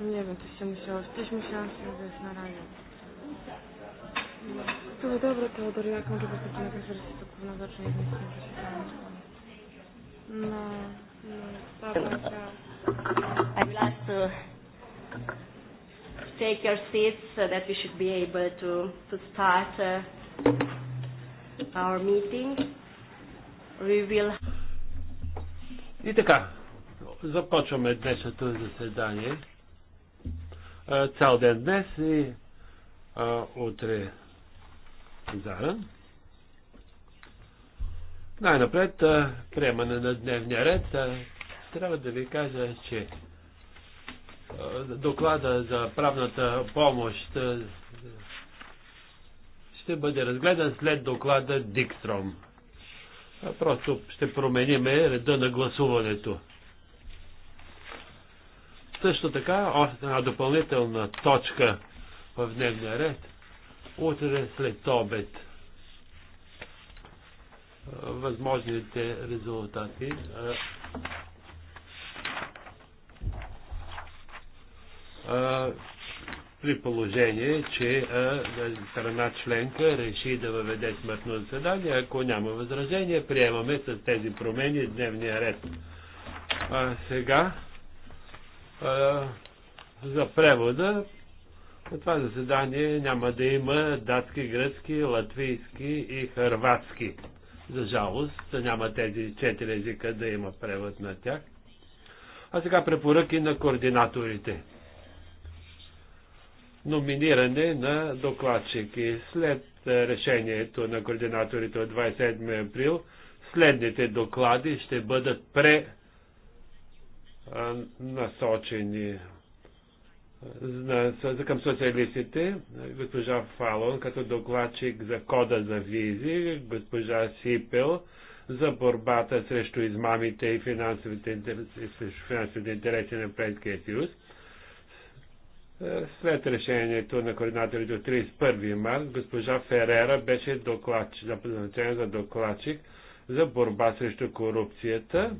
Nie wiem, coś się musiało, coś musiałam się wyjść na razie. To no dobra, Teodor, jak może być taki jakaś wersja, to kurna zacznie, jak nic nie może się tam. No, no, dobra, I'd like to take your seats so that we should be able to, to start uh, our meeting. We will... I така, започваме днешното заседание цял ден днес и а, утре заран. Най-напред, приемане на дневния ред. А, трябва да ви кажа, че а, доклада за правната помощ а, ще бъде разгледан след доклада Дикстром. Просто ще промениме реда на гласуването. Също така, една допълнителна точка в дневния ред. Утре след обед възможните резултати. При положение, че страна членка реши да въведе смъртно заседание, ако няма възражение, приемаме с тези промени дневния ред. А сега за превода. На това заседание няма да има датски, гръцки, латвийски и хърватски. За жалост, няма тези четири езика да има превод на тях. А сега препоръки на координаторите. Номиниране на докладчики. След е, решението на координаторите от 27 април, следните доклади ще бъдат пре насочени към социалистите, госпожа Фалон като докладчик за кода за визи, госпожа Сипел за борбата срещу измамите и финансовите интереси, финансовите интереси на Европейския съюз. След решението на координаторите от 31 март, госпожа Ферера беше докладчик, за докладчик за борба срещу корупцията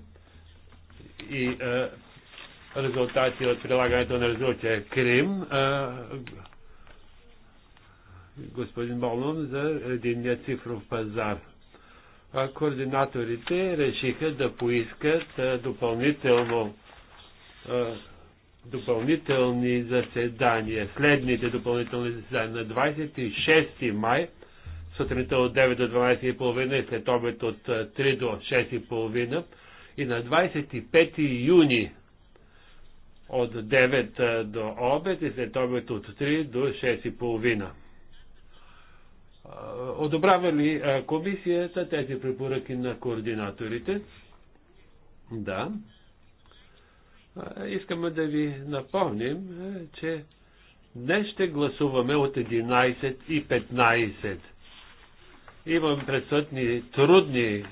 и е, резултати от прилагането на резолюция Крим, Е, господин Болон за единния цифров пазар. А координаторите решиха да поискат е, допълнително е, допълнителни заседания, следните допълнителни заседания на 26 май, сутринта от 9 до 12.30 и след обед от 3 е, до 6.30 и на 25 юни от 9 до обед и след обед от 3 до 6 и половина. Одобрява ли комисията тези препоръки на координаторите? Да. Искаме да ви напомним, че днес ще гласуваме от 11 и 15. Имам предсъдни трудни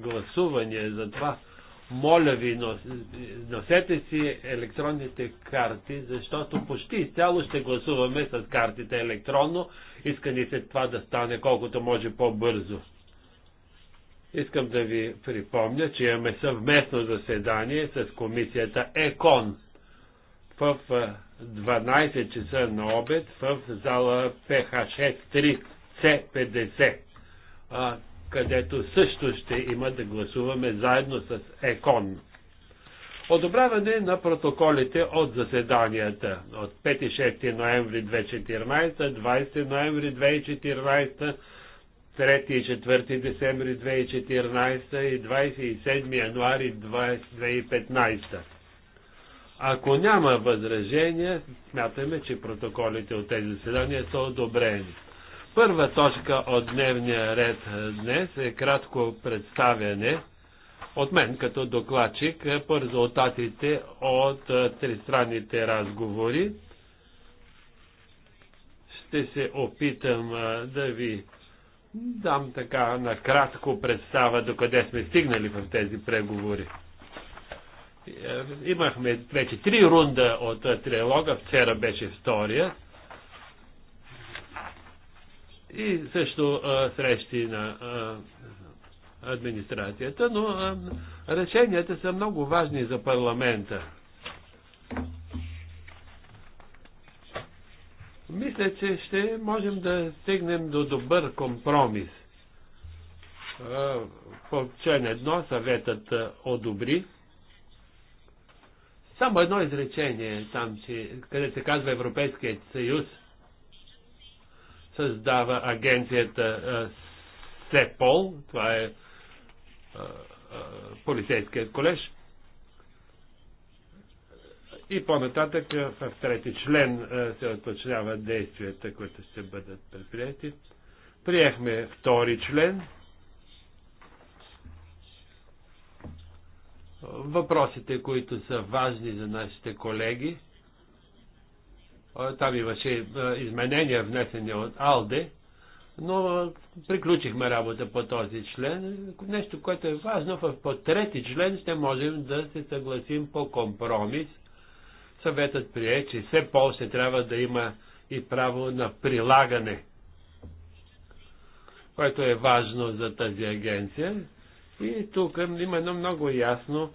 гласувания, за това. Моля ви, носете си електронните карти, защото почти изцяло ще гласуваме с картите електронно. Иска ни се това да стане колкото може по-бързо. Искам да ви припомня, че имаме съвместно заседание с комисията ЕКОН в 12 часа на обед в зала пх 3C50 където също ще има да гласуваме заедно с ЕКОН. Одобряване на протоколите от заседанията от 5-6 ноември 2014, 20 ноември 2014, 3 и 4 десември 2014 и 27 януари 2015. Ако няма възражения, смятаме, че протоколите от тези заседания са одобрени. Първа точка от дневния ред днес е кратко представяне от мен като докладчик по резултатите от тристранните разговори. Ще се опитам да ви дам така на кратко представа до къде сме стигнали в тези преговори. Имахме вече три рунда от трилога, вчера беше втория и също а, срещи на а, администрацията, но а, решенията са много важни за парламента. Мисля, че ще можем да стигнем до добър компромис. По член едно съветът одобри. Само едно изречение там, че, къде се казва Европейският съюз – създава агенцията СЕПОЛ, това е полицейският колеж. И по-нататък в трети член се оточнява действията, които ще бъдат предприяти. Приехме втори член. Въпросите, които са важни за нашите колеги, е, там имаше е, изменения, внесени от Алде, но приключихме работа по този член. Нещо, което е важно, в по трети член ще можем да се съгласим по компромис. Съветът прие, че все повече трябва да има и право на прилагане, което е важно за тази агенция. И тук има едно много ясно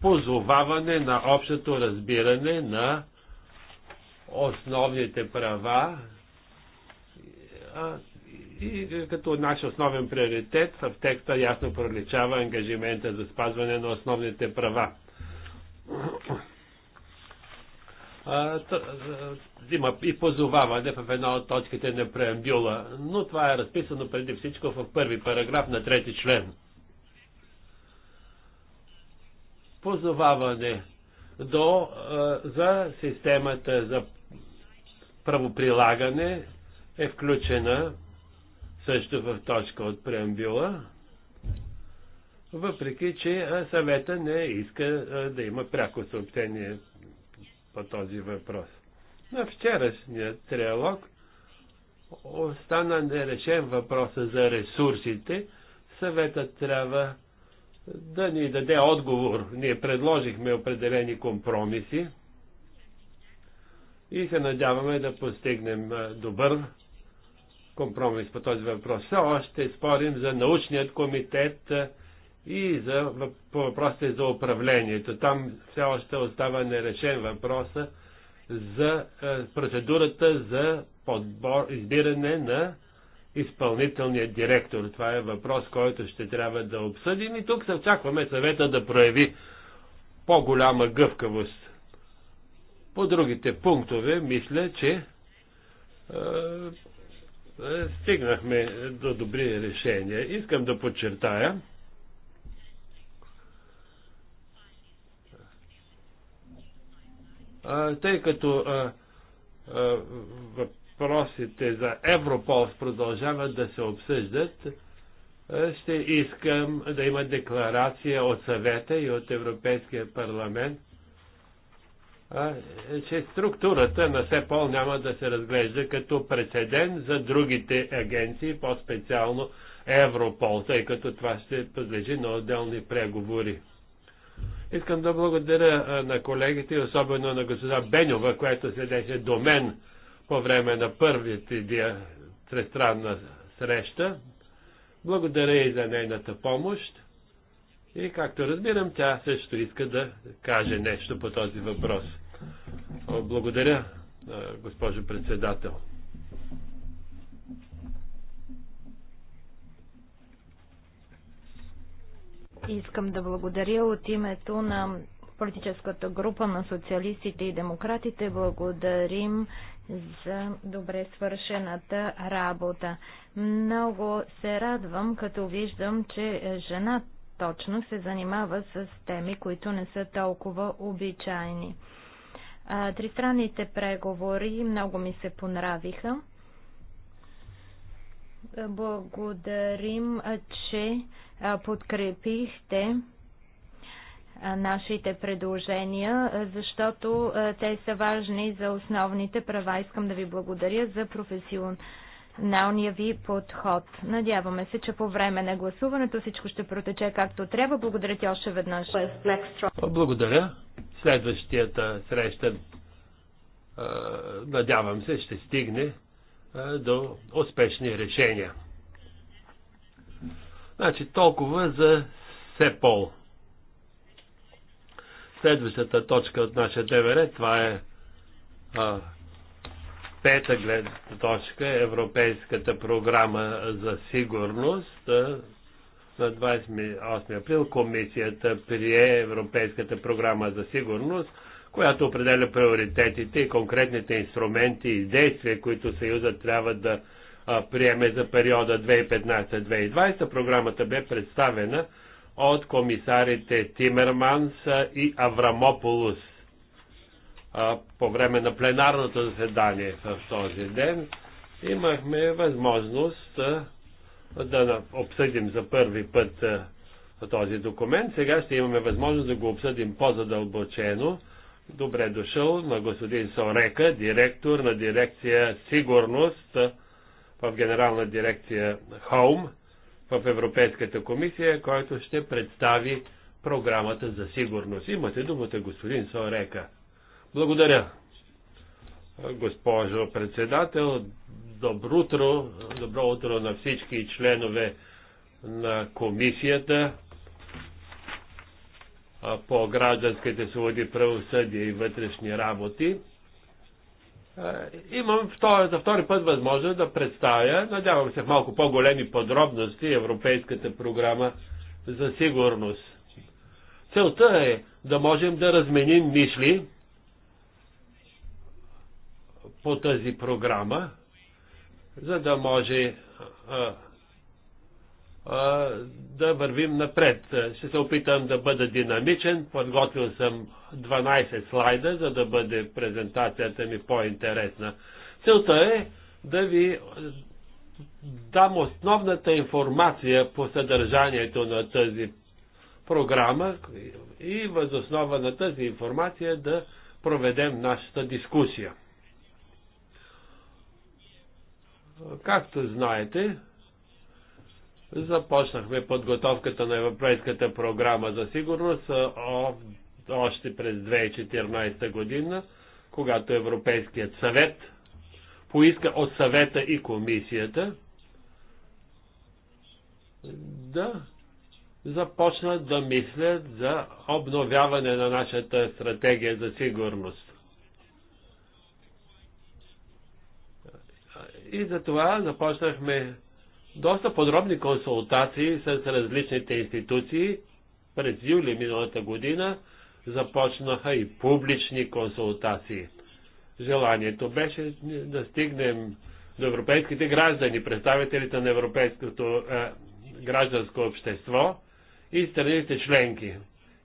позоваване на общото разбиране на основните права и като наш основен приоритет в текста ясно проличава ангажимента за спазване на основните права. има и позоваване в една от точките на преамбюла, но това е разписано преди всичко в първи параграф на трети член. Позоваване до, за системата за правоприлагане е включена също в точка от преамбюла, въпреки че съвета не иска да има пряко съобщение по този въпрос. На вчерашния триалог остана нерешен въпроса за ресурсите. Съветът трябва да ни даде отговор. Ние предложихме определени компромиси и се надяваме да постигнем добър компромис по този въпрос. Все още спорим за научният комитет и за, по въпросите за управлението. Там все още остава нерешен въпроса за процедурата за подбор, избиране на изпълнителния директор. Това е въпрос, който ще трябва да обсъдим и тук се очакваме съвета да прояви по-голяма гъвкавост. По другите пунктове мисля, че е, е, стигнахме до добри решения. Искам да подчертая, е, тъй като въпросите за Европол продължават да се обсъждат, ще искам да има декларация от съвета и от Европейския парламент е, че структурата на СЕПОЛ няма да се разглежда като прецедент за другите агенции, по-специално Европол, тъй като това ще подлежи на отделни преговори. Искам да благодаря на колегите, особено на госпожа Бенюва, която седеше до мен по време на първите дия тристранна среща. Благодаря и за нейната помощ. И както разбирам, тя също иска да каже нещо по този въпрос. Благодаря, госпожо председател. Искам да благодаря от името на политическата група на социалистите и демократите. Благодарим за добре свършената работа. Много се радвам, като виждам, че жена точно се занимава с теми, които не са толкова обичайни. Тристранните преговори много ми се понравиха. Благодарим, че подкрепихте нашите предложения, защото те са важни за основните права. Искам да ви благодаря за професионалността рационалния ви подход. Надяваме се, че по време на гласуването всичко ще протече както трябва. Благодаря ти още веднъж. Благодаря. Следващията среща надявам се ще стигне до успешни решения. Значи толкова за СЕПОЛ. Следващата точка от нашия ДВР, това е пета гледна точка Европейската програма за сигурност. На 28 април комисията прие Европейската програма за сигурност, която определя приоритетите и конкретните инструменти и действия, които Съюза трябва да приеме за периода 2015-2020. Програмата бе представена от комисарите Тимерманс и Аврамополус по време на пленарното заседание в този ден имахме възможност да обсъдим за първи път този документ. Сега ще имаме възможност да го обсъдим по-задълбочено. Добре дошъл на господин Сорека, директор на дирекция Сигурност в Генерална дирекция Хоум в Европейската комисия, който ще представи програмата за сигурност. Имате думата, господин Сорека. Благодаря. Госпожо председател, добро утро, добро утро на всички членове на комисията по гражданските свободи, правосъдие и вътрешни работи. Имам втори, за втори път възможност да представя, надявам се в малко по-големи подробности, Европейската програма за сигурност. Целта е да можем да разменим мисли по тази програма, за да може а, а, да вървим напред. Ще се опитам да бъда динамичен. Подготвил съм 12 слайда, за да бъде презентацията ми по-интересна. Целта е да ви дам основната информация по съдържанието на тази програма и възоснова на тази информация да проведем нашата дискусия. Както знаете, започнахме подготовката на Европейската програма за сигурност още през 2014 година, когато Европейският съвет поиска от съвета и комисията да започнат да мислят за обновяване на нашата стратегия за сигурност. И затова започнахме доста подробни консултации с различните институции. През юли миналата година започнаха и публични консултации. Желанието беше да стигнем до европейските граждани, представителите на европейското е, гражданско общество и страните членки.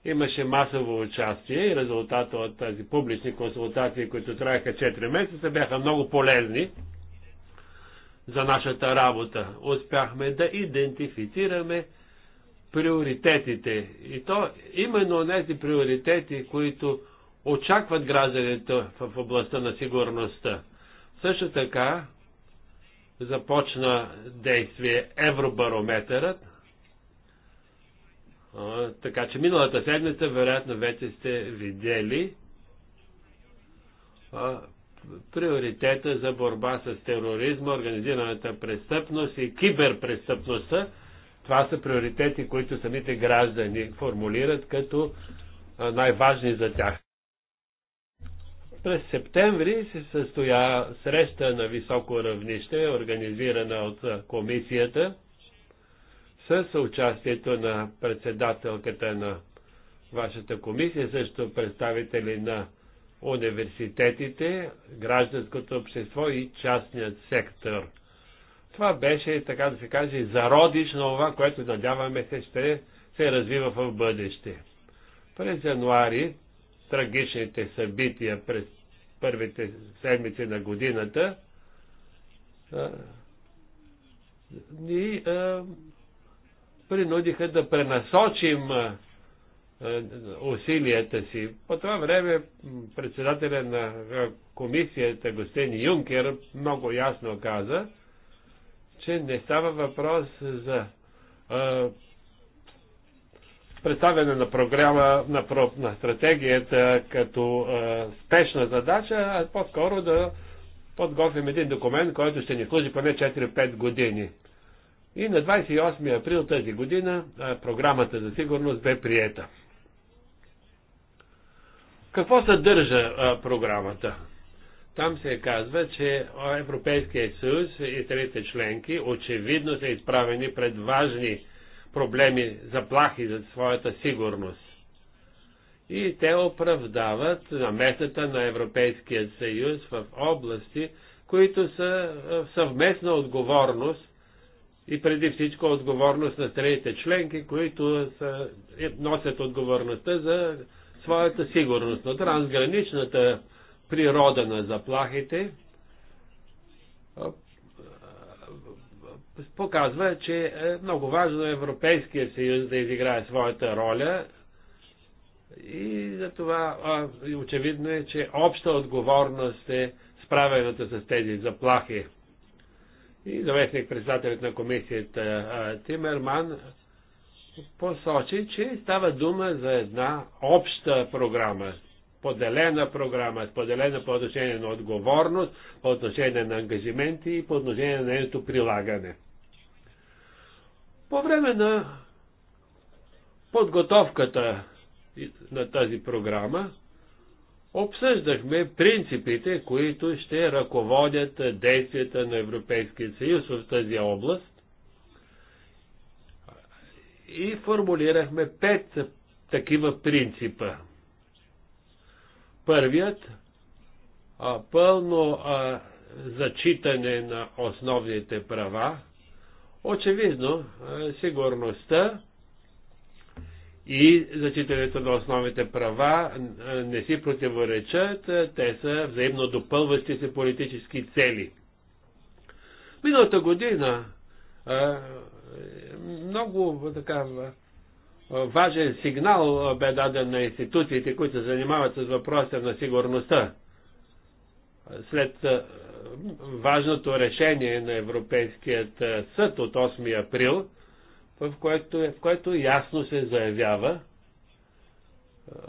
Имаше масово участие и резултата от тази публични консултации, които траеха 4 месеца, бяха много полезни за нашата работа. Успяхме да идентифицираме приоритетите. И то именно тези приоритети, които очакват гражданите в областта на сигурността. Също така започна действие Евробарометърът, така че миналата седмица вероятно вече сте видели приоритета за борба с тероризма, организираната престъпност и киберпрестъпността. Това са приоритети, които самите граждани формулират като най-важни за тях. През септември се състоя среща на високо равнище, организирана от комисията, с участието на председателката на вашата комисия, също представители на университетите, гражданското общество и частният сектор. Това беше, така да се каже, зародиш на това, което надяваме се ще се развива в бъдеще. През януари трагичните събития през първите седмици на годината ни принудиха да пренасочим е, усилията си. По това време председателя на е, комисията Гостин Юнкер много ясно каза, че не става въпрос за а, е, представяне на програма, на, на стратегията като а, спешна задача, а по-скоро да подготвим един документ, който ще ни служи поне 4-5 години. И на 28 април тази година а, програмата за сигурност бе приета. Какво съдържа а, програмата? Там се казва, че Европейския съюз и трите членки очевидно са изправени пред важни проблеми, заплахи за своята сигурност. И те оправдават наметата на Европейския съюз в области, които са в съвместна отговорност и преди всичко отговорност на трите членки, които са, носят отговорността за своята сигурност. на трансграничната природа на заплахите показва, че е много важно е Европейския съюз да изиграе своята роля и за това очевидно е, че обща отговорност е справената с тези заплахи. И заместник председателят на комисията Тимерман посочи, че става дума за една обща програма, поделена програма, поделена по отношение на отговорност, по отношение на ангажименти и по отношение на нейното прилагане. По време на подготовката на тази програма обсъждахме принципите, които ще ръководят действията на Европейския съюз в тази област и формулирахме пет такива принципа. Първият а, пълно а, зачитане на основните права, очевидно а, сигурността и зачитането на основните права а, не си противоречат, а, те са взаимно допълващи се политически цели. Миналата година много така важен сигнал бе даден на институциите, които се занимават с въпроса на сигурността. След важното решение на Европейският съд от 8 април, в което, в което ясно се заявява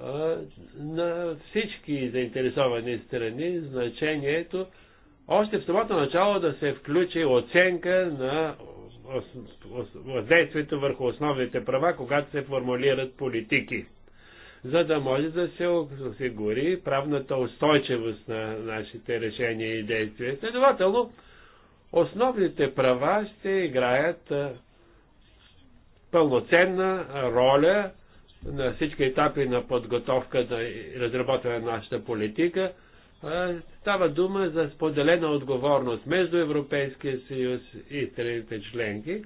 а, на всички заинтересовани страни значението още в самото начало да се включи оценка на въздействието върху основните права, когато се формулират политики, за да може да се осигури правната устойчивост на нашите решения и действия. Следователно, основните права ще играят пълноценна роля на всички етапи на подготовка и разработване на нашата политика – Става дума за споделена отговорност между Европейския съюз и страните членки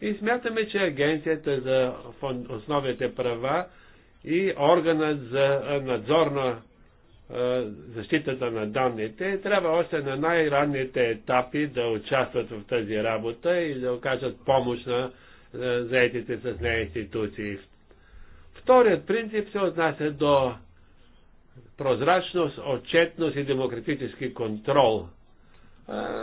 и смятаме, че Агенцията за основните права и органът за надзор на защитата на данните трябва още на най-ранните етапи да участват в тази работа и да окажат помощ на заетите с нея институции. Вторият принцип се отнася до прозрачност, отчетност и демократически контрол.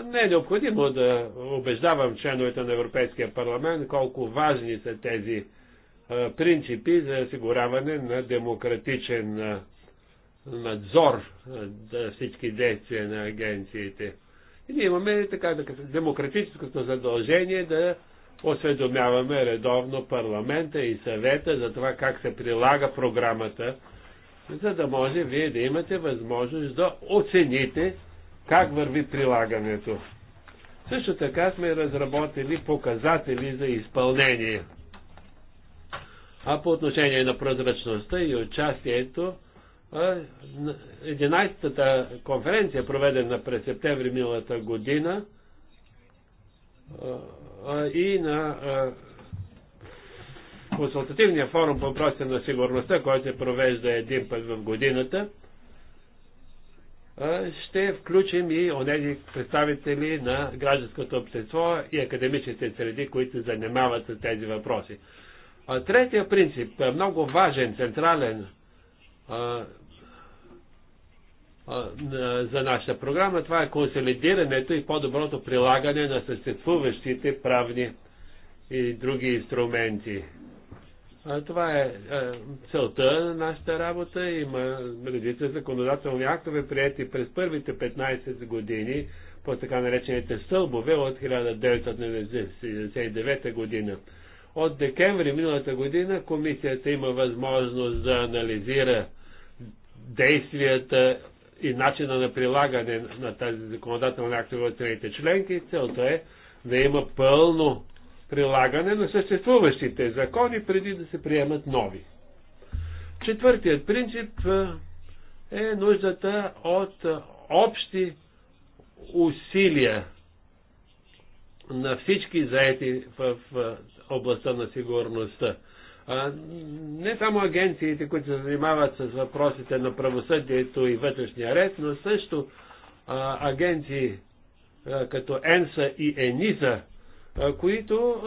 Не е необходимо да убеждавам членовете на Европейския парламент колко важни са тези принципи за осигуряване на демократичен надзор за всички действия на агенциите. И ние имаме така демократическото задължение да осведомяваме редовно парламента и съвета за това как се прилага програмата за да може вие да имате възможност да оцените как върви прилагането. Също така сме разработили показатели за изпълнение. А по отношение на прозрачността и участието, 11-та конференция, проведена през септември миналата година, и на консултативния форум по въпроса на сигурността, който се провежда един път в годината, ще включим и онези представители на гражданското общество и академичните среди, които занимават с тези въпроси. Третия принцип, много важен, централен за нашата програма, това е консолидирането и по-доброто прилагане на съществуващите правни и други инструменти. Това е целта на нашата работа. Има редица законодателни актове, приети през първите 15 години по така наречените стълбове от 1999 година. От декември миналата година комисията има възможност да анализира действията и начина на прилагане на тази законодателни актове от страните членки. Целта е да има пълно прилагане на съществуващите закони преди да се приемат нови. Четвъртият принцип е нуждата от общи усилия на всички заети в областта на сигурността. Не само агенциите, които се занимават с въпросите на правосъдието и вътрешния ред, но също агенции като ЕНСА и ЕНИЗА, които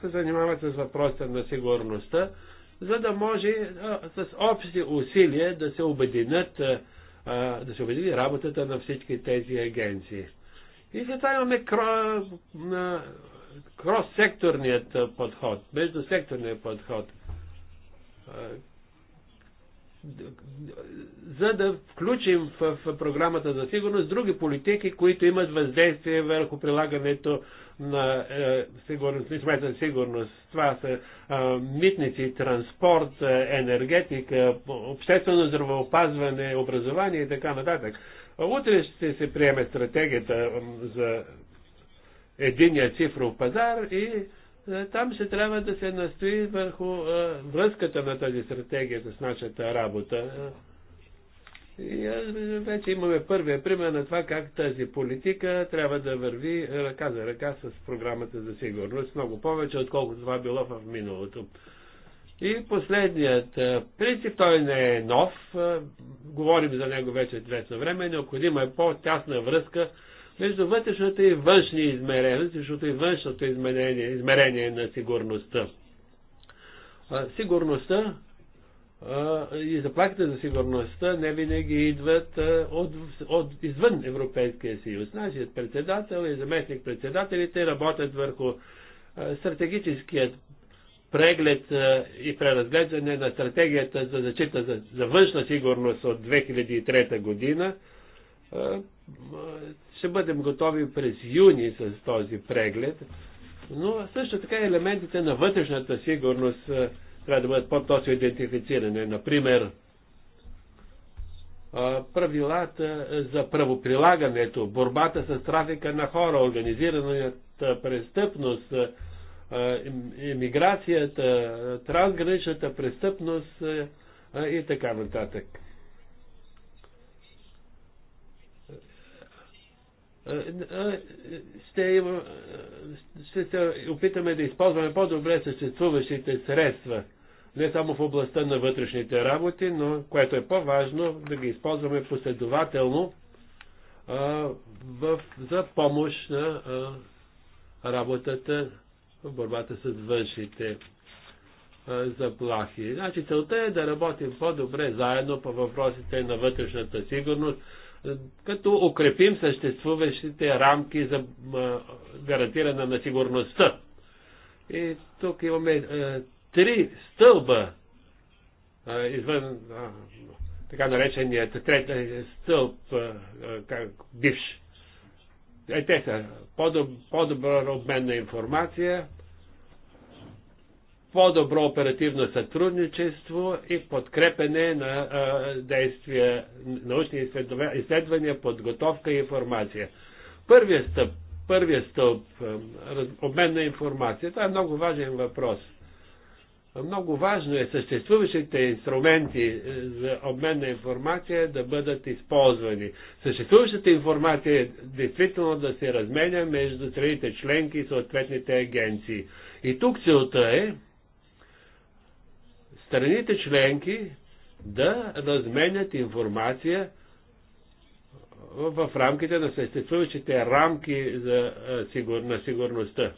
се занимават с въпроса на сигурността, за да може с общи усилия да се обединят, да се обедини работата на всички тези агенции. И за това имаме крос-секторният подход, междусекторният подход, за да включим в програмата за сигурност други политики, които имат въздействие върху прилагането на е, сигурност, не за сигурност. Това са е, митници, транспорт, е, енергетика, обществено здравеопазване, образование и така нататък. Утре ще се приеме стратегията за единия цифров пазар и е, там ще трябва да се настои върху е, връзката на тази стратегия с нашата работа. И вече имаме първия пример на това как тази политика трябва да върви ръка за ръка с програмата за сигурност, много повече, отколкото това било в миналото. И последният принцип, той не е нов, говорим за него вече известно време, необходима е по-тясна връзка между вътрешната и външни измерения, защото и външното измерение, измерение на сигурността. Сигурността и заплахите за сигурността не винаги идват от, от извън Европейския съюз. Нашият председател и заместник председателите работят върху стратегическият преглед и преразглеждане на стратегията за защита за, за външна сигурност от 2003 година. Ще бъдем готови през юни с този преглед, но също така елементите на вътрешната сигурност трябва да бъдат по-точно идентифицирани. Например, правилата за правоприлагането, борбата с трафика на хора, организираната престъпност, иммиграцията, трансграничната престъпност и така нататък. Ще, ще се опитаме да използваме по-добре съществуващите средства – не само в областта на вътрешните работи, но което е по-важно да ги използваме последователно а, в, за помощ на а, работата в борбата с външните а, заплахи. Значи целта е да работим по-добре заедно по въпросите на вътрешната сигурност, като укрепим съществуващите рамки за гарантиране на сигурността. И тук имаме три стълба извън така нареченият трети е, стълб, как, бивш. Е, те са по-добър по обмен на информация, по-добро оперативно сътрудничество и подкрепене на а, действия, научни изследвания, подготовка и информация. Първият стъп, първият стълб, обмен на информация, това е много важен въпрос – много важно е съществуващите инструменти е, за обмен на информация да бъдат използвани. Съществуващата информация е действително да се разменя между страните членки и съответните агенции. И тук целта е страните членки да разменят информация в рамките на съществуващите рамки за, е, сигур, на сигурността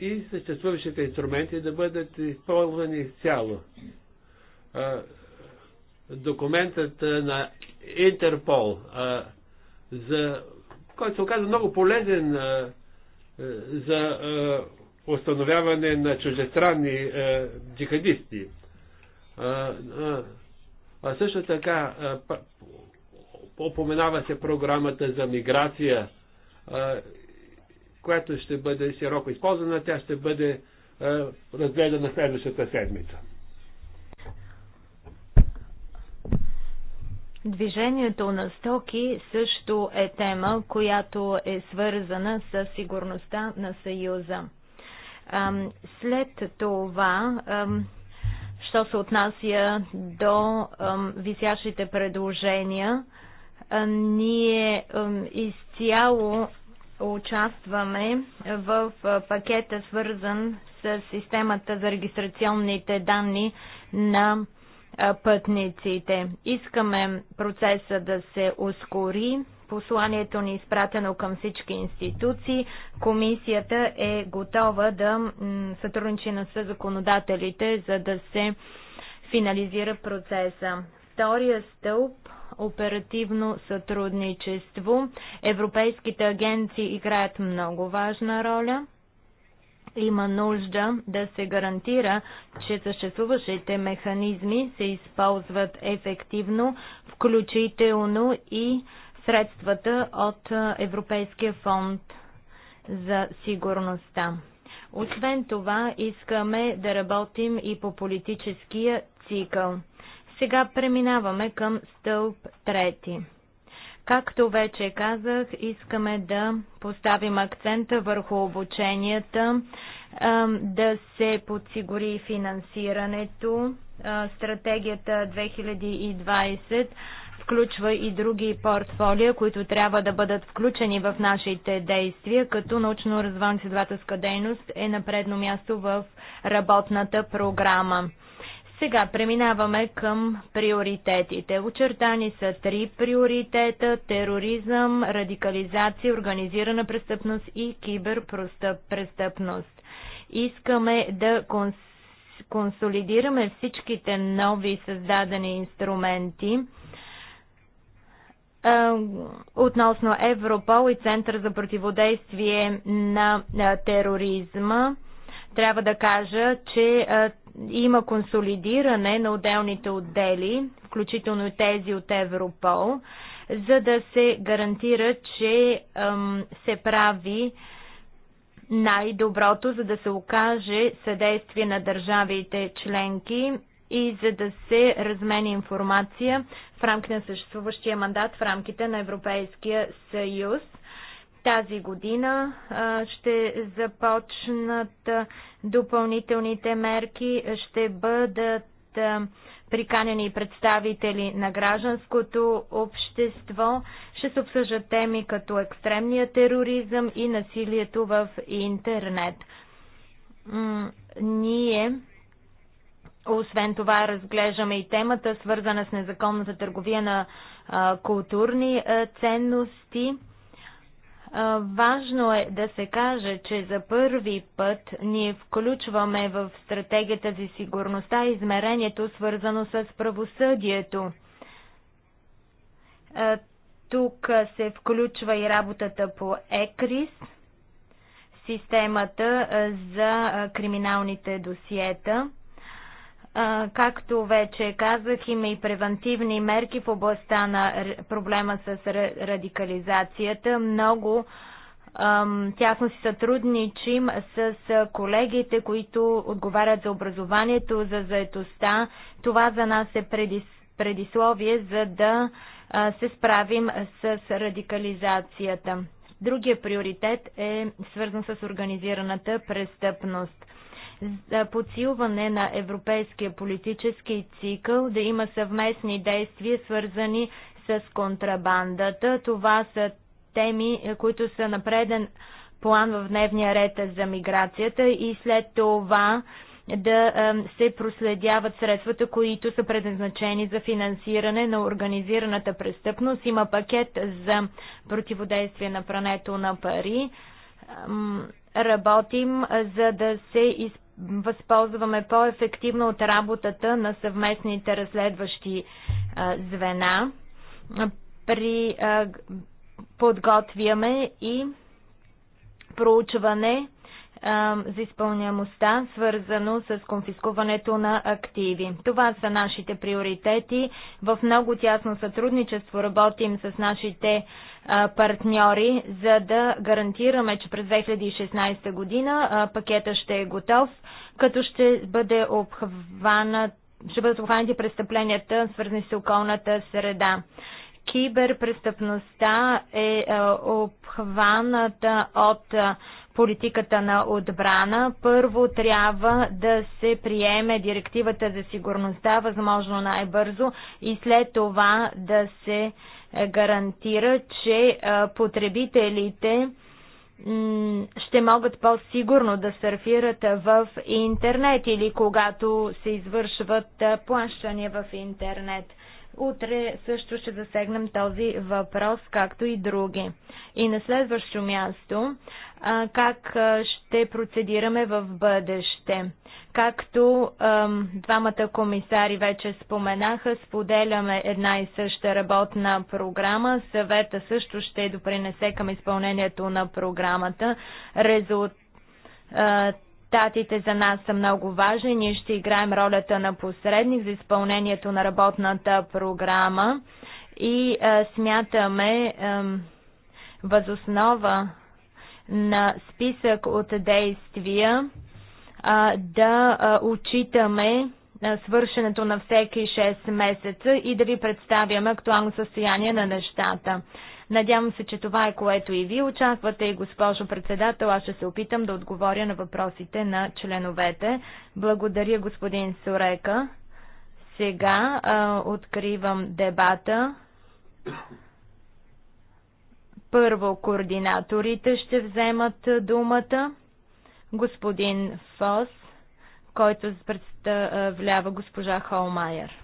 и съществуващите инструменти да бъдат използвани цяло. Документът на Интерпол, за, който се оказа много полезен за установяване на чуждестранни джихадисти. А също така опоменава се програмата за миграция която ще бъде широко използвана, тя ще бъде е, разгледана следващата седмица. Движението на стоки също е тема, която е свързана с сигурността на Съюза. След това, що се отнася до висящите предложения, ние изцяло участваме в пакета свързан с системата за регистрационните данни на пътниците. Искаме процеса да се ускори. Посланието ни е изпратено към всички институции. Комисията е готова да сътрудничи на законодателите, за да се финализира процеса втория стълб оперативно сътрудничество. Европейските агенции играят много важна роля. Има нужда да се гарантира, че съществуващите механизми се използват ефективно, включително и средствата от Европейския фонд за сигурността. Освен това, искаме да работим и по политическия цикъл. Сега преминаваме към стълб трети. Както вече казах, искаме да поставим акцента върху обученията, да се подсигури финансирането. Стратегията 2020 включва и други портфолия, които трябва да бъдат включени в нашите действия, като научно-развойно изследователска дейност е на предно място в работната програма. Сега преминаваме към приоритетите. Очертани са три приоритета – тероризъм, радикализация, организирана престъпност и киберпрестъпност. Искаме да консолидираме всичките нови създадени инструменти относно Европол и Център за противодействие на тероризма. Трябва да кажа, че има консолидиране на отделните отдели, включително и тези от Европол, за да се гарантира, че ем, се прави най-доброто, за да се окаже съдействие на държавите членки и за да се размени информация в рамките на съществуващия мандат в рамките на Европейския съюз. Тази година ще започнат допълнителните мерки, ще бъдат приканени представители на гражданското общество. Ще се обсъждат теми като екстремния тероризъм и насилието в интернет. Ние, освен това, разглеждаме и темата, свързана с незаконната търговия на културни ценности. Важно е да се каже, че за първи път ние включваме в стратегията за сигурността измерението, свързано с правосъдието. Тук се включва и работата по ЕКРИС, системата за криминалните досиета. Както вече казах, има и превентивни мерки в областта на проблема с радикализацията. Много тясно си сътрудничим с колегите, които отговарят за образованието, за заетостта. Това за нас е предисловие, за да се справим с радикализацията. Другия приоритет е свързан с организираната престъпност подсилване на европейския политически цикъл, да има съвместни действия, свързани с контрабандата. Това са теми, които са напреден план в дневния ред за миграцията и след това да се проследяват средствата, които са предназначени за финансиране на организираната престъпност. Има пакет за противодействие на прането на пари. Работим за да се изпълнява възползваме по-ефективно от работата на съвместните разследващи звена. При, подготвяме и проучване за изпълнямостта, свързано с конфискуването на активи. Това са нашите приоритети. В много тясно сътрудничество работим с нашите партньори, за да гарантираме, че през 2016 година пакета ще е готов, като ще бъде обхванат ще бъдат обхванати престъпленията, свързани с околната среда. Киберпрестъпността е обхваната от политиката на отбрана, първо трябва да се приеме директивата за сигурността възможно най-бързо и след това да се е, гарантира, че е, потребителите ще могат по-сигурно да сърфират в интернет или когато се извършват е, плащания в интернет. Утре също ще засегнем този въпрос, както и други. И на следващо място, как ще процедираме в бъдеще. Както двамата комисари вече споменаха, споделяме една и съща работна програма. Съвета също ще допринесе към изпълнението на програмата. Резултат Татите за нас са много важни. Ние ще играем ролята на посредник за изпълнението на работната програма и а, смятаме а, възоснова на списък от действия а, да а, отчитаме свършенето на всеки 6 месеца и да ви представяме актуално състояние на нещата. Надявам се, че това е което и ви участвате и госпожо председател. Аз ще се опитам да отговоря на въпросите на членовете. Благодаря господин Сорека. Сега а, откривам дебата. Първо координаторите ще вземат думата. Господин Фос, който представлява госпожа Холмайер.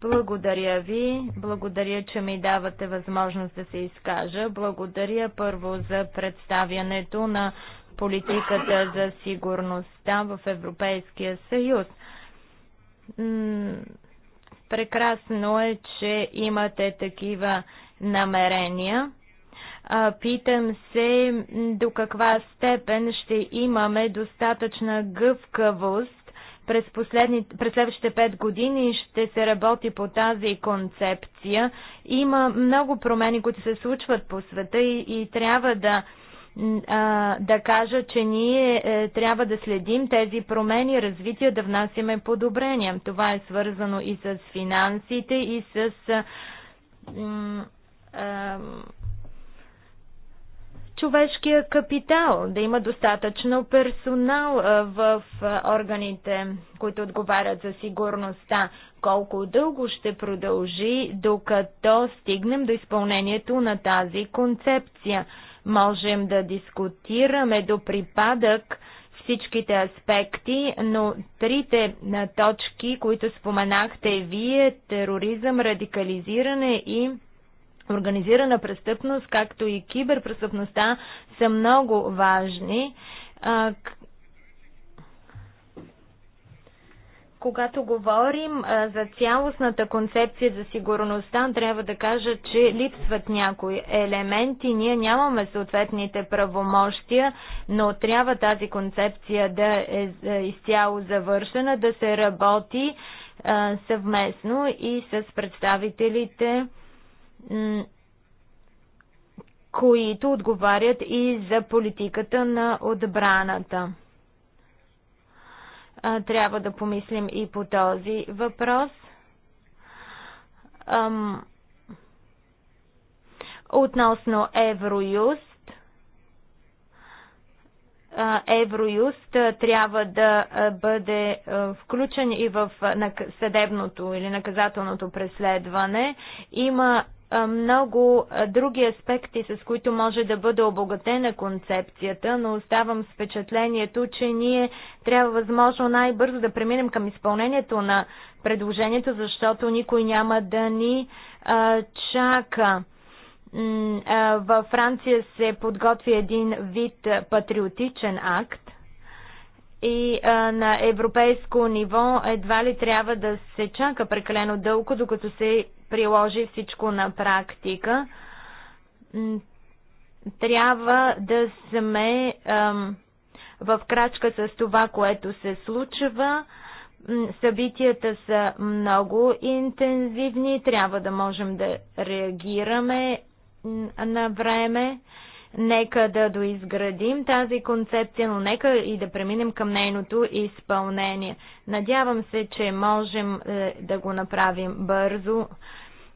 Благодаря ви. Благодаря, че ми давате възможност да се изкажа. Благодаря първо за представянето на политиката за сигурността в Европейския съюз. Прекрасно е, че имате такива намерения. Питам се до каква степен ще имаме достатъчна гъвкавост през, през следващите 5 години ще се работи по тази концепция. Има много промени, които се случват по света и, и трябва да да кажа, че ние е, трябва да следим тези промени, развитие, да внасяме подобрения. Това е свързано и с финансите, и с човешкия капитал, да има достатъчно персонал в органите, които отговарят за сигурността. Колко дълго ще продължи, докато стигнем до изпълнението на тази концепция? Можем да дискутираме до припадък всичките аспекти, но трите точки, които споменахте вие, тероризъм, радикализиране и организирана престъпност, както и киберпрестъпността са много важни. Когато говорим за цялостната концепция за сигурността, трябва да кажа, че липсват някои елементи. Ние нямаме съответните правомощия, но трябва тази концепция да е, е изцяло завършена, да се работи съвместно и с представителите които отговарят и за политиката на отбраната. Трябва да помислим и по този въпрос. Относно Евроюст, Евроюст трябва да бъде включен и в съдебното или наказателното преследване. Има много други аспекти, с които може да бъде обогатена концепцията, но оставам с впечатлението, че ние трябва възможно най-бързо да преминем към изпълнението на предложението, защото никой няма да ни а, чака. Във Франция се подготви един вид патриотичен акт, и а, на европейско ниво едва ли трябва да се чака прекалено дълго, докато се приложи всичко на практика. Трябва да сме а, в крачка с това, което се случва. Събитията са много интензивни, трябва да можем да реагираме на време. Нека да доизградим тази концепция, но нека и да преминем към нейното изпълнение. Надявам се, че можем е, да го направим бързо.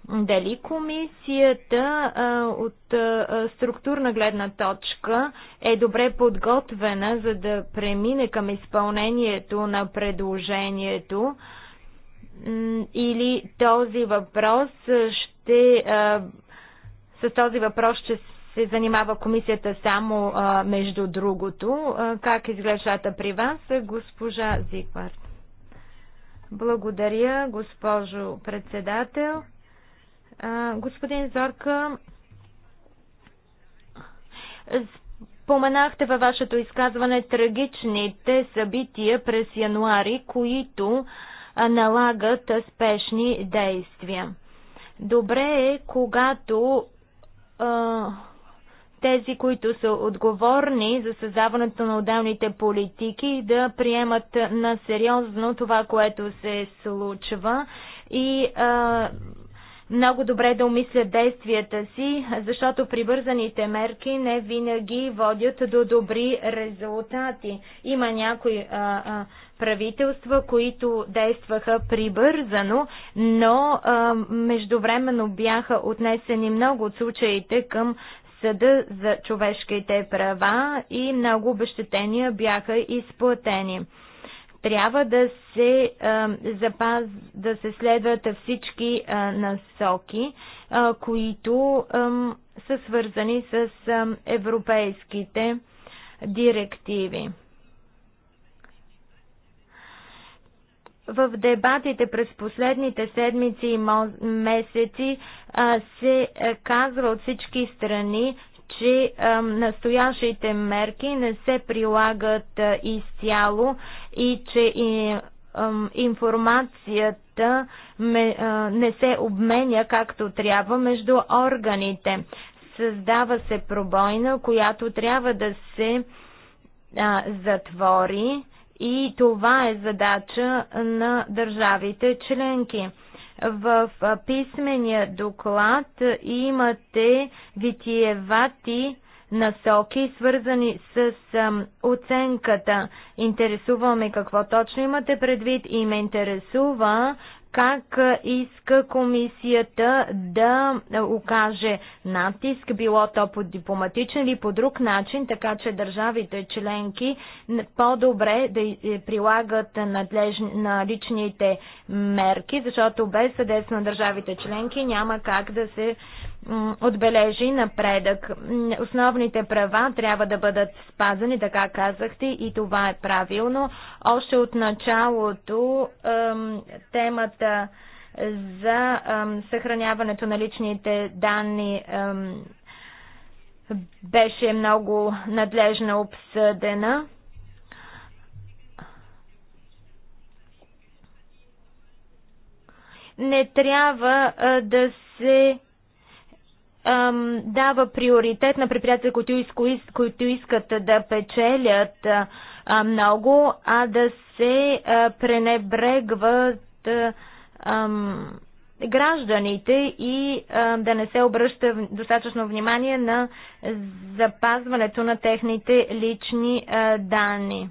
Дали комисията е, от е, структурна гледна точка е добре подготвена, за да премине към изпълнението на предложението? Или този въпрос ще с този въпрос ще се занимава комисията само а, между другото. А, как изглеждата при вас, госпожа Зигвард? Благодаря, госпожо председател. А, господин Зорка, споменахте във вашето изказване трагичните събития през януари, които налагат спешни действия. Добре е, когато а, тези, които са отговорни за създаването на отделните политики, да приемат на сериозно това, което се случва и а, много добре да умислят действията си, защото прибързаните мерки не винаги водят до добри резултати. Има някои а, а, правителства, които действаха прибързано, но а, междувременно бяха отнесени много от случаите към Съда за човешките права и много обещетения бяха изплатени. Трябва да се, а, запаз, да се следват всички а, насоки, а, които а, са свързани с а, европейските директиви. В дебатите през последните седмици и месеци се е, казва от всички страни, че настоящите мерки не се прилагат изцяло и че и информацията не се обменя както трябва между органите. Създава се пробойна, която трябва да се затвори и това е задача на държавите членки. В писмения доклад имате витиевати насоки, свързани с оценката. Интересуваме какво точно имате предвид и ме интересува как иска комисията да окаже натиск, било то по дипломатичен или по друг начин, така че държавите членки по-добре да е, прилагат надлежни, на личните мерки, защото без съдец на държавите членки няма как да се отбележи напредък. Основните права трябва да бъдат спазани, така казахте, и това е правилно. Още от началото темата за съхраняването на личните данни беше много надлежно обсъдена. Не трябва да се дава приоритет на предприятия, които, които искат да печелят много, а да се пренебрегват ам, гражданите и ам, да не се обръща достатъчно внимание на запазването на техните лични а, данни.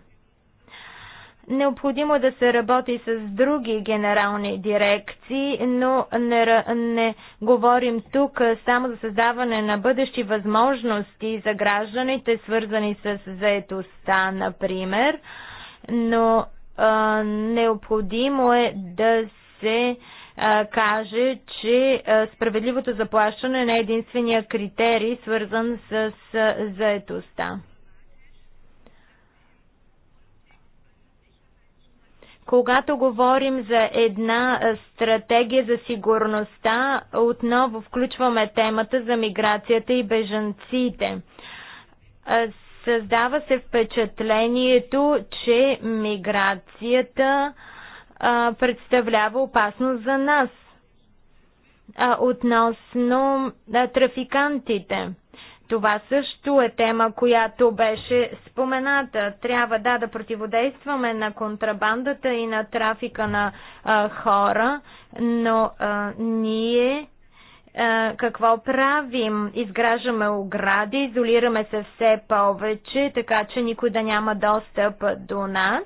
Необходимо е да се работи с други генерални дирекции, но не, не говорим тук само за създаване на бъдещи възможности за гражданите, свързани с заетостта, например, но а, необходимо е да се а, каже, че а, справедливото заплащане не е единствения критерий, свързан с а, заетостта. Когато говорим за една стратегия за сигурността, отново включваме темата за миграцията и бежанците. Създава се впечатлението, че миграцията а, представлява опасност за нас а, относно а, трафикантите. Това също е тема, която беше спомената. Трябва да да противодействаме на контрабандата и на трафика на а, хора, но а, ние а, какво правим? Изграждаме огради, изолираме се все повече, така че никой да няма достъп до нас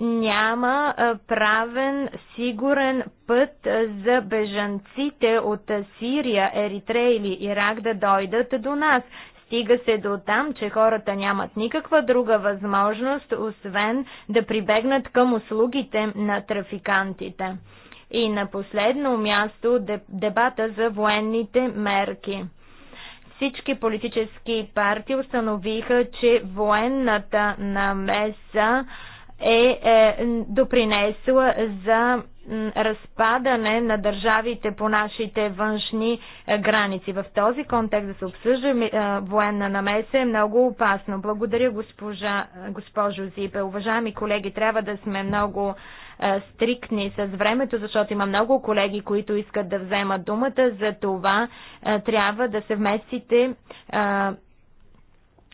няма правен сигурен път за бежанците от Сирия, Еритрея или Ирак да дойдат до нас. Стига се до там, че хората нямат никаква друга възможност, освен да прибегнат към услугите на трафикантите. И на последно място дебата за военните мерки. Всички политически партии установиха, че военната намеса е, е допринесла за разпадане на държавите по нашите външни е, граници. В този контекст да се обсъжда е, военна намеса е много опасно. Благодаря госпожа, госпожо Зипе. Уважаеми колеги, трябва да сме много е, стриктни с времето, защото има много колеги, които искат да вземат думата. За това трябва да се вместите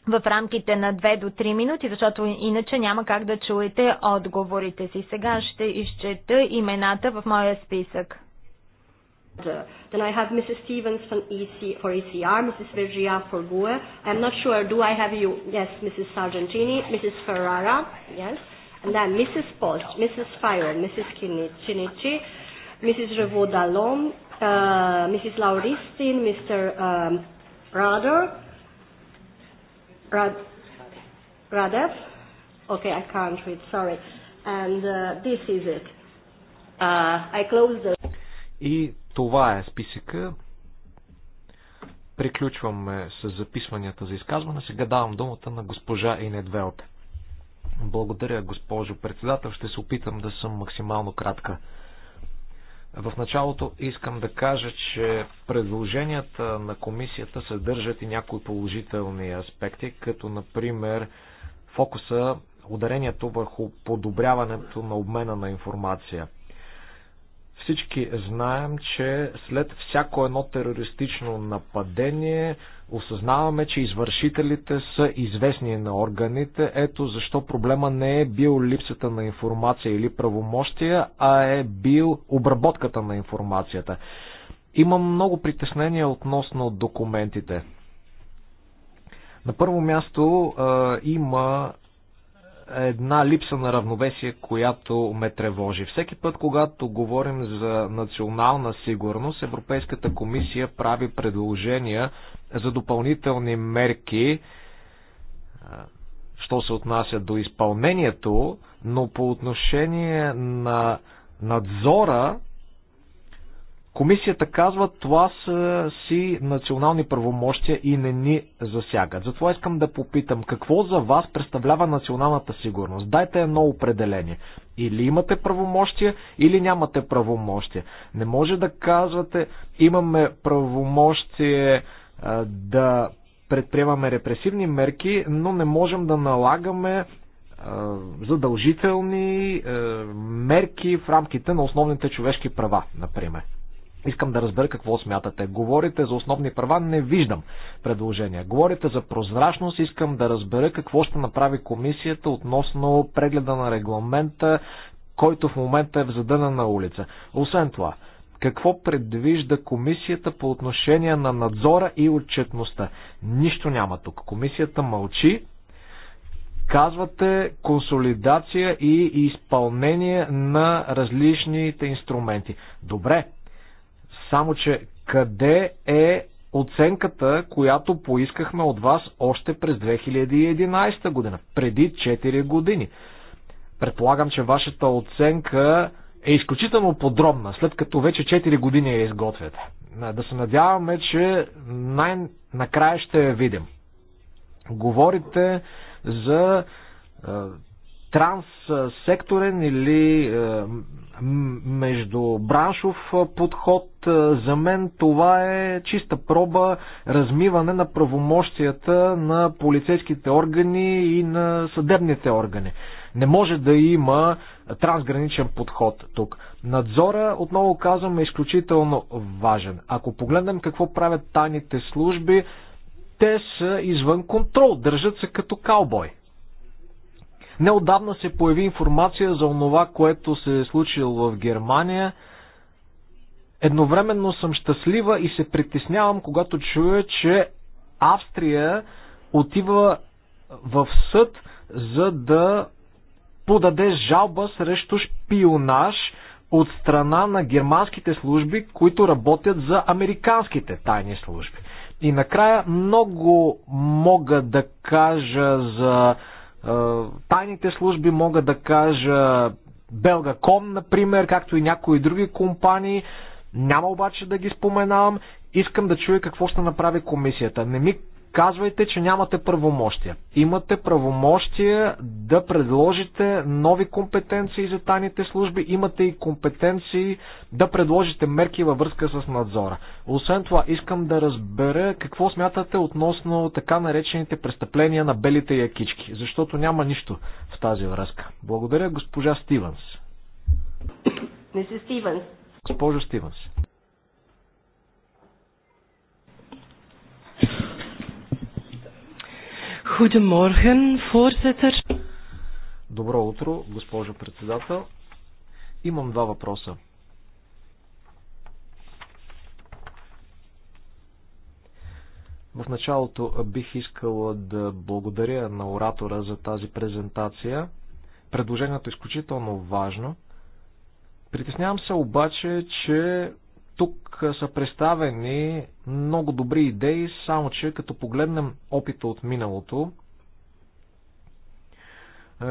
в рамките на 2 до 3 минути, защото иначе няма как да чуете отговорите си. Сега ще изчета имената в моя списък. Then I have Mrs. Stevens from EC, for ECR, Mrs. Virgia for GUE. I'm not sure, do I have you? Yes, Mrs. Sargentini, Mrs. Ferrara, yes. And then Mrs. Post, Mrs. Fire, Mrs. Cinici, Mrs. Revaud-Dallon, uh, Mrs. Lauristin, Mr. Um, Rader, Radev? Okay, I can't read, sorry. And uh, this is it. Uh, I close the... И това е списъка. Приключваме с записванията за изказване. Сега давам думата на госпожа Инедвелте. Благодаря, госпожо председател. Ще се опитам да съм максимално кратка. В началото искам да кажа, че предложенията на комисията съдържат и някои положителни аспекти, като например фокуса, ударението върху подобряването на обмена на информация. Всички знаем, че след всяко едно терористично нападение Осъзнаваме, че извършителите са известни на органите. Ето защо проблема не е бил липсата на информация или правомощия, а е бил обработката на информацията. Имам много притеснения относно документите. На първо място а, има една липса на равновесие, която ме тревожи. Всеки път, когато говорим за национална сигурност, Европейската комисия прави предложения за допълнителни мерки, що се отнася до изпълнението, но по отношение на надзора Комисията казва, това са си национални правомощия и не ни засягат. Затова искам да попитам, какво за вас представлява националната сигурност? Дайте едно определение. Или имате правомощия, или нямате правомощия. Не може да казвате, имаме правомощие да предприемаме репресивни мерки, но не можем да налагаме задължителни мерки в рамките на основните човешки права, например. Искам да разбера какво смятате. Говорите за основни права, не виждам предложения. Говорите за прозрачност, искам да разбера какво ще направи комисията относно прегледа на регламента, който в момента е в на улица. Освен това, какво предвижда комисията по отношение на надзора и отчетността? Нищо няма тук. Комисията мълчи. Казвате консолидация и изпълнение на различните инструменти. Добре, само, че къде е оценката, която поискахме от вас още през 2011 година, преди 4 години? Предполагам, че вашата оценка е изключително подробна, след като вече 4 години я изготвяте. Да се надяваме, че най-накрая ще я видим. Говорите за транссекторен или е, междубраншов подход. Е, за мен това е чиста проба размиване на правомощията на полицейските органи и на съдебните органи. Не може да има трансграничен подход тук. Надзора, отново казвам, е изключително важен. Ако погледнем какво правят тайните служби, те са извън контрол, държат се като каубой. Неодавна се появи информация за онова, което се е случило в Германия. Едновременно съм щастлива и се притеснявам, когато чуя, че Австрия отива в съд, за да подаде жалба срещу шпионаж от страна на германските служби, които работят за американските тайни служби. И накрая много мога да кажа за е, тайните служби могат да кажа Белгаком, например, както и някои други компании. Няма обаче да ги споменавам. Искам да чуя какво ще направи комисията. Не ми казвайте, че нямате правомощия. Имате правомощия да предложите нови компетенции за тайните служби, имате и компетенции да предложите мерки във връзка с надзора. Освен това, искам да разбера какво смятате относно така наречените престъпления на белите якички, защото няма нищо в тази връзка. Благодаря, госпожа Стивенс. си Стивенс. Госпожо Стивенс. Goedemorgen, voorzitter. Добро утро, госпожо председател. Имам два въпроса. В началото бих искала да благодаря на оратора за тази презентация. Предложението е изключително важно. Притеснявам се обаче, че тук са представени много добри идеи, само че като погледнем опита от миналото,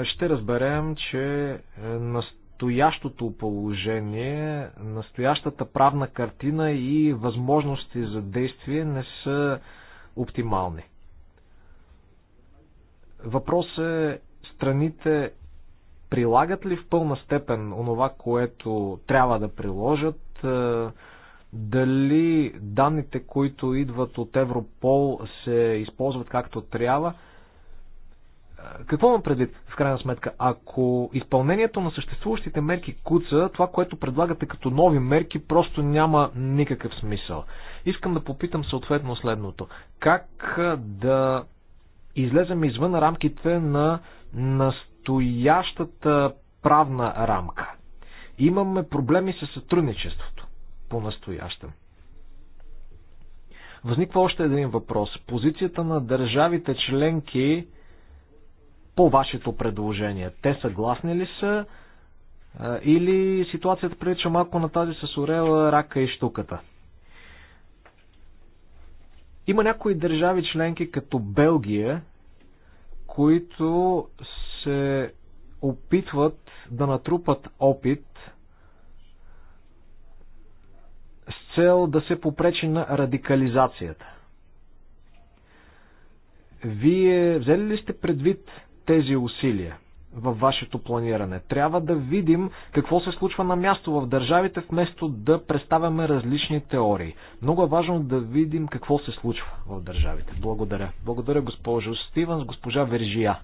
ще разберем, че настоящото положение, настоящата правна картина и възможности за действие не са оптимални. Въпрос е страните прилагат ли в пълна степен онова, което трябва да приложат, дали данните, които идват от Европол, се използват както трябва. Какво имам предвид, в крайна сметка? Ако изпълнението на съществуващите мерки куца, това, което предлагате като нови мерки, просто няма никакъв смисъл. Искам да попитам съответно следното. Как да излезем извън рамките на настоящата правна рамка? Имаме проблеми с сътрудничеството по-настоящем. Възниква още един въпрос. Позицията на държавите членки по вашето предложение. Те съгласни ли са или ситуацията прилича малко на тази с орела, рака и штуката? Има някои държави членки като Белгия, които се опитват да натрупат опит цел да се попречи на радикализацията. Вие взели ли сте предвид тези усилия във вашето планиране? Трябва да видим какво се случва на място в държавите, вместо да представяме различни теории. Много е важно да видим какво се случва в държавите. Благодаря. Благодаря госпожо Стивенс, госпожа Вержия.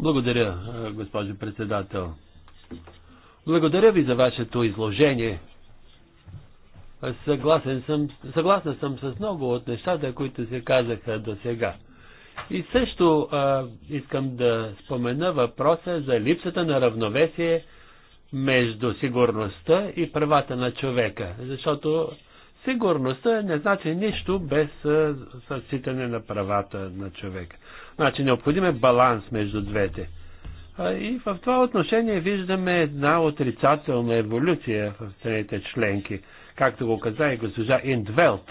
Благодаря, госпожо председател. Благодаря ви за вашето изложение. Съгласен съм, съгласен съм с много от нещата, които се казаха до сега. И също а, искам да спомена въпроса за липсата на равновесие между сигурността и правата на човека. Защото сигурността не значи нищо без съсчитане на правата на човека. Значи необходим е баланс между двете. И в това отношение виждаме една отрицателна еволюция в страните членки, както го каза и госпожа Индвелт.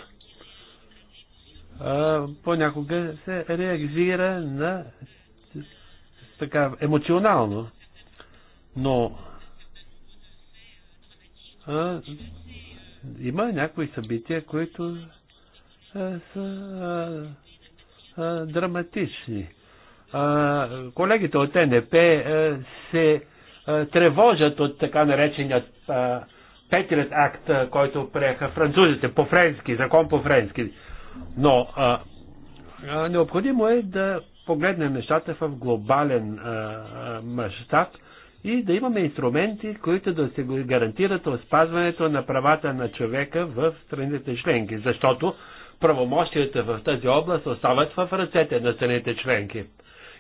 Понякога се реагира на така емоционално, но а, има някои събития, които а, са а, а, драматични колегите от НП се тревожат от така наречения Петрият акт, който приеха французите по френски, закон по френски. Но необходимо е да погледнем нещата в глобален мащаб и да имаме инструменти, които да се гарантират спазването на правата на човека в страните членки, защото правомощията в тази област остават в ръцете на страните членки.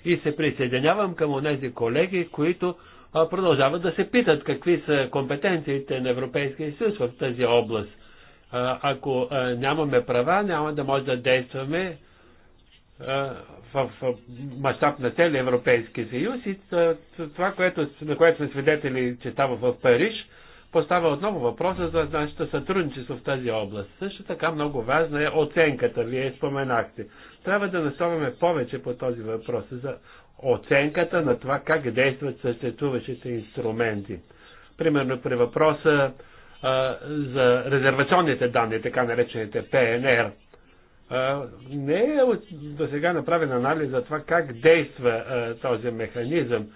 И се присъединявам към онези колеги, които продължават да се питат какви са компетенциите на Европейския съюз в тази област. Ако нямаме права, няма да може да действаме в мащаб на цели Европейски съюз и това, което, на което сме свидетели, че става в Париж, поставя отново въпроса за нашето сътрудничество в тази област. Също така много важна е оценката, вие споменахте. Трябва да наставаме повече по този въпрос за оценката на това как действат съществуващите инструменти. Примерно при въпроса а, за резервационните данни, така наречените ПНР. А, не е до сега направен анализ за това как действа а, този механизъм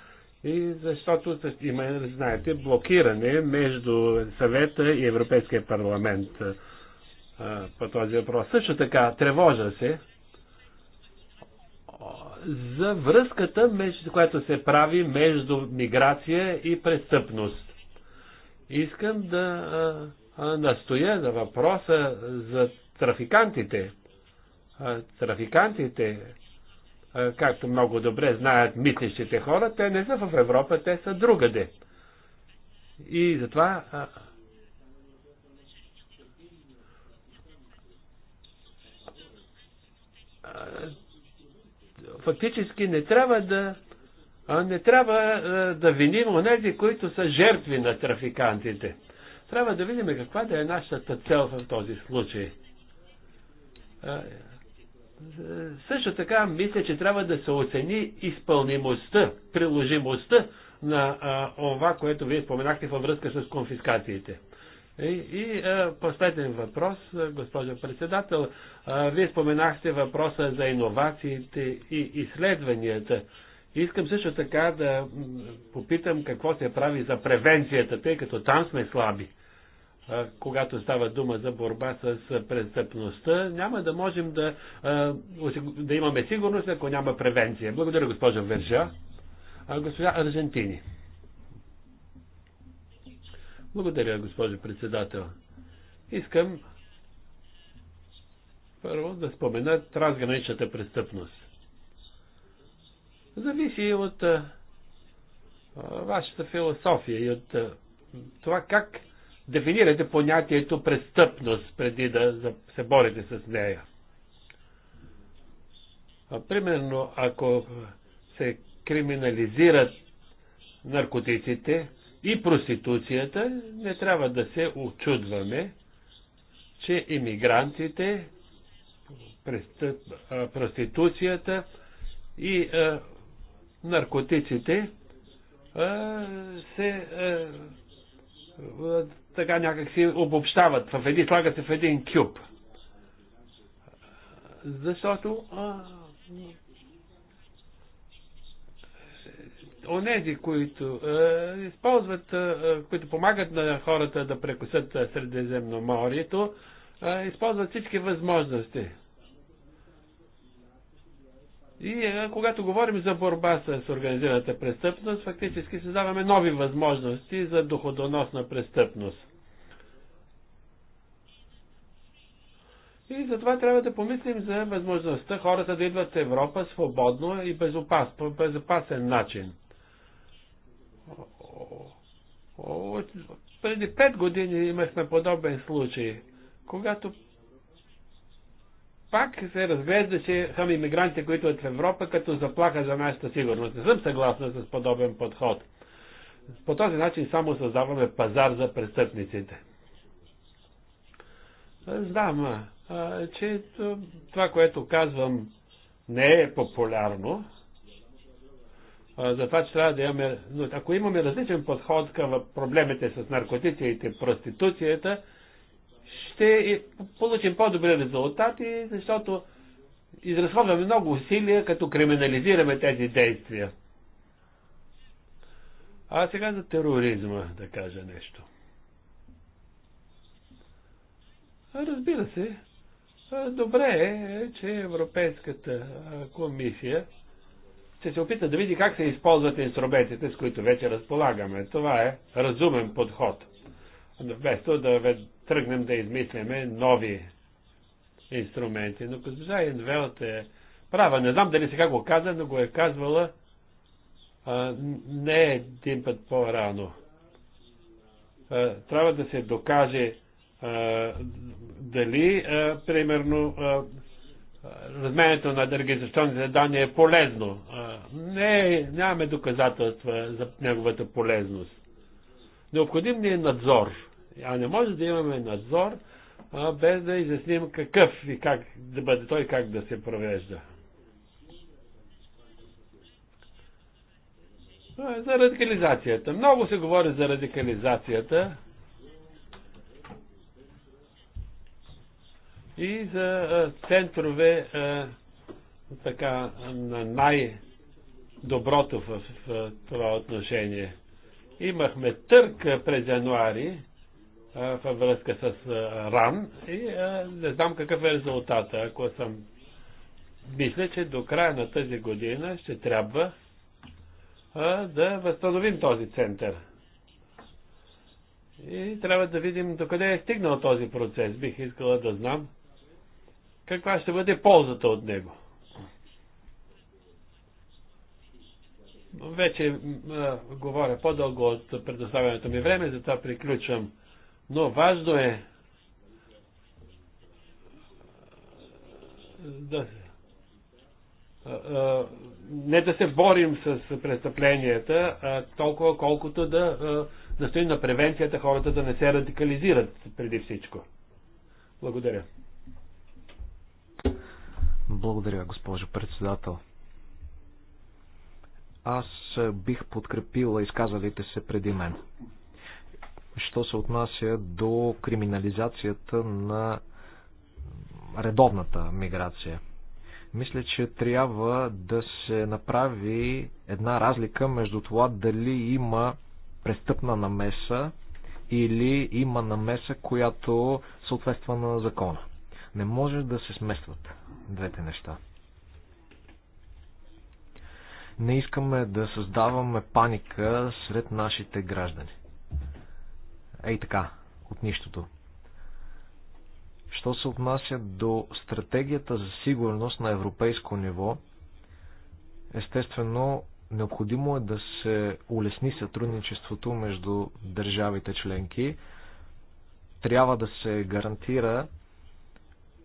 и защото има, знаете, блокиране между съвета и Европейския парламент по този въпрос. Също така, тревожа се за връзката, между, която се прави между миграция и престъпност. Искам да настоя на въпроса за трафикантите. Трафикантите е, както много добре знаят мислещите хора, те не са в Европа, те са другаде. И затова фактически не трябва да не трябва да виним онези, които са жертви на трафикантите. Трябва да видим каква да е нашата цел в този случай. Също така мисля, че трябва да се оцени изпълнимостта, приложимостта на а, това, което вие споменахте във връзка с конфискациите. И, и а, последен въпрос, госпожо председател. А, вие споменахте въпроса за иновациите и изследванията. Искам също така да попитам какво се прави за превенцията, тъй като там сме слаби когато става дума за борба с престъпността, няма да можем да, да имаме сигурност, ако няма превенция. Благодаря, госпожа Вержа. Госпожа Аржентини. Благодаря, госпожо председател. Искам първо да спомена трансграничната престъпност. Зависи от а, вашата философия и от а, това как дефинирате понятието престъпност преди да се борите с нея. А, примерно, ако се криминализират наркотиците и проституцията, не трябва да се очудваме, че иммигрантите, проституцията и а, наркотиците се така някак си обобщават в един, слагат се в един кюб. Защото а, онези, които а, използват, а, които помагат на хората да прекусат Средиземноморието, а, използват всички възможности. И е, когато говорим за борба с организираната престъпност, фактически създаваме нови възможности за доходоносна престъпност. И затова трябва да помислим за възможността хората да идват в Европа свободно и безопас, по безопасен начин. Преди пет години имахме подобен случай, когато пак се разглеждаше само иммигрантите, които от Европа, като заплаха за нашата сигурност. Не съм съгласна с подобен подход. По този начин само създаваме пазар за престъпниците. Знам, че това, което казвам, не е популярно. За това, че трябва да имаме... Но ако имаме различен подход към проблемите с наркотиците и проституцията, ще получим по-добри резултати, защото изразходваме много усилия, като криминализираме тези действия. А сега за тероризма да кажа нещо. Разбира се, добре е, че Европейската комисия ще се опита да види как се използват инструментите, с които вече разполагаме. Това е разумен подход. Вместо да тръгнем да измисляме нови инструменти. Но госпожа Инвелт е права. Не знам дали сега го каза, но го е казвала а, не един път по-рано. трябва да се докаже а, дали, а, примерно, а, разменето на регистрационните данни е полезно. А, не, нямаме доказателства за неговата полезност. Необходим ни е надзор. А не може да имаме надзор а, без да изясним какъв и как да бъде той, как да се провежда. А, е за радикализацията. Много се говори за радикализацията и за а, центрове а, така, на най-доброто в, в, в това отношение. Имахме търк през януари във връзка с РАН и не знам какъв е резултата. Ако съм... Мисля, че до края на тази година ще трябва да възстановим този център. И трябва да видим докъде е стигнал този процес. Бих искала да знам каква ще бъде ползата от него. Вече а, говоря по-дълго от предоставянето ми време, затова приключвам но важно е да, не да се борим с престъпленията, а толкова колкото да настоим на превенцията хората да не се радикализират преди всичко. Благодаря. Благодаря, госпожо председател. Аз бих подкрепила изказалите се преди мен що се отнася до криминализацията на редовната миграция. Мисля, че трябва да се направи една разлика между това дали има престъпна намеса или има намеса, която съответства на закона. Не може да се сместват двете неща. Не искаме да създаваме паника сред нашите граждани ей така, от нищото. Що се отнася до стратегията за сигурност на европейско ниво, естествено, необходимо е да се улесни сътрудничеството между държавите членки. Трябва да се гарантира,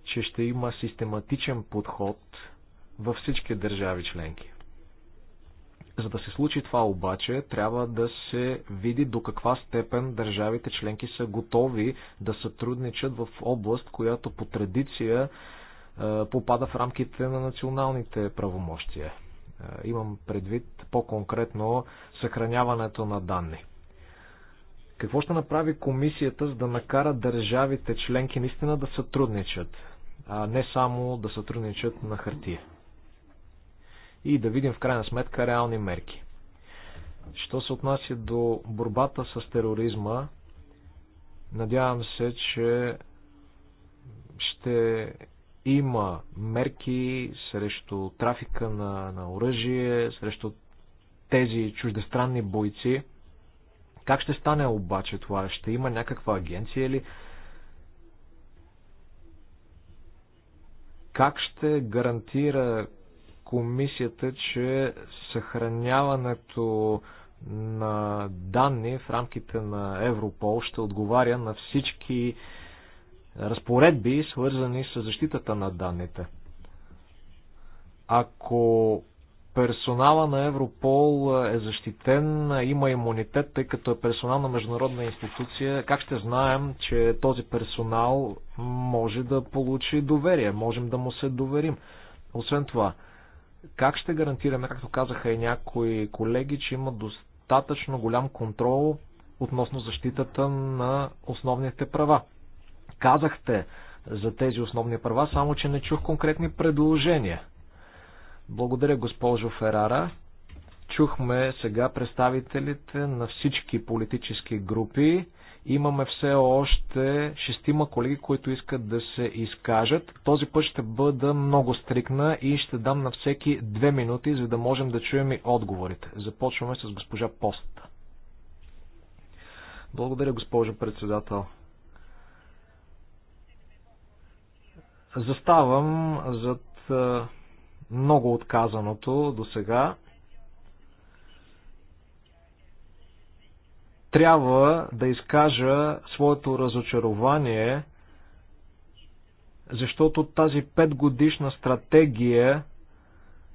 че ще има систематичен подход във всички държави членки. За да се случи това обаче, трябва да се види до каква степен държавите членки са готови да сътрудничат в област, която по традиция е, попада в рамките на националните правомощия. Е, имам предвид по-конкретно съхраняването на данни. Какво ще направи комисията, за да накара държавите членки наистина да сътрудничат, а не само да сътрудничат на хартия? и да видим в крайна сметка реални мерки. Що се отнася до борбата с тероризма, надявам се, че ще има мерки срещу трафика на, на оръжие, срещу тези чуждестранни бойци. Как ще стане обаче това? Ще има някаква агенция или как ще гарантира комисията, че съхраняването на данни в рамките на Европол ще отговаря на всички разпоредби, свързани с защитата на данните. Ако персонала на Европол е защитен, има имунитет, тъй като е персонал на международна институция, как ще знаем, че този персонал може да получи доверие, можем да му се доверим. Освен това, как ще гарантираме, както казаха и някои колеги, че има достатъчно голям контрол относно защитата на основните права? Казахте за тези основни права, само че не чух конкретни предложения. Благодаря, госпожо Ферара. Чухме сега представителите на всички политически групи. Имаме все още шестима колеги, които искат да се изкажат. Този път ще бъда много стрикна и ще дам на всеки две минути, за да можем да чуем и отговорите. Започваме с госпожа Пост. Благодаря, госпожо председател. Заставам зад много отказаното до сега. трябва да изкажа своето разочарование, защото тази петгодишна стратегия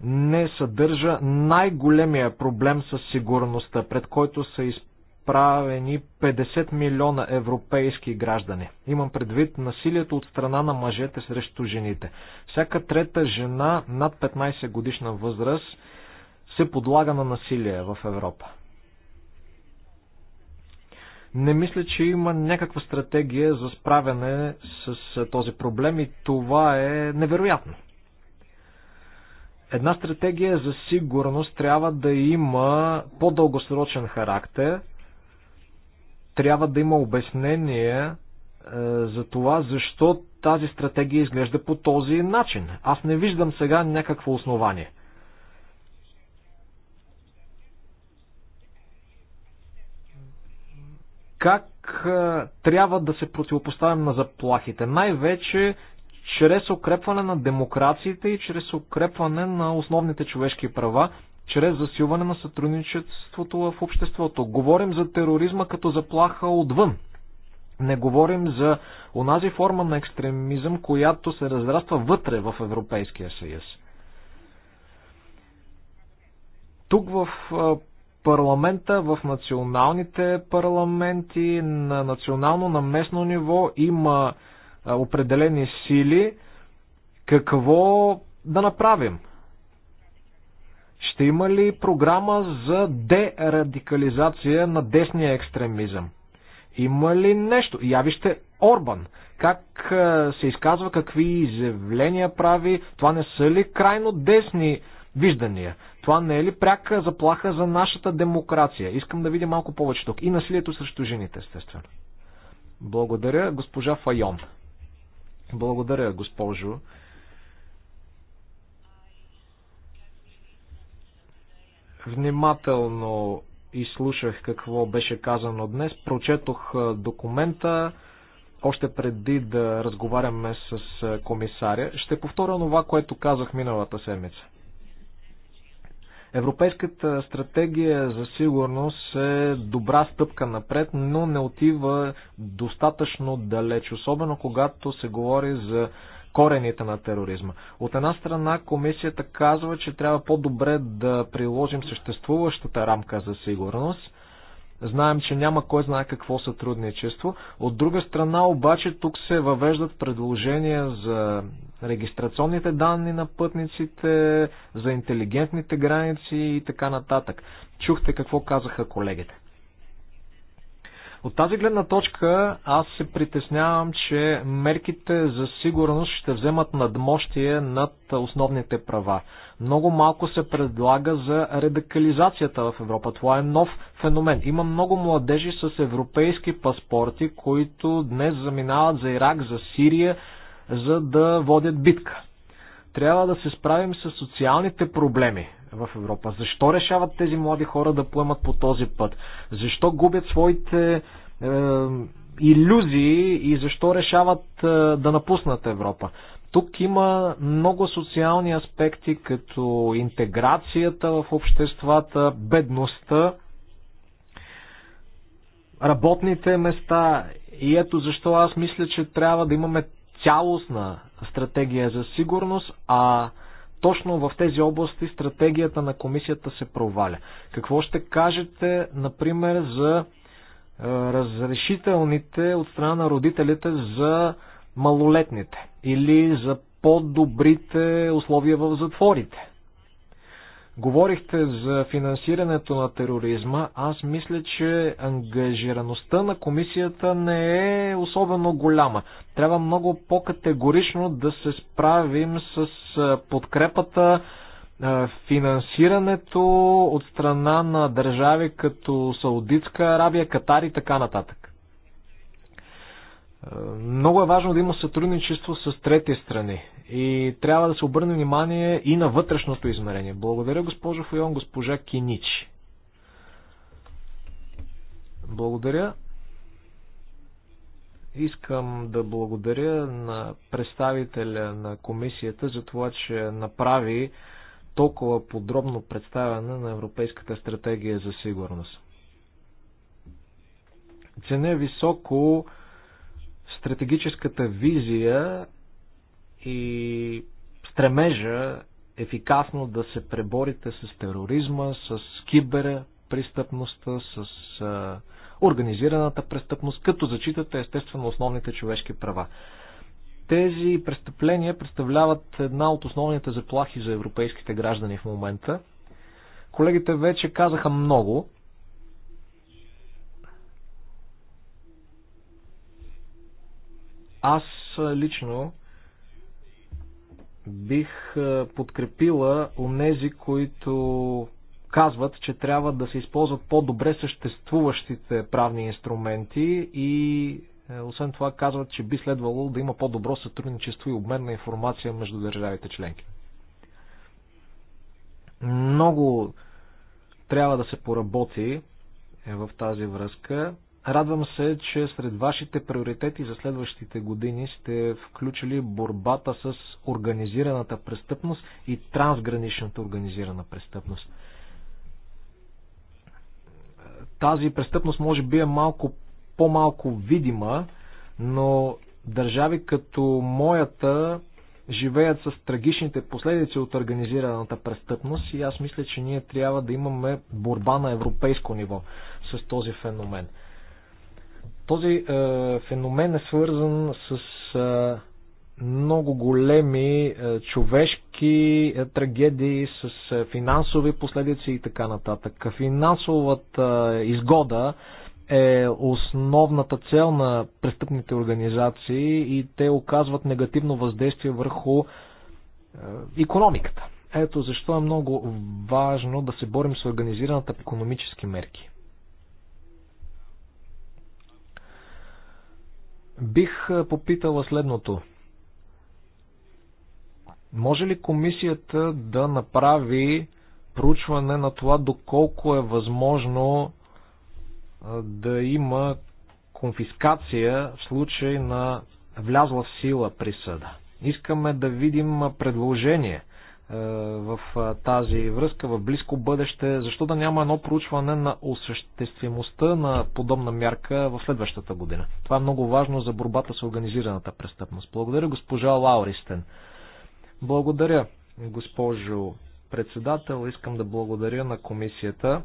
не съдържа най-големия проблем с сигурността, пред който са изправени 50 милиона европейски граждани. Имам предвид насилието от страна на мъжете срещу жените. Всяка трета жена над 15 годишна възраст се подлага на насилие в Европа. Не мисля, че има някаква стратегия за справяне с този проблем и това е невероятно. Една стратегия за сигурност трябва да има по-дългосрочен характер, трябва да има обяснение за това, защо тази стратегия изглежда по този начин. Аз не виждам сега някакво основание. Как трябва да се противопоставим на заплахите? Най-вече чрез укрепване на демокрациите и чрез укрепване на основните човешки права, чрез засилване на сътрудничеството в обществото. Говорим за тероризма като заплаха отвън. Не говорим за онази форма на екстремизъм, която се разраства вътре в Европейския съюз. Тук в парламента, в националните парламенти, на национално, на местно ниво има определени сили. Какво да направим? Ще има ли програма за дерадикализация на десния екстремизъм? Има ли нещо? Я вижте Орбан. Как се изказва, какви изявления прави, това не са ли крайно десни виждания? Това не е ли пряка заплаха за нашата демокрация? Искам да видя малко повече тук. И насилието срещу жените, естествено. Благодаря, госпожа Файон. Благодаря, госпожо. Внимателно изслушах какво беше казано днес. Прочетох документа още преди да разговаряме с комисаря. Ще повторя това, което казах миналата седмица. Европейската стратегия за сигурност е добра стъпка напред, но не отива достатъчно далеч, особено когато се говори за корените на тероризма. От една страна комисията казва, че трябва по-добре да приложим съществуващата рамка за сигурност, Знаем, че няма кой знае какво сътрудничество. От друга страна обаче тук се въвеждат предложения за регистрационните данни на пътниците, за интелигентните граници и така нататък. Чухте какво казаха колегите. От тази гледна точка аз се притеснявам, че мерките за сигурност ще вземат надмощие над основните права. Много малко се предлага за радикализацията в Европа. Това е нов феномен. Има много младежи с европейски паспорти, които днес заминават за Ирак, за Сирия, за да водят битка. Трябва да се справим с социалните проблеми в Европа. Защо решават тези млади хора да поемат по този път? Защо губят своите е, иллюзии и защо решават е, да напуснат Европа? Тук има много социални аспекти, като интеграцията в обществата, бедността, работните места. И ето защо аз мисля, че трябва да имаме цялостна стратегия за сигурност, а точно в тези области стратегията на комисията се проваля. Какво ще кажете, например, за е, разрешителните от страна на родителите за малолетните или за по-добрите условия в затворите? Говорихте за финансирането на тероризма. Аз мисля, че ангажираността на комисията не е особено голяма. Трябва много по-категорично да се справим с подкрепата, финансирането от страна на държави като Саудитска Арабия, Катар и така нататък. Много е важно да има сътрудничество с трети страни. И трябва да се обърне внимание и на вътрешното измерение. Благодаря, госпожо Фойон, госпожа Киничи. Благодаря. Искам да благодаря на представителя на комисията за това, че направи толкова подробно представяне на Европейската стратегия за сигурност. Ценя високо стратегическата визия и стремежа ефикасно да се преборите с тероризма, с киберпрестъпността, с а, организираната престъпност, като зачитате естествено основните човешки права. Тези престъпления представляват една от основните заплахи за европейските граждани в момента. Колегите вече казаха много. Аз лично бих подкрепила онези, които казват, че трябва да се използват по-добре съществуващите правни инструменти и е, освен това казват, че би следвало да има по-добро сътрудничество и обмен на информация между държавите членки. Много трябва да се поработи е, в тази връзка. Радвам се, че сред вашите приоритети за следващите години сте включили борбата с организираната престъпност и трансграничната организирана престъпност. Тази престъпност може би е малко по-малко видима, но държави като моята живеят с трагичните последици от организираната престъпност и аз мисля, че ние трябва да имаме борба на европейско ниво с този феномен. Този е, феномен е свързан с е, много големи е, човешки трагедии с финансови последици и така нататък. Финансовата изгода е основната цел на престъпните организации и те оказват негативно въздействие върху економиката. Ето защо е много важно да се борим с организираната економически мерки. Бих попитала следното. Може ли комисията да направи проучване на това доколко е възможно да има конфискация в случай на влязла в сила присъда? Искаме да видим предложение – е, в е, тази връзка в близко бъдеще, защо да няма едно проучване на осъществимостта на подобна мярка в следващата година. Това е много важно за борбата с организираната престъпност. Благодаря госпожа Лауристен. Благодаря госпожо председател. Искам да благодаря на комисията.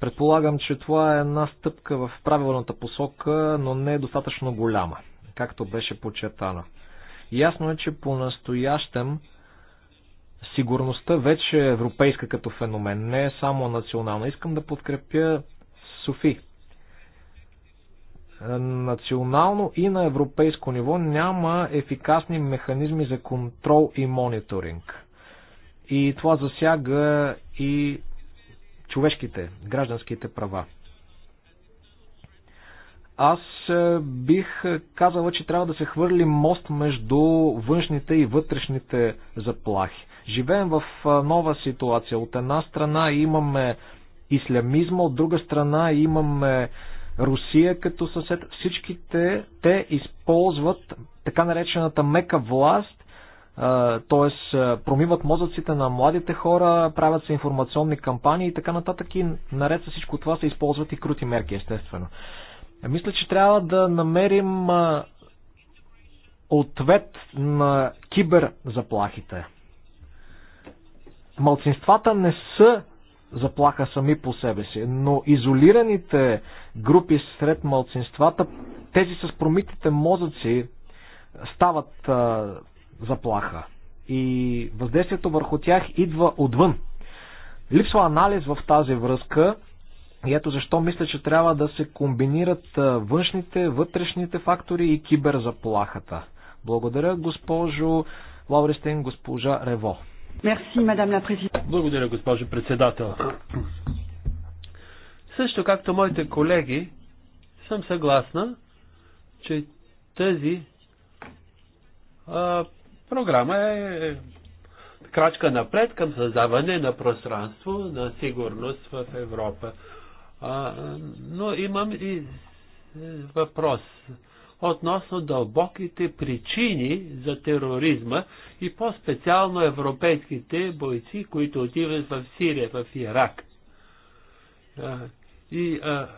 Предполагам, че това е една стъпка в правилната посока, но не е достатъчно голяма, както беше почетана. Ясно е, че по-настоящем сигурността вече е европейска като феномен, не е само национална. Искам да подкрепя Софи. Национално и на европейско ниво няма ефикасни механизми за контрол и мониторинг. И това засяга и човешките, гражданските права. Аз е, бих казала, че трябва да се хвърли мост между външните и вътрешните заплахи. Живеем в е, нова ситуация. От една страна имаме ислямизма, от друга страна имаме Русия като съсед. Всичките те използват така наречената мека власт, т.е. Е, промиват мозъците на младите хора, правят се информационни кампании и така нататък и наред с всичко това се използват и крути мерки, естествено. Е, мисля, че трябва да намерим ответ на киберзаплахите. Малцинствата не са заплаха сами по себе си, но изолираните групи сред малцинствата, тези с промитите мозъци, стават а, заплаха. И въздействието върху тях идва отвън. Липсва анализ в тази връзка и ето защо мисля, че трябва да се комбинират външните, вътрешните фактори и киберзаплахата. Благодаря, госпожо Лауристен, госпожа Рево. Мерси, мадам ла Благодаря, госпожо председател. Също както моите колеги, съм съгласна, че тази а, програма е, е крачка напред към създаване на пространство на сигурност в Европа. А, но имам и въпрос относно дълбоките причини за тероризма и по-специално европейските бойци, които отиват в Сирия, в Ирак. А, и а,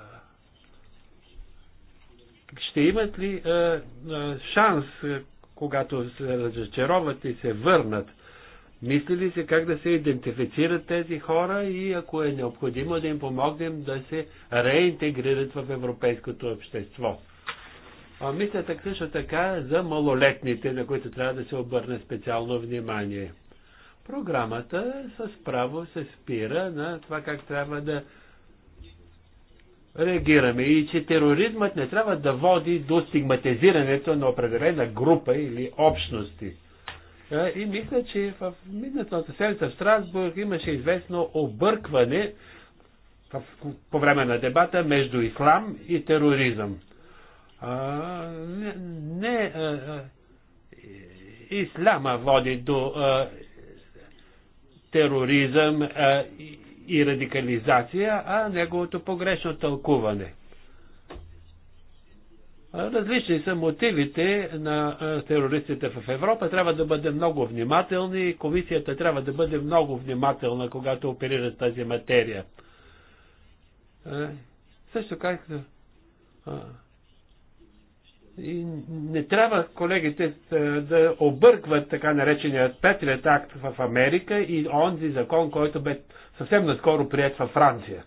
ще имат ли а, а, шанс, когато се разочароват и се върнат, Мисли ли се как да се идентифицират тези хора и ако е необходимо да им помогнем да се реинтегрират в европейското общество? А, мисля също така за малолетните, на които трябва да се обърне специално внимание. Програмата с право се спира на това как трябва да реагираме и че тероризмът не трябва да води до стигматизирането на определена група или общности. И мисля, че в миналата седмица в Страсбург имаше известно объркване в, по време на дебата между ислам и тероризъм. А, не, не а, ислама води до а, тероризъм а, и радикализация, а неговото погрешно тълкуване. Различни са мотивите на терористите в Европа. Трябва да бъдем много внимателни и комисията трябва да бъде много внимателна, когато оперира тази материя. Също как и не трябва колегите да объркват така нареченият Петрият акт в Америка и онзи закон, който бе съвсем наскоро прият във Франция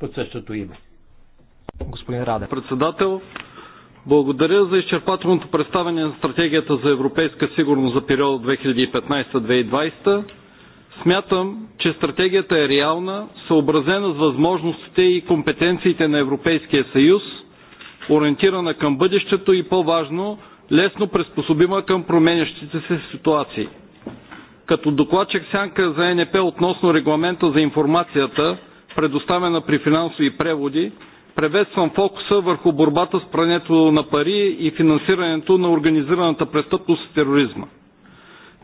под същото име. Господин Раде. Председател, благодаря за изчерпателното представяне на стратегията за европейска сигурност за периода 2015-2020. Смятам, че стратегията е реална, съобразена с възможностите и компетенциите на Европейския съюз, ориентирана към бъдещето и по-важно, лесно приспособима към променящите се ситуации. Като докладчик сянка за НП относно регламента за информацията, предоставена при финансови преводи, приветствам фокуса върху борбата с прането на пари и финансирането на организираната престъпност и тероризма.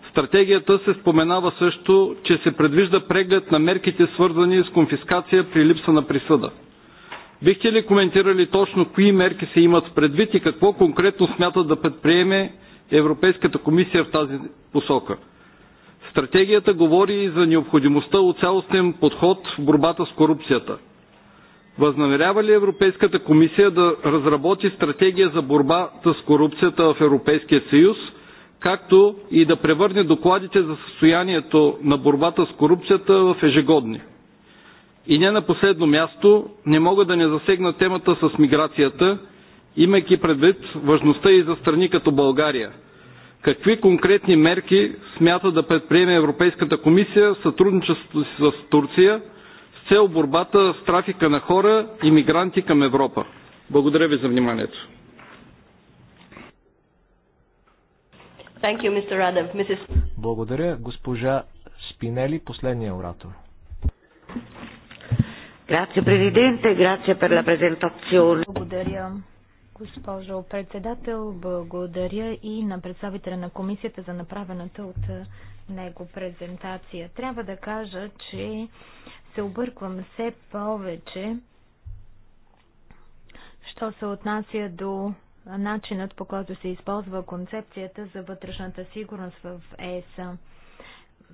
В стратегията се споменава също, че се предвижда преглед на мерките свързани с конфискация при липса на присъда. Бихте ли коментирали точно кои мерки се имат предвид и какво конкретно смята да предприеме Европейската комисия в тази посока? Стратегията говори и за необходимостта от цялостен подход в борбата с корупцията – Възнамерява ли Европейската комисия да разработи стратегия за борба с корупцията в Европейския съюз, както и да превърне докладите за състоянието на борбата с корупцията в ежегодни? И не на последно място, не мога да не засегна темата с миграцията, имайки предвид важността и за страни като България. Какви конкретни мерки смята да предприеме Европейската комисия в сътрудничеството си с Турция – цел борбата с трафика на хора и мигранти към Европа. Благодаря ви за вниманието. Thank you, Mr. Adam. Mrs. Благодаря, госпожа Спинели, последния оратор. Грация, президенте, грация, перла la Благодаря, госпожо председател. Благодаря и на представителя на комисията за направената от него презентация. Трябва да кажа, че се обърквам все повече, що се отнася до начинът по който се използва концепцията за вътрешната сигурност в ЕСА.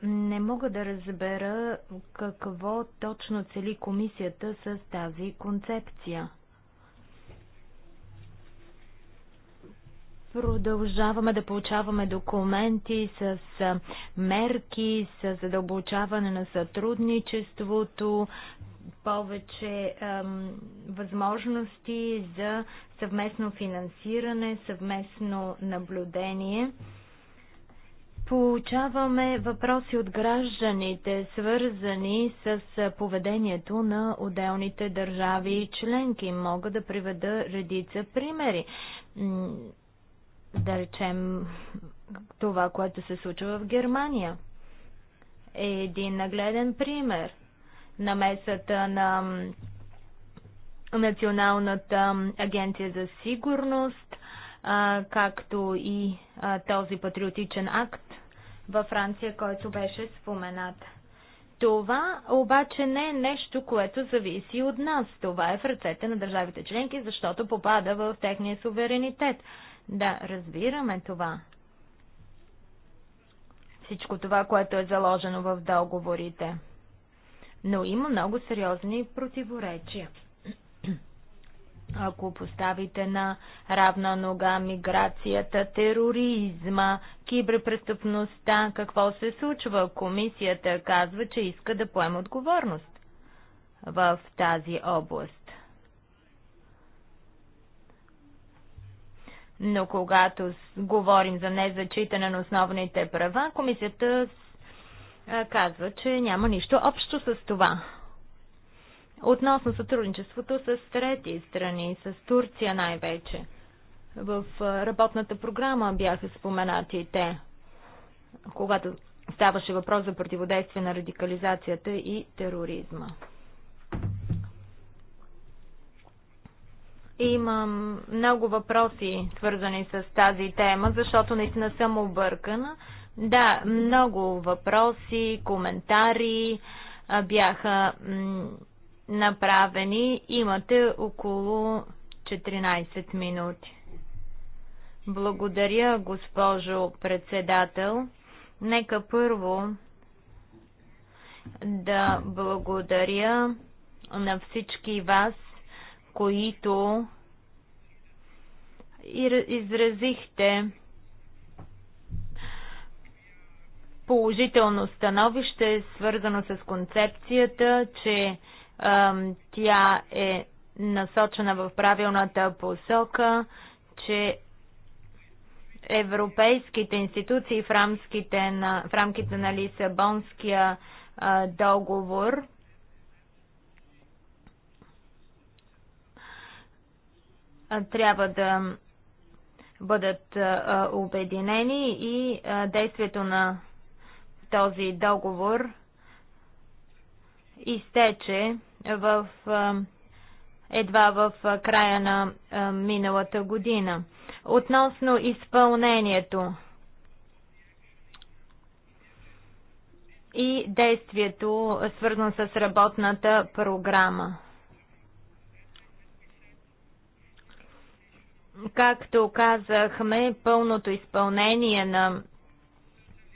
Не мога да разбера какво точно цели комисията с тази концепция. Продължаваме да получаваме документи с мерки, с задълбочаване на сътрудничеството, повече ем, възможности за съвместно финансиране, съвместно наблюдение. Получаваме въпроси от гражданите, свързани с поведението на отделните държави и членки. Мога да приведа редица примери да речем, това, което се случва в Германия. Е един нагледен пример на месата на Националната агенция за сигурност, както и този патриотичен акт във Франция, който беше споменат. Това обаче не е нещо, което зависи от нас. Това е в ръцете на държавите членки, защото попада в техния суверенитет. Да, разбираме това. Всичко това, което е заложено в договорите. Но има много сериозни противоречия. Ако поставите на равна нога миграцията, тероризма, киберпрестъпността, какво се случва? Комисията казва, че иска да поема отговорност в тази област. Но когато говорим за незачитане на основните права, комисията казва, че няма нищо общо с това. Относно сътрудничеството с трети страни, с Турция най-вече. В работната програма бяха споменати те, когато ставаше въпрос за противодействие на радикализацията и тероризма. Имам много въпроси, свързани с тази тема, защото наистина съм объркана. Да, много въпроси, коментари бяха направени. Имате около 14 минути. Благодаря, госпожо председател. Нека първо да благодаря на всички вас които изразихте положително становище, свързано с концепцията, че ем, тя е насочена в правилната посока, че европейските институции в рамките на, в рамките на Лисабонския е, договор трябва да бъдат обединени и действието на този договор изтече в, едва в края на миналата година. Относно изпълнението и действието, свързано с работната програма. Както казахме, пълното изпълнение на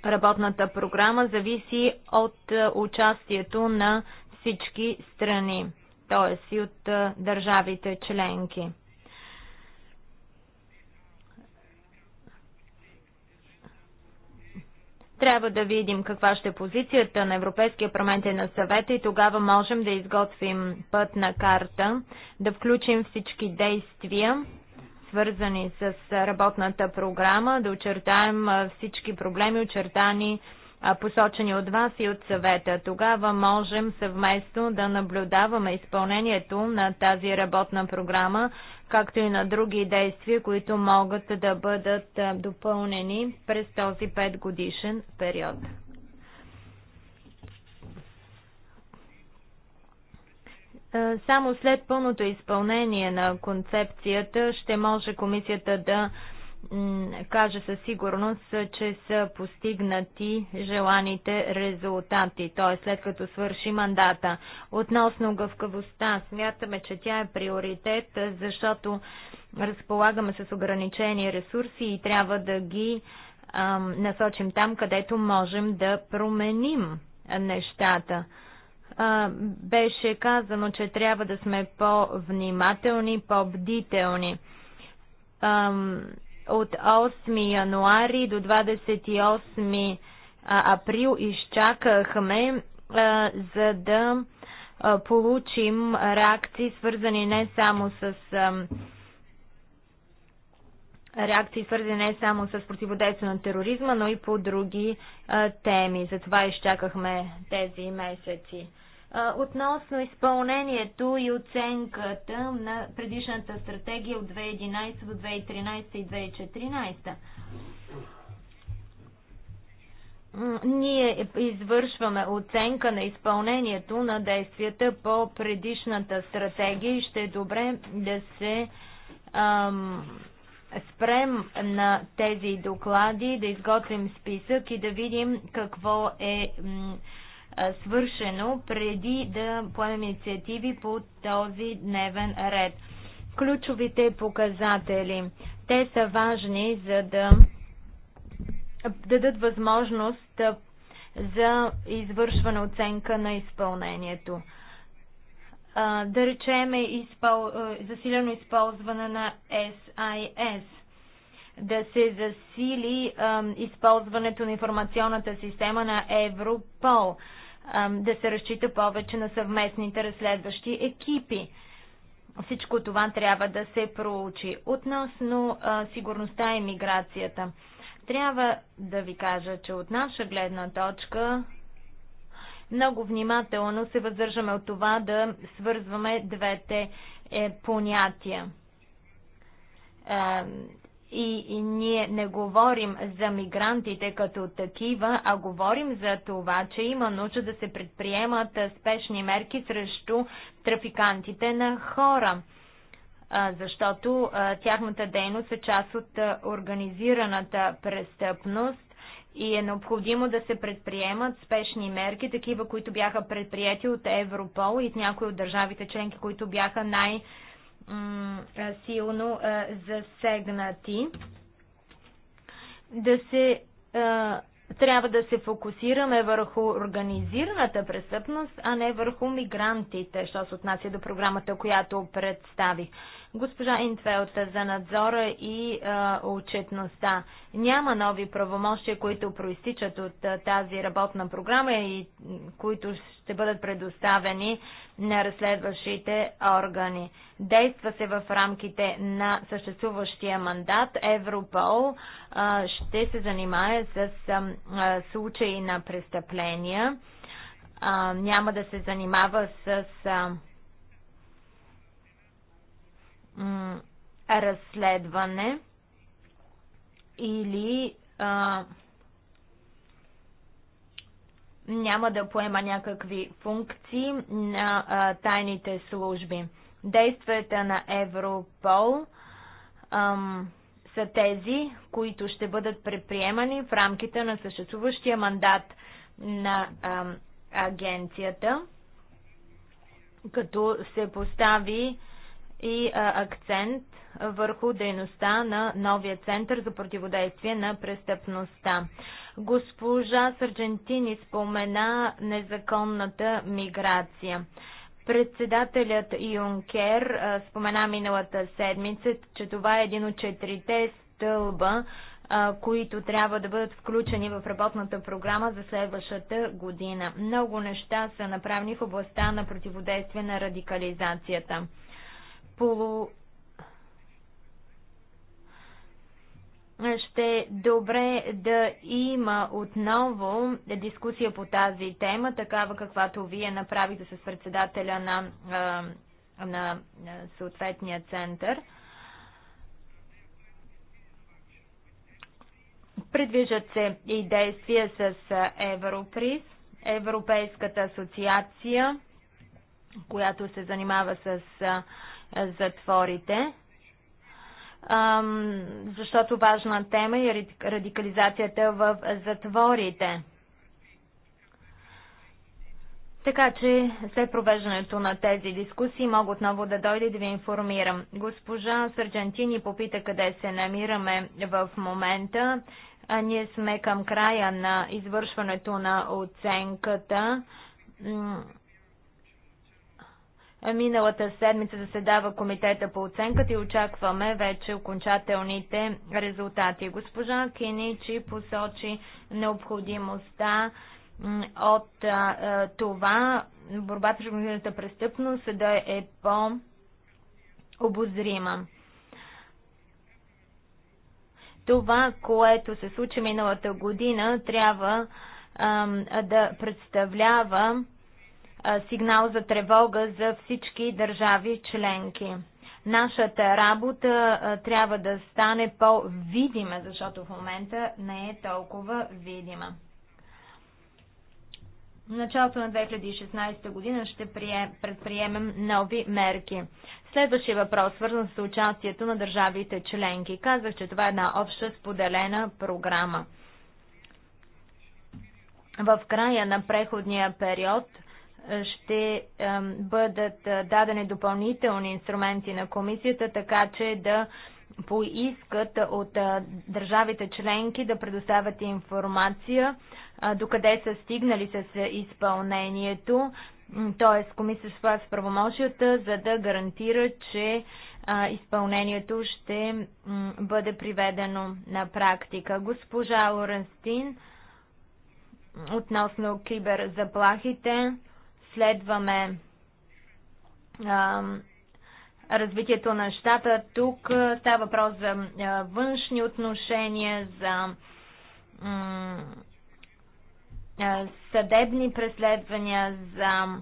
работната програма зависи от е, участието на всички страни, т.е. и от е, държавите членки. Трябва да видим каква ще е позицията на Европейския парламент и на съвета и тогава можем да изготвим пътна карта, да включим всички действия свързани с работната програма, да очертаем всички проблеми, очертани, посочени от вас и от съвета. Тогава можем съвместно да наблюдаваме изпълнението на тази работна програма, както и на други действия, които могат да бъдат допълнени през този 5 годишен период. Е, само след пълното изпълнение на концепцията ще може комисията да каже със сигурност, че са постигнати желаните резултати, т.е. след като свърши мандата. Относно гъвкавостта, смятаме, че тя е приоритет, защото разполагаме с ограничени ресурси и трябва да ги ам, насочим там, където можем да променим нещата беше казано, че трябва да сме по-внимателни, по-бдителни. От 8 януари до 28 април изчакахме, за да получим реакции, свързани не само с реакции, свързани не само с противодействие на тероризма, но и по други а, теми. Затова изчакахме тези месеци. А, относно изпълнението и оценката на предишната стратегия от 2011 до 2013 и 2014. Ние извършваме оценка на изпълнението на действията по предишната стратегия и ще е добре да се ам, спрем на тези доклади, да изготвим списък и да видим какво е свършено преди да поемем инициативи по този дневен ред. Ключовите показатели. Те са важни, за да дадат възможност за извършване оценка на изпълнението да речеме изпол... засилено използване на SIS, да се засили използването на информационната система на Европол, да се разчита повече на съвместните разследващи екипи. Всичко това трябва да се проучи. Относно сигурността и миграцията, трябва да ви кажа, че от наша гледна точка много внимателно се въздържаме от това да свързваме двете е, понятия. Е, и, и ние не говорим за мигрантите като такива, а говорим за това, че има нужда да се предприемат е, спешни мерки срещу трафикантите на хора, защото тяхната дейност е част от организираната престъпност и е необходимо да се предприемат спешни мерки, такива, които бяха предприяти от Европол и от някои от държавите членки, които бяха най-силно засегнати. Да се, трябва да се фокусираме върху организираната престъпност, а не върху мигрантите, що се отнася до програмата, която представих. Госпожа Интфелт за надзора и а, отчетността. Няма нови правомощия, които проистичат от а, тази работна програма и които ще бъдат предоставени на разследващите органи. Действа се в рамките на съществуващия мандат. Европол а, ще се занимае с а, а, случаи на престъпления. А, няма да се занимава с. А, разследване или а, няма да поема някакви функции на а, тайните служби. Действията на Европол ам, са тези, които ще бъдат предприемани в рамките на съществуващия мандат на ам, агенцията, като се постави и акцент върху дейността на новия Център за противодействие на престъпността. Госпожа Сърджентини спомена незаконната миграция. Председателят Юнкер спомена миналата седмица, че това е един от четирите стълба, които трябва да бъдат включени в работната програма за следващата година. Много неща са направени в областта на противодействие на радикализацията полу... ще е добре да има отново дискусия по тази тема, такава каквато вие направите с председателя на, на съответния център. Предвижат се и действия с Европриз, Европейската асоциация, която се занимава с затворите, защото важна тема е радикализацията в затворите. Така че след провеждането на тези дискусии мога отново да дойда и да ви информирам. Госпожа Сърджантини попита къде се намираме в момента. А ние сме към края на извършването на оценката Миналата седмица заседава комитета по оценката и очакваме вече окончателните резултати. Госпожа Киничи посочи необходимостта от това борбата с организираната престъпност да е по-обозрима. Това, което се случи миналата година, трябва да представлява сигнал за тревога за всички държави членки. Нашата работа трябва да стане по-видима, защото в момента не е толкова видима. В началото на 2016 година ще предприемем нови мерки. Следващия въпрос, свързан с участието на държавите членки. Казах, че това е една обща споделена програма. В края на преходния период ще бъдат дадени допълнителни инструменти на комисията, така че да поискат от държавите членки да предоставят информация докъде са стигнали с изпълнението, т.е. комисията ще с правомощията, за да гарантира, че изпълнението ще бъде приведено на практика. Госпожа Лоренстин относно киберзаплахите следваме а, развитието на щата. Тук става въпрос за а, външни отношения, за а, съдебни преследвания, за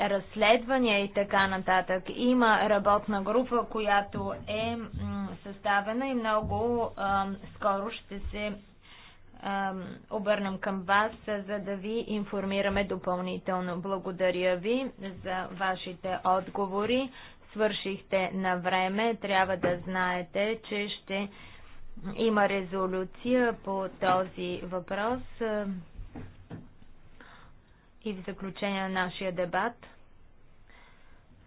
разследвания и така нататък. Има работна група, която е съставена и много скоро ще се обърнем към вас, за да ви информираме допълнително. Благодаря ви за вашите отговори. Свършихте на време. Трябва да знаете, че ще има резолюция по този въпрос и в заключение на нашия дебат.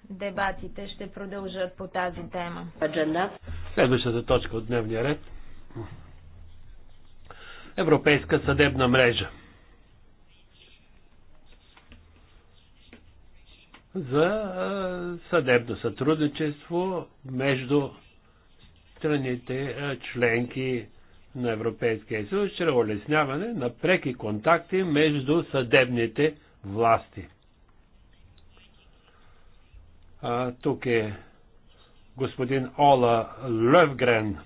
Дебатите ще продължат по тази тема. Следващата точка от дневния ред. Европейска съдебна мрежа. за съдебно сътрудничество между страните членки на Европейския съюз, чрез улесняване на преки контакти между съдебните власти. А, тук е господин Ола Левгрен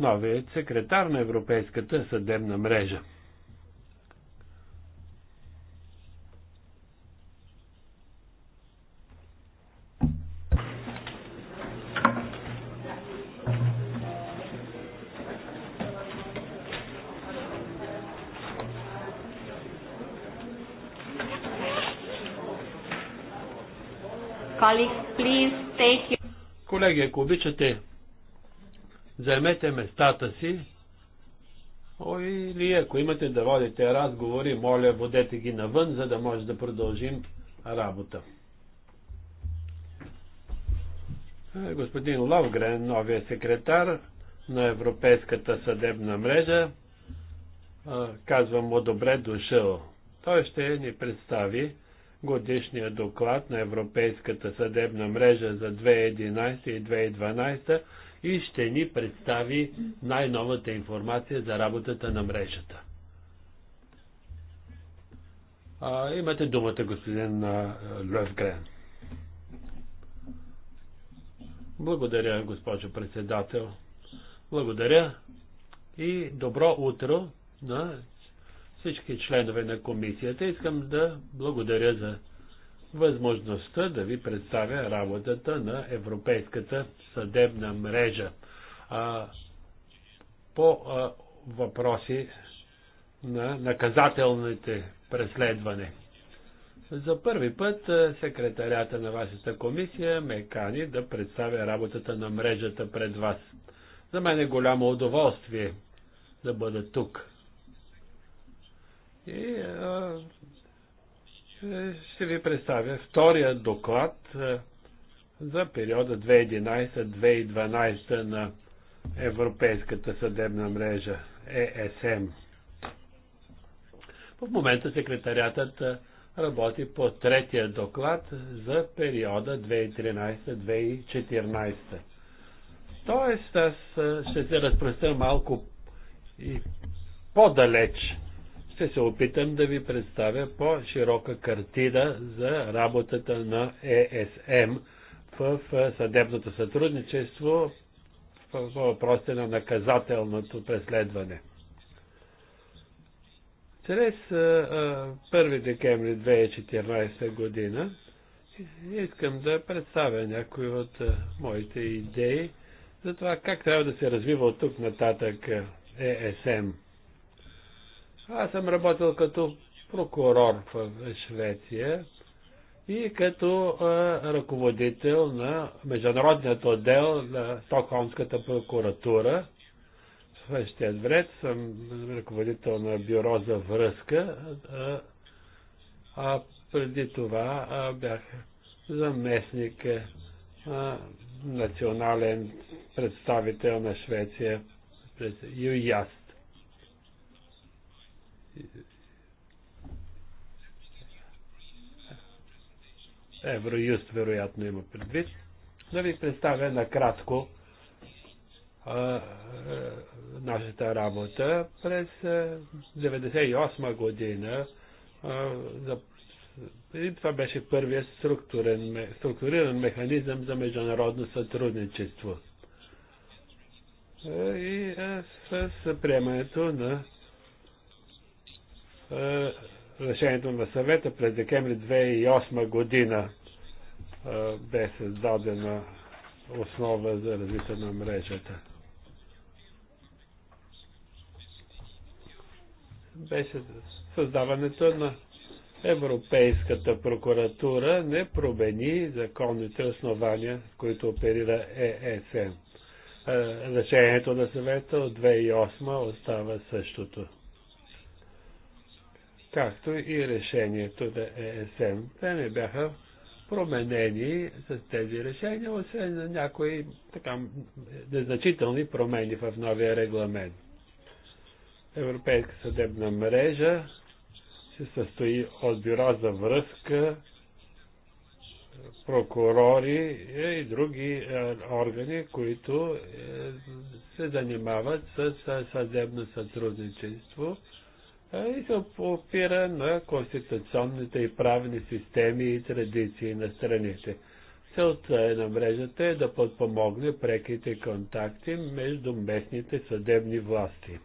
новият секретар на Европейската съдебна мрежа. Колеги, ако обичате, Займете местата си. О, или ако имате да водите разговори, моля, водете ги навън, за да може да продължим работа. Е, господин Лавгрен, новия секретар на Европейската съдебна мрежа, е, казвам му добре дошъл. Той ще ни представи годишния доклад на Европейската съдебна мрежа за 2011 и 2012 и ще ни представи най-новата информация за работата на мрежата. А, имате думата, господин Левгрен. Благодаря, госпожо председател. Благодаря и добро утро на всички членове на комисията. Искам да благодаря за възможността да ви представя работата на Европейската съдебна мрежа а, по а, въпроси на наказателните преследване. За първи път секретарята на вашата комисия ме кани да представя работата на мрежата пред вас. За мен е голямо удоволствие да бъда тук. И а, ще ви представя втория доклад е, за периода 2011-2012 на Европейската съдебна мрежа ЕСМ. В момента секретарятът е, работи по третия доклад за периода 2013-2014. Тоест аз е, ще се разпростя малко и по-далеч ще се опитам да ви представя по-широка картина за работата на ЕСМ в съдебното сътрудничество по въпросите на наказателното преследване. Чрез 1 декември 2014 година искам да представя някои от моите идеи за това как трябва да се развива от тук нататък ЕСМ. Аз съм работил като прокурор в Швеция и като а, ръководител на международният отдел на Стокхолмската прокуратура. В същия вред съм ръководител на бюро за връзка, а, а преди това а, бях заместник а, национален представител на Швеция през ЮЯС. Евроюст вероятно има предвид. Да ви нали, представя накратко а, а, нашата работа. През 1998 година а, за, и това беше първият структуриран механизъм за международно сътрудничество. И с приемането на е, решението на съвета през декември 2008 година е, бе създадена основа за развитие на мрежата. Беше създаването на Европейската прокуратура не промени законните основания, които оперира ЕСМ. Е решението на съвета от 2008 остава същото както и решението да ЕСМ. Те не бяха променени с тези решения, освен на някои така, незначителни промени в новия регламент. Европейска съдебна мрежа се състои от бюро за връзка, прокурори и други е, органи, които е, се занимават с съдебно сътрудничество и се опира на конституционните и правни системи и традиции на страните. Целта е на мрежата е да подпомогне преките контакти между местните съдебни власти.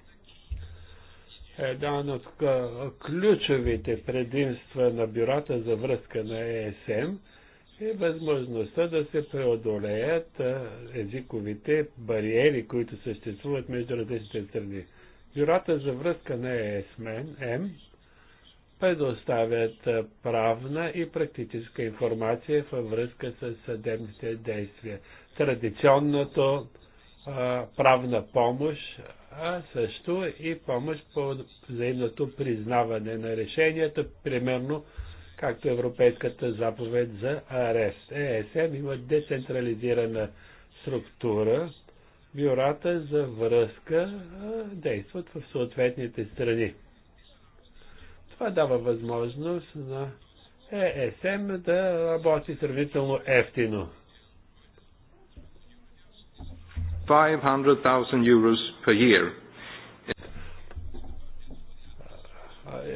Една от ключовите предимства на бюрата за връзка на ЕСМ е възможността да се преодолеят езиковите бариери, които съществуват между различните страни. Бюрата за връзка на ЕСМЕН, М, предоставят правна и практическа информация във връзка с съдебните действия. Традиционното а, правна помощ, а също и помощ по взаимното признаване на решенията, примерно както Европейската заповед за арест. ЕСМ има децентрализирана структура, бюрата за връзка действат в съответните страни. Това дава възможност на ЕСМ да работи сравнително ефтино. 500,000 euros per year.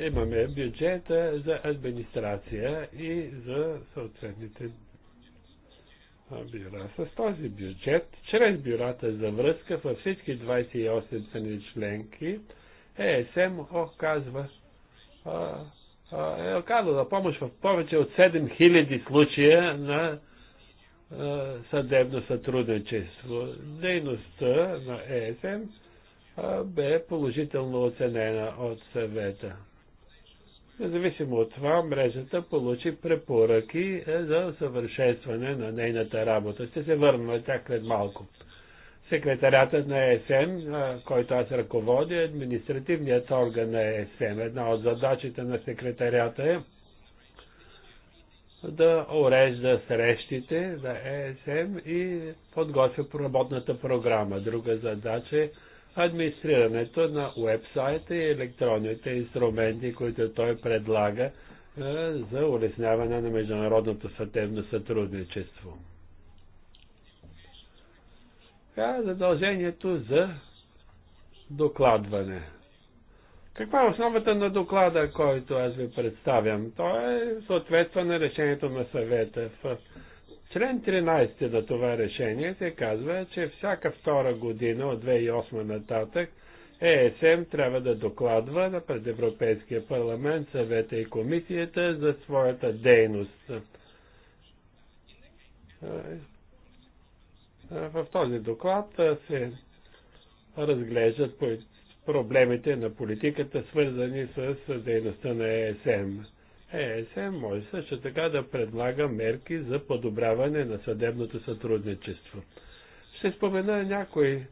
Имаме бюджета за администрация и за съответните бюра. С този бюджет, чрез бюрата за връзка във всички 28 страни членки, ЕСМ оказва, а, а, е оказала помощ в повече от 7000 случая на а, съдебно сътрудничество. Дейността на ЕСМ а, бе положително оценена от съвета. Независимо от това, мрежата получи препоръки е, за съвършенстване на нейната работа. Ще се върна на тях след малко. Секретарятът на ЕСМ, е, който аз ръководя, е административният орган на ЕСМ. Една от задачите на секретарята е да урежда срещите за ЕСМ и подготвя работната програма. Друга задача е администрирането на уебсайта и електронните инструменти, които той предлага е, за улесняване на международното съдебно сътрудничество. Така, задължението за докладване. Каква е основата на доклада, който аз ви представям? Той е съответства на решението на съвета в Член 13 е на това решение се казва, че всяка втора година от 2008 нататък ЕСМ трябва да докладва пред Европейския парламент, съвета и комисията за своята дейност. В този доклад се разглеждат проблемите на политиката, свързани с дейността на ЕСМ. Е, ЕСМ може също така да предлага мерки за подобряване на съдебното сътрудничество. Ще спомена някои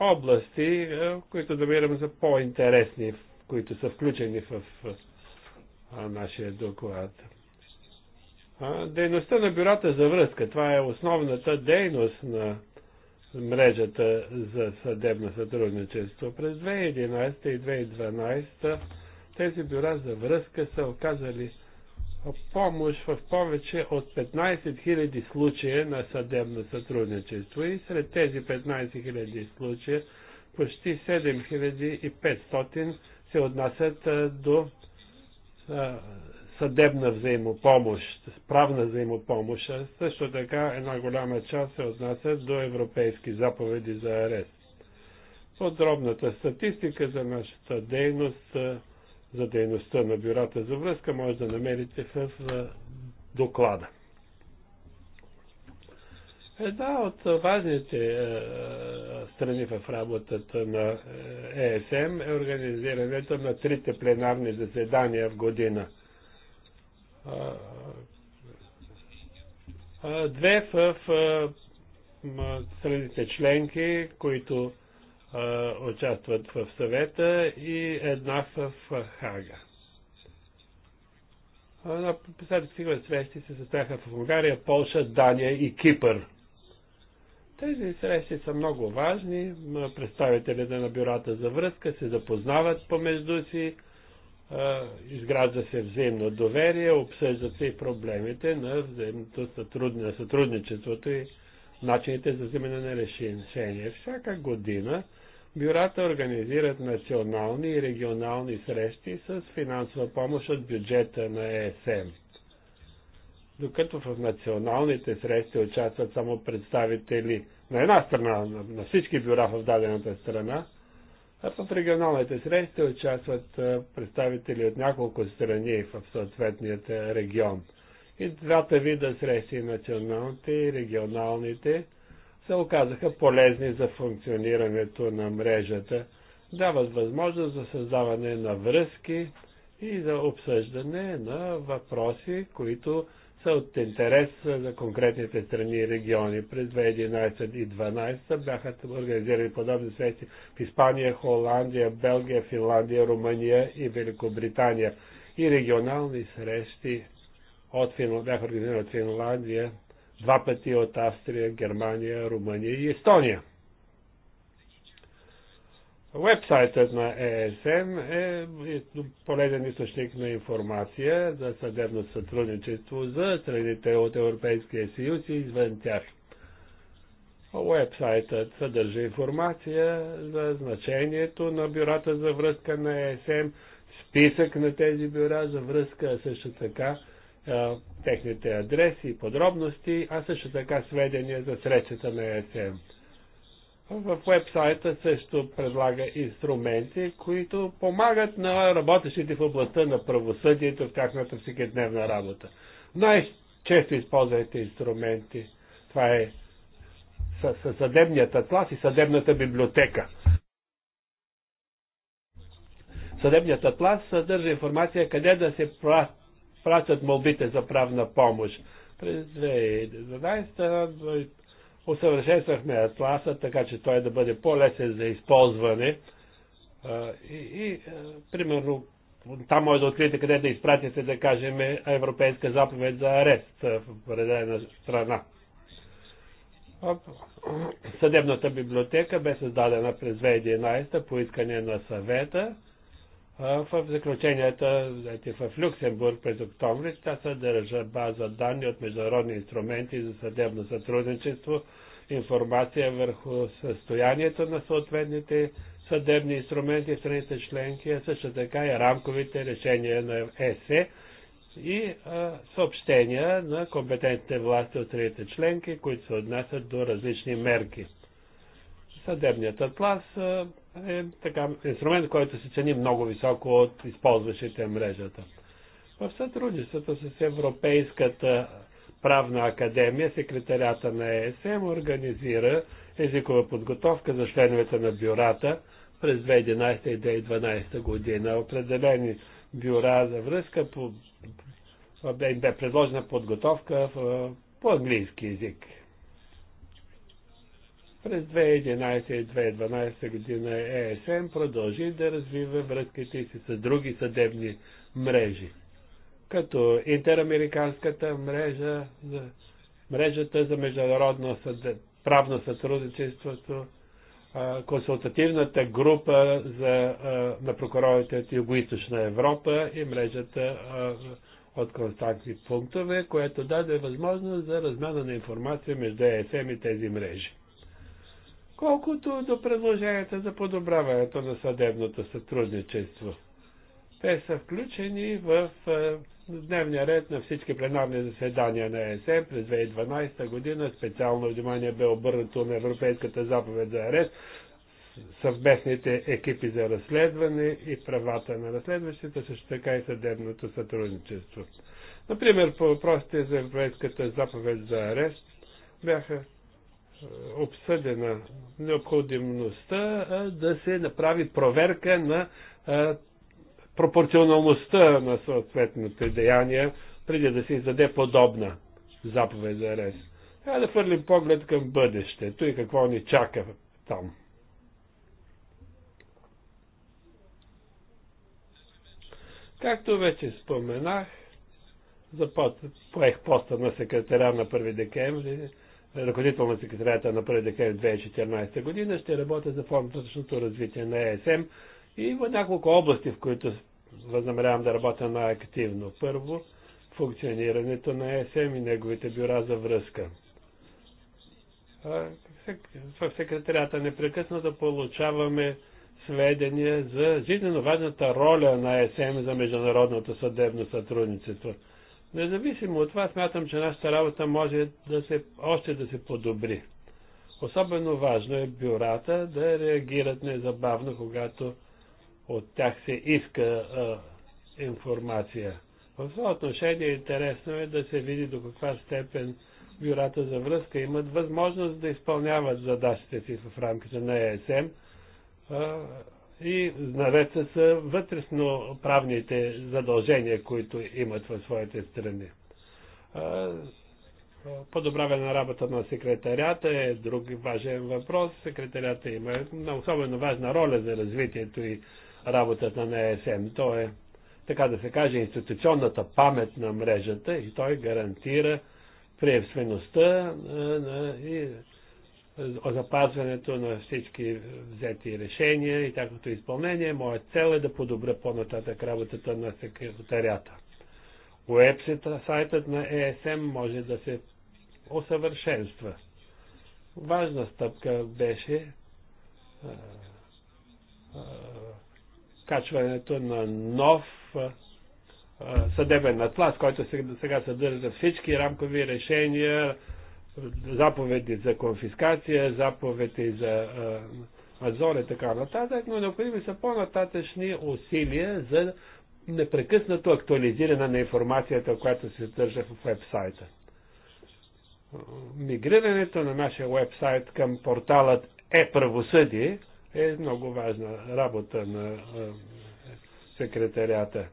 области, е, които намирам за по-интересни, които са включени в нашия доклад. Дейността на бюрата за връзка, това е основната дейност на мрежата за съдебно сътрудничество. През 2011 и 2012 тези бюра за връзка са оказали помощ в повече от 15 000 случая на съдебно сътрудничество и сред тези 15 000 случая почти 7500 се отнасят до съдебна взаимопомощ, правна взаимопомощ, а също така една голяма част се отнася до европейски заповеди за арест. Подробната статистика за нашата дейност за дейността на бюрата за връзка може да намерите в доклада. Една от важните е, е, страни в работата на е, ЕСМ е организирането на трите пленарни заседания в година. Две в страните членки, които участват в съвета и една в Хага. На писателските срещи се състояха в България, Полша, Дания и Кипър. Тези срещи са много важни. Представителите на бюрата за връзка се запознават помежду си, изгражда се взаимно доверие, обсъждат се и проблемите на взаимното сътрудничеството и начините за вземане на решение. Всяка година бюрата организират национални и регионални срещи с финансова помощ от бюджета на ЕСМ. Докато в националните срещи участват само представители на една страна, на всички бюра в дадената страна, а в регионалните срещи участват представители от няколко страни в съответният регион – и двата вида срещи, националните и регионалните, се оказаха полезни за функционирането на мрежата, дават възможност за създаване на връзки и за обсъждане на въпроси, които са от интерес за конкретните страни и региони. През 2011 и 2012 бяха организирани подобни срещи в Испания, Холандия, Белгия, Финландия, Румъния и Великобритания и регионални срещи от Фин... бяха организирани от Финландия, два пъти от Австрия, Германия, Румъния и Естония. Вебсайтът на ЕСМ е полезен източник на информация за съдебно сътрудничество за страните от Европейския съюз и извън тях. Вебсайтът съдържа информация за значението на бюрата за връзка на ЕСМ, списък на тези бюра за връзка, също така техните адреси и подробности, а също така сведения за срещата на ЕСМ. В вебсайта също предлага инструменти, които помагат на работещите в областта на правосъдието в тяхната всекидневна работа. Най-често използвайте инструменти. Това е съдебният атлас и съдебната библиотека. Съдебният атлас съдържа информация къде да се прат пращат молбите за правна помощ. През 2012 усъвършенствахме атласа, така че той да бъде по-лесен за използване. И, и примерно там може да откриете къде да изпратите, да кажем, европейска заповед за арест в определена страна. Съдебната библиотека бе създадена през 2011 по искане на съвета в заключенията взети в Люксембург през октомври тя съдържа база данни от международни инструменти за съдебно сътрудничество, информация върху състоянието на съответните съдебни инструменти в страните членки, а също така и рамковите решения на ЕСЕ и а, съобщения на компетентните власти от страните членки, които се отнасят до различни мерки. Съдебният атлас е така, инструмент, който се цени много високо от използващите мрежата. В сътрудничеството с Европейската правна академия, секретарята на ЕСМ организира езикова подготовка за членовете на бюрата през 2011 и 2012 година. Определени бюра за връзка по, бе предложена подготовка в, по английски язик. През 2011 и 2012 година ЕСМ продължи да развива връзките си с други съдебни мрежи, като интерамериканската мрежа, мрежата за международно правно сътрудничество, консултативната група за, на прокурорите от Юго-Источна Европа и мрежата от контактни пунктове, което даде възможност за размяна на информация между ЕСМ и тези мрежи. Колкото до предложенията за подобряването на съдебното сътрудничество, те са включени в е, дневния ред на всички пленарни заседания на ЕСМ през 2012 година. Специално внимание бе обърнато на Европейската заповед за арест, съвместните екипи за разследване и правата на разследващите, също така и съдебното сътрудничество. Например, по въпросите за Европейската заповед за арест бяха обсъдена необходимостта да се направи проверка на пропорционалността на съответните деяния, преди да се издаде подобна заповед за арест. Трябва да хвърлим поглед към бъдещето и какво ни чака там. Както вече споменах, започнах, поех поста на секретаря на 1 декември, ръководител на секретарията на 1 декември 2014 година, ще работя за по-нататъчното развитие на ЕСМ и в няколко области, в които възнамерявам да работя най-активно. Първо, функционирането на ЕСМ и неговите бюра за връзка. В секретарията непрекъснато получаваме сведения за жизненно важната роля на ЕСМ за международното съдебно сътрудничество – Независимо от това, смятам, че нашата работа може да се, още да се подобри. Особено важно е бюрата да реагират незабавно, когато от тях се иска а, информация. В това отношение е интересно е да се види до каква степен бюрата за връзка имат възможност да изпълняват задачите си в рамките на ЕСМ, а, и наред с вътрешно правните задължения, които имат в своите страни. Подобравяне на работа на секретарията е друг важен въпрос. Секретарията има особено важна роля за развитието и работата на ЕСМ. То е, така да се каже, институционната памет на мрежата и той гарантира приемствеността и запазването на всички взети решения и тяхното изпълнение. Моя цел е да подобря по-нататък работата на секретарята. Уебсета, сайтът на ESM може да се усъвършенства. Важна стъпка беше а, а, качването на нов а, съдебен атлас, който сега съдържа всички рамкови решения, заповеди за конфискация, заповеди за азор и така нататък, но необходими са по-нататъчни усилия за непрекъснато актуализиране на информацията, която се съдържа в вебсайта. Мигрирането на нашия вебсайт към порталът е-правосъдие е много важна работа на секретарията.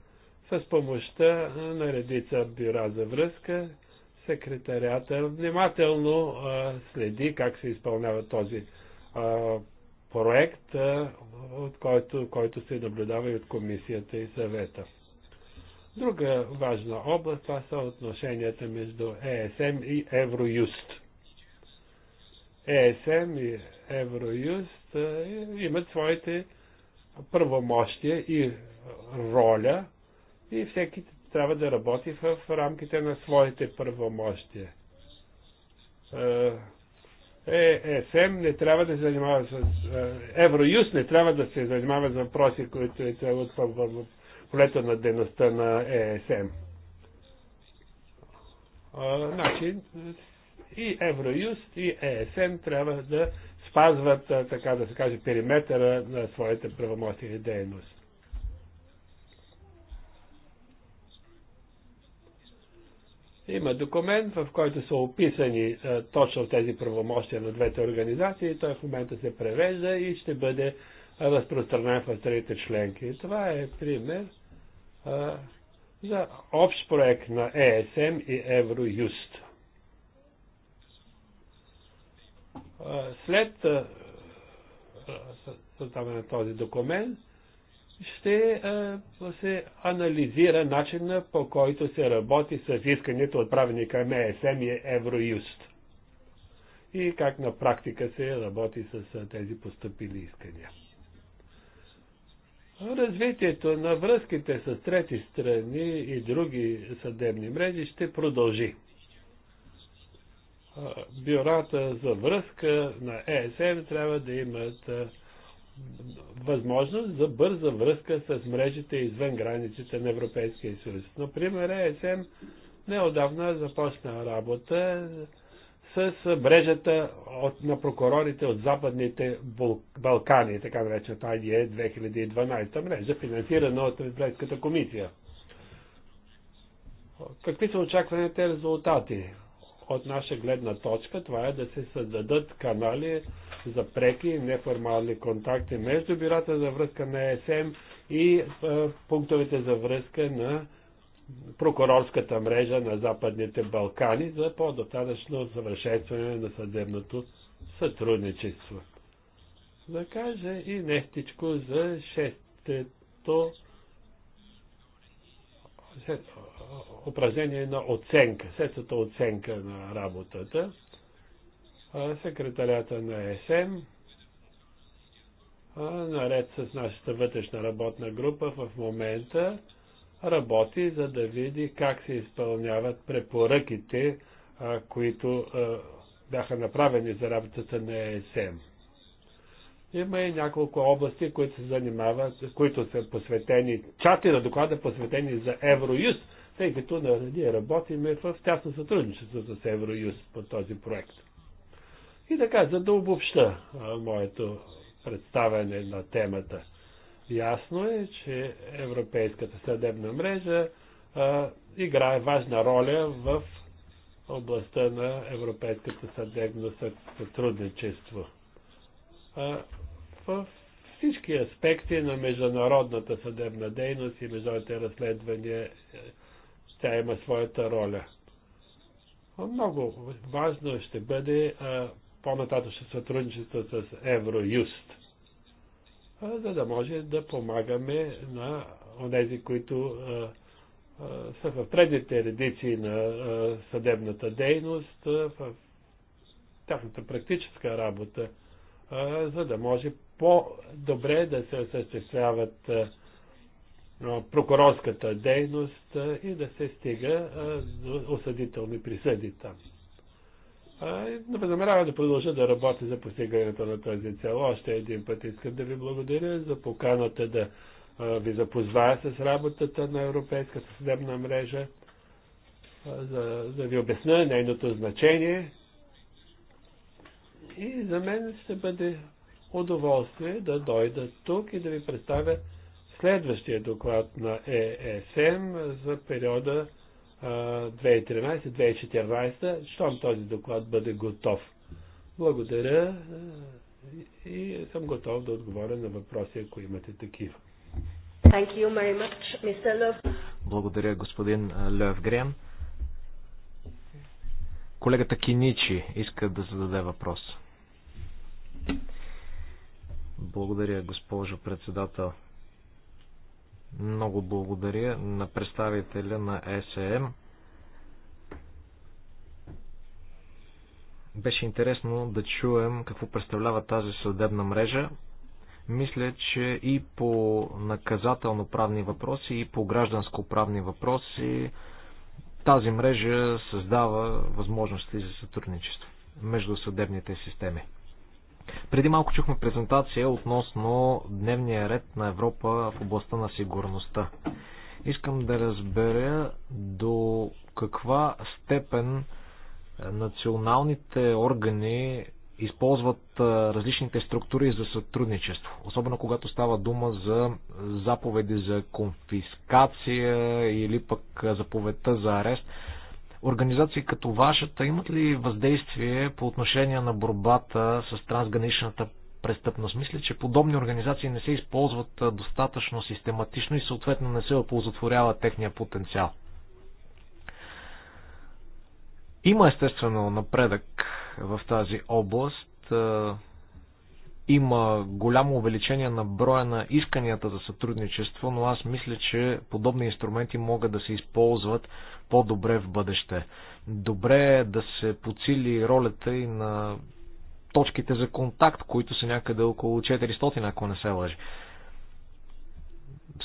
С помощта на редица бюра за връзка секретарията внимателно а, следи как се изпълнява този а, проект, а, от който, който се наблюдава и от комисията и съвета. Друга важна област това са отношенията между ЕСМ и Евроюст. ЕСМ и Евроюст имат своите правомощия и роля и всеки трябва да работи в рамките на своите правомощия. ЕСМ е не трябва да се занимава с... Е, Евроюз не трябва да се занимава с въпроси, които е от полето на дейността на ЕСМ. Е, значи и Евроюз и ЕСМ трябва да спазват, така да се каже, периметъра на своите правомощия и дейност. Има документ, в който са описани а, е, точно тези правомощия на двете организации. Той в момента се превежда и ще бъде разпространен в трите членки. Това е пример а, е, за общ проект на ЕСМ и Евроюст. Е, след създаване на този документ, ще се анализира начина по който се работи с искането отправени към ЕСМ и Евроюст. И как на практика се работи с тези поступили искания. Развитието на връзките с трети страни и други съдебни мрежи ще продължи. Бюрата за връзка на ЕСМ трябва да имат възможност за бърза връзка с мрежите извън границите на Европейския съюз. Например, ЕСМ неодавна започна работа с мрежата от, на прокурорите от Западните Балкани, така наречената IDE 2012 мрежа, финансирана от Европейската комисия. Какви са очакваните резултати? От наша гледна точка това е да се създадат канали за преки неформални контакти между бюрата за връзка на ЕСМ и е, пунктовете за връзка на прокурорската мрежа на Западните Балкани за по-достатъчно завършенстване на съдебното сътрудничество. Да кажа и нехтичко за шестето упражнение на оценка, сетата оценка на работата. Секретарята на ЕСМ, наред с нашата вътрешна работна група в момента, работи, за да види как се изпълняват препоръките, които бяха направени за работата на ЕСМ. Има и няколко области, които се занимават, които са посветени, чати на доклада посветени за Евроюст, тъй като на, ние работиме в тясно сътрудничество с Евроюз по този проект. И така, за да обобща моето представяне на темата. Ясно е, че Европейската съдебна мрежа а, играе важна роля в областта на Европейската съдебна сътрудничество. А, в всички аспекти на международната съдебна дейност и международните разследвания е, тя има своята роля. Много важно е, ще бъде по-нататъчно сътрудничество с Евроюст, за да може да помагаме на тези, които са в предните редици на съдебната дейност, в тяхната практическа работа, за да може по-добре да се осъществяват прокурорската дейност и да се стига до осъдителни присъди там. Възнамерявам да продължа да работя за постигането на тази цел. Още един път искам да ви благодаря за поканата да ви запозная с работата на Европейската съдебна мрежа, за да ви обясня нейното значение. И за мен ще бъде удоволствие да дойда тук и да ви представя следващия доклад на ЕСМ е за периода 2013-2014, щом този доклад бъде готов. Благодаря и съм готов да отговоря на въпроси, ако имате такива. Thank you very much, Mr. Love. Благодаря, господин Левгрен. Колегата Киничи иска да зададе въпрос. Благодаря, госпожо председател. Много благодаря на представителя на СМ. Беше интересно да чуем какво представлява тази съдебна мрежа. Мисля, че и по наказателно-правни въпроси, и по гражданско-правни въпроси тази мрежа създава възможности за сътрудничество между съдебните системи. Преди малко чухме презентация относно дневния ред на Европа в областта на сигурността. Искам да разбера до каква степен е, националните органи използват е, различните структури за сътрудничество, особено когато става дума за заповеди за конфискация или пък е, заповедта за арест. Организации като вашата имат ли въздействие по отношение на борбата с трансграничната престъпност? Мисля, че подобни организации не се използват достатъчно систематично и съответно не се оползотворява техния потенциал. Има естествено напредък в тази област. Има голямо увеличение на броя на исканията за сътрудничество, но аз мисля, че подобни инструменти могат да се използват по-добре в бъдеще. Добре е да се подсили ролята и на точките за контакт, които са някъде около 400, ако не се лъжи.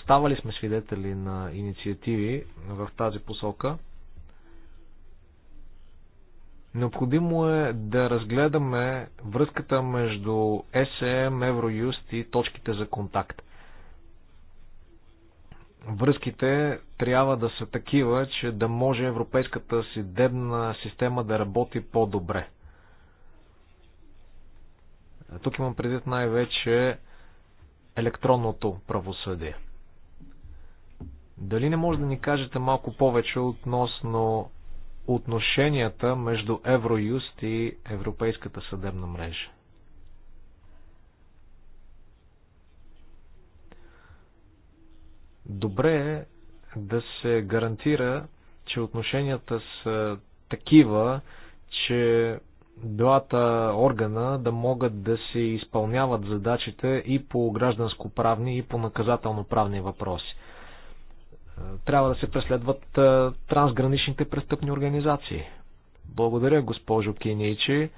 Ставали сме свидетели на инициативи в тази посока. Необходимо е да разгледаме връзката между СЕМ, Евроюст и точките за контакт връзките трябва да са такива, че да може европейската съдебна система да работи по-добре. Тук имам предвид най-вече електронното правосъдие. Дали не може да ни кажете малко повече относно отношенията между Евроюст и Европейската съдебна мрежа? Добре е да се гарантира, че отношенията са такива, че двата органа да могат да се изпълняват задачите и по гражданско-правни, и по наказателно-правни въпроси. Трябва да се преследват трансграничните престъпни организации. Благодаря, госпожо Киничи.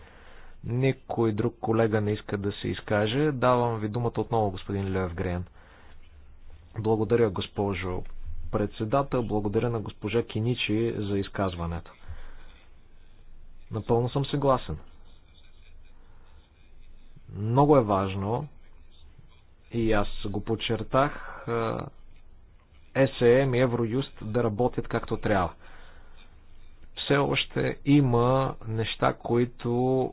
Никой друг колега не иска да се изкаже. Давам ви думата отново, господин Левгрен. Грен. Благодаря, госпожо председател. Благодаря на госпожа Киничи за изказването. Напълно съм съгласен. Много е важно и аз го подчертах е, СЕМ и Евроюст да работят както трябва все още има неща, които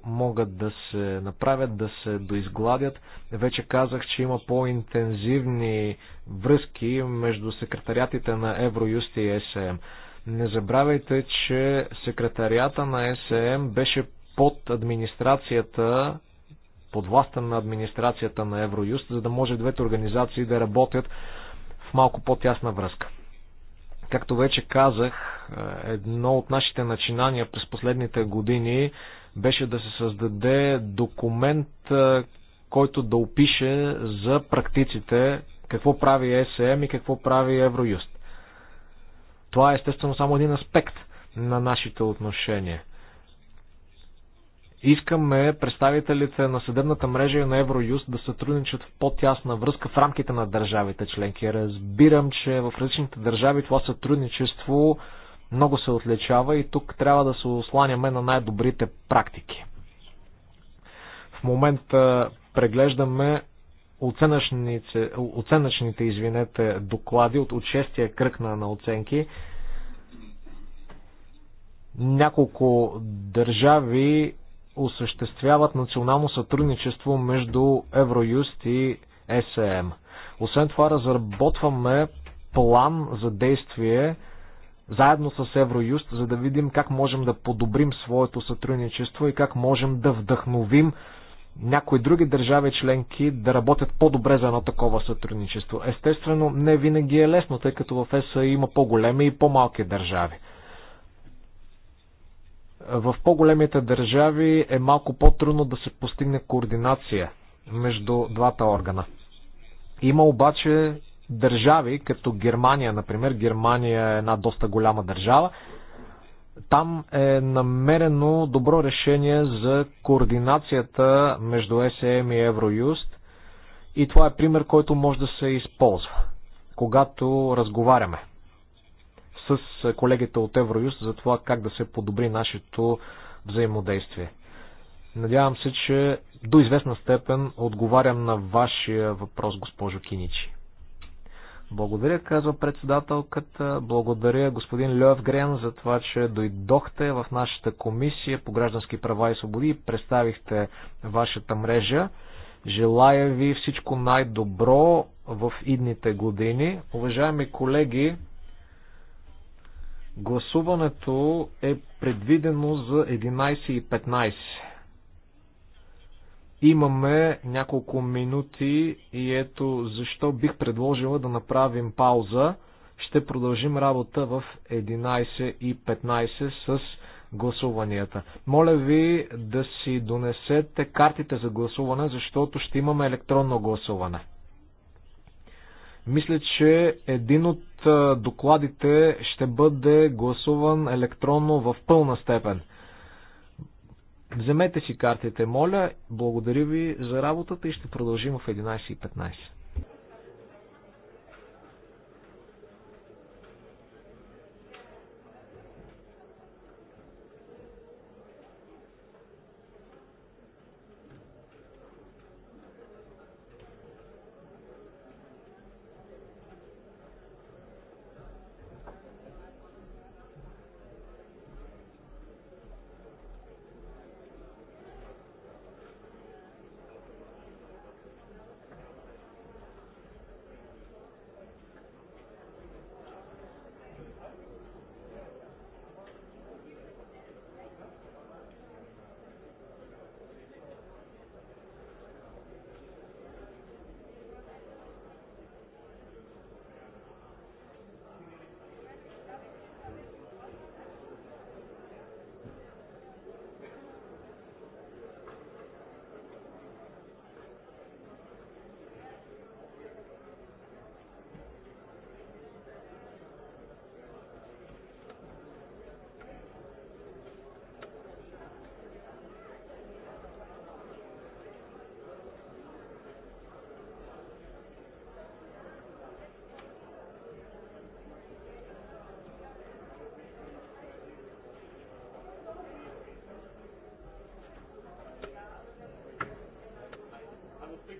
могат да се направят, да се доизгладят. Вече казах, че има по-интензивни връзки между секретариатите на Евроюст и е СМ. Не забравяйте, че секретарията на е СМ беше под администрацията под властта на администрацията на Евроюст, за да може двете организации да работят в малко по-тясна връзка. Както вече казах, е, едно от нашите начинания през последните години беше да се създаде документ, е, който да опише за практиците какво прави ЕСМ и какво прави Евроюст. Това е естествено само един аспект на нашите отношения. Искаме представителите на съдебната мрежа и на Евроюст да сътрудничат в по-тясна връзка в рамките на държавите членки. Разбирам, че в различните държави това сътрудничество много се отличава и тук трябва да се осланяме на най-добрите практики. В момента преглеждаме оценъчните извинете, доклади от, от шестия кръг на, на оценки. Няколко държави осъществяват национално сътрудничество между Евроюст и СЕМ. Освен това разработваме план за действие заедно с Евроюст, за да видим как можем да подобрим своето сътрудничество и как можем да вдъхновим някои други държави членки да работят по-добре за едно такова сътрудничество. Естествено, не винаги е лесно, тъй като в ЕСА има по-големи и по-малки държави в по-големите държави е малко по-трудно да се постигне координация между двата органа. Има обаче държави, като Германия, например, Германия е една доста голяма държава, там е намерено добро решение за координацията между СМ и Евроюст и това е пример, който може да се използва, когато разговаряме с колегите от Евроюст за това как да се подобри нашето взаимодействие. Надявам се, че до известна степен отговарям на вашия въпрос, госпожо Киничи. Благодаря, казва председателката. Благодаря господин Льов Грен за това, че дойдохте в нашата комисия по граждански права и свободи и представихте вашата мрежа. Желая ви всичко най-добро в идните години. Уважаеми колеги, Гласуването е предвидено за 11.15. Имаме няколко минути и ето защо бих предложила да направим пауза. Ще продължим работа в 11.15 с гласуванията. Моля ви да си донесете картите за гласуване, защото ще имаме електронно гласуване. Мисля, че един от докладите ще бъде гласуван електронно в пълна степен. Вземете си картите, моля. Благодаря ви за работата и ще продължим в 11.15.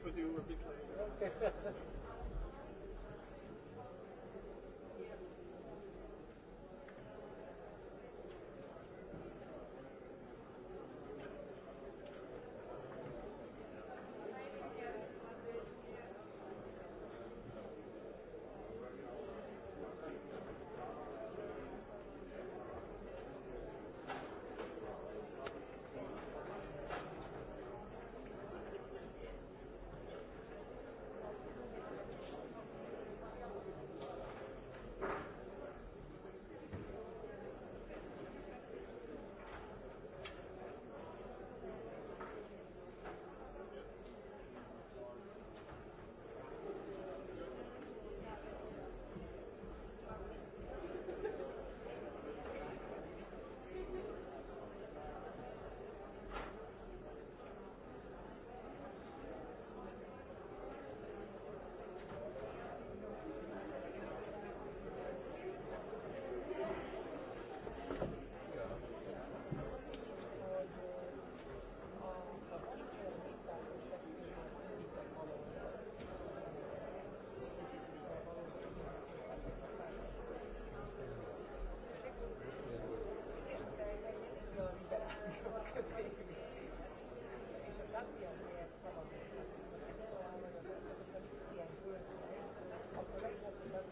because you were a bit Gracias.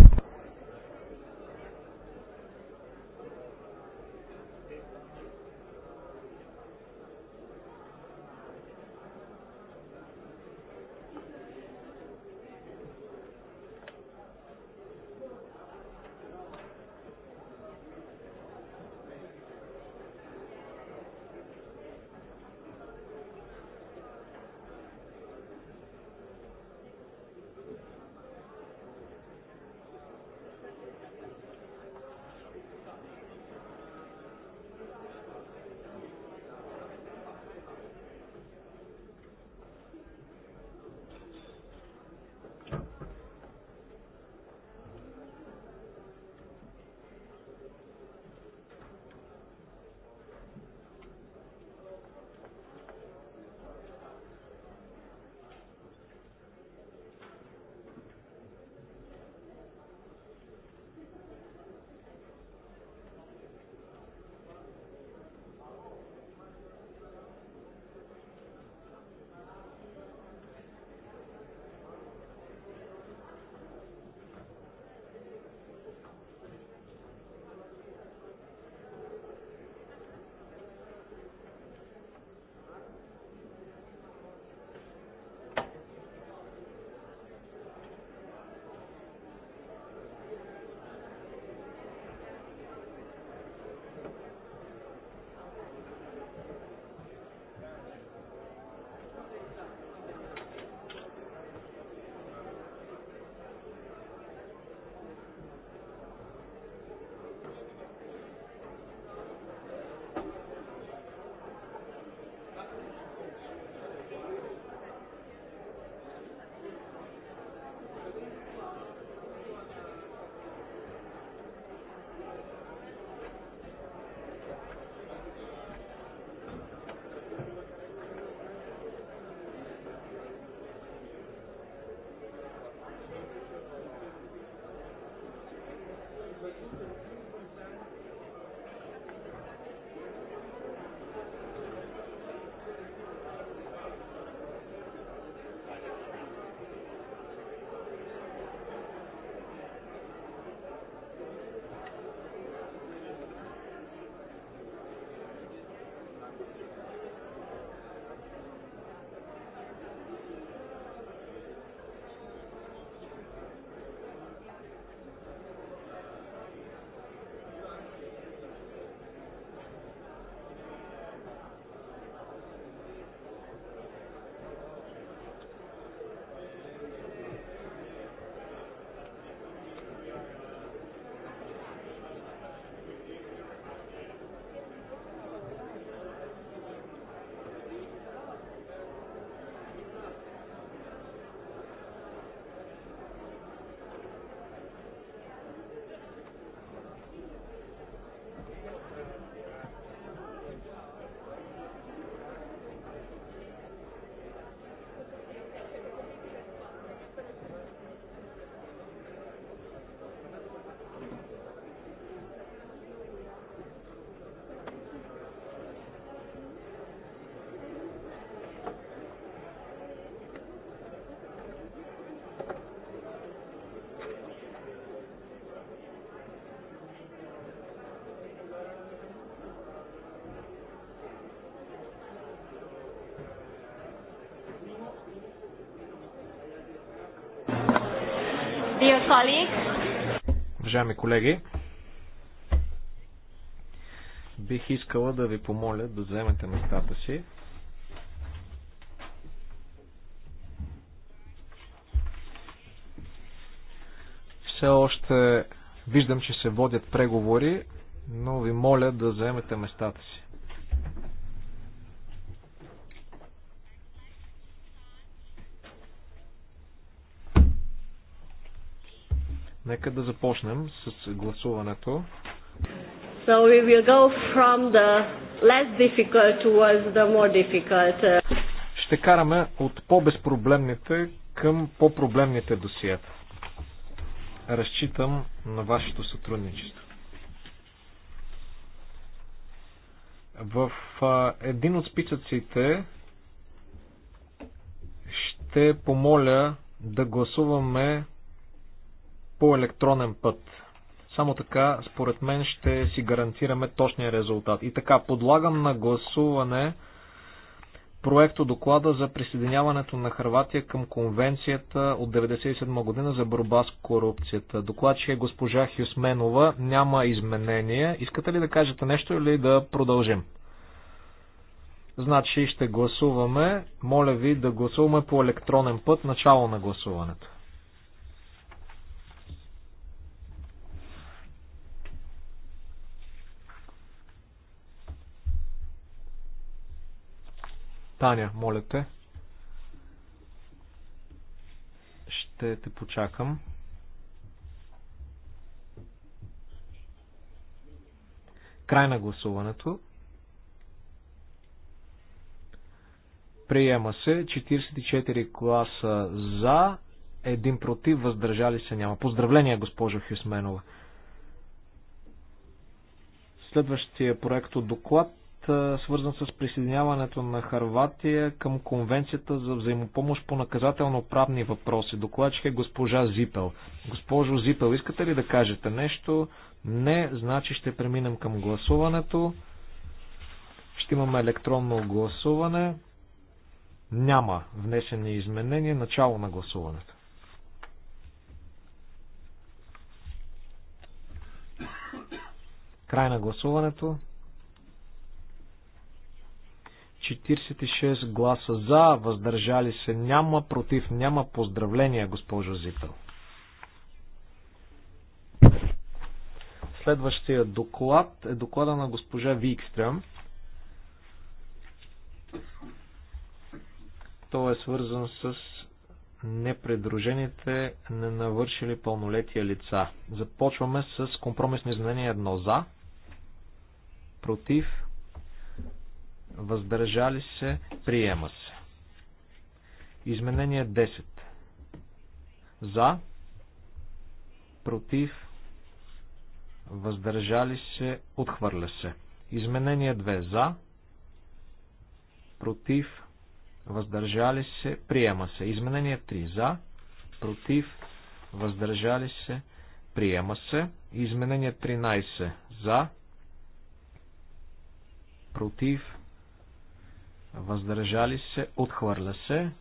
Dear colleagues, Уважаеми колеги, бих искала да ви помоля да вземете местата си. Все още виждам, че се водят преговори, но ви моля да вземете местата си. Нека да започнем с гласуването. So we will go from the less difficult towards the more difficult. Ще караме от по-безпроблемните към по-проблемните досиета. Разчитам на вашето сътрудничество. В един от списъците ще помоля да гласуваме по електронен път. Само така, според мен, ще си гарантираме точния резултат. И така, подлагам на гласуване проекто доклада за присъединяването на Харватия към конвенцията от 1997 година за борба с корупцията. Доклад ще е госпожа Хюсменова. Няма изменения. Искате ли да кажете нещо или да продължим? Значи ще гласуваме. Моля ви да гласуваме по електронен път начало на гласуването. Таня, моля те. Ще те почакам. Край на гласуването. Приема се 44 класа за, един против, въздържали се няма. Поздравления, госпожо Хюсменова. Следващия проект от доклад свързан с присъединяването на Харватия към Конвенцията за взаимопомощ по наказателно-правни въпроси. Докладчик е госпожа Зипел. Госпожо Зипел, искате ли да кажете нещо? Не, значи ще преминем към гласуването. Ще имаме електронно гласуване. Няма внесени изменения. Начало на гласуването. Край на гласуването. 46 гласа за, въздържали се няма, против няма. Поздравления, госпожо Зител. Следващия доклад е доклада на госпожа Викстрем. Той е свързан с непредружените не навършили пълнолетия лица. Започваме с компромисни изменения 1 за, против, въздържали се, приема се. Изменение 10. За, против, въздържали се, отхвърля се. Изменение 2. За, против, въздържали се, приема се. Изменение 3. За, против, въздържали се, приема се. Изменение 13. За, против, въздържали се, отхвърля се.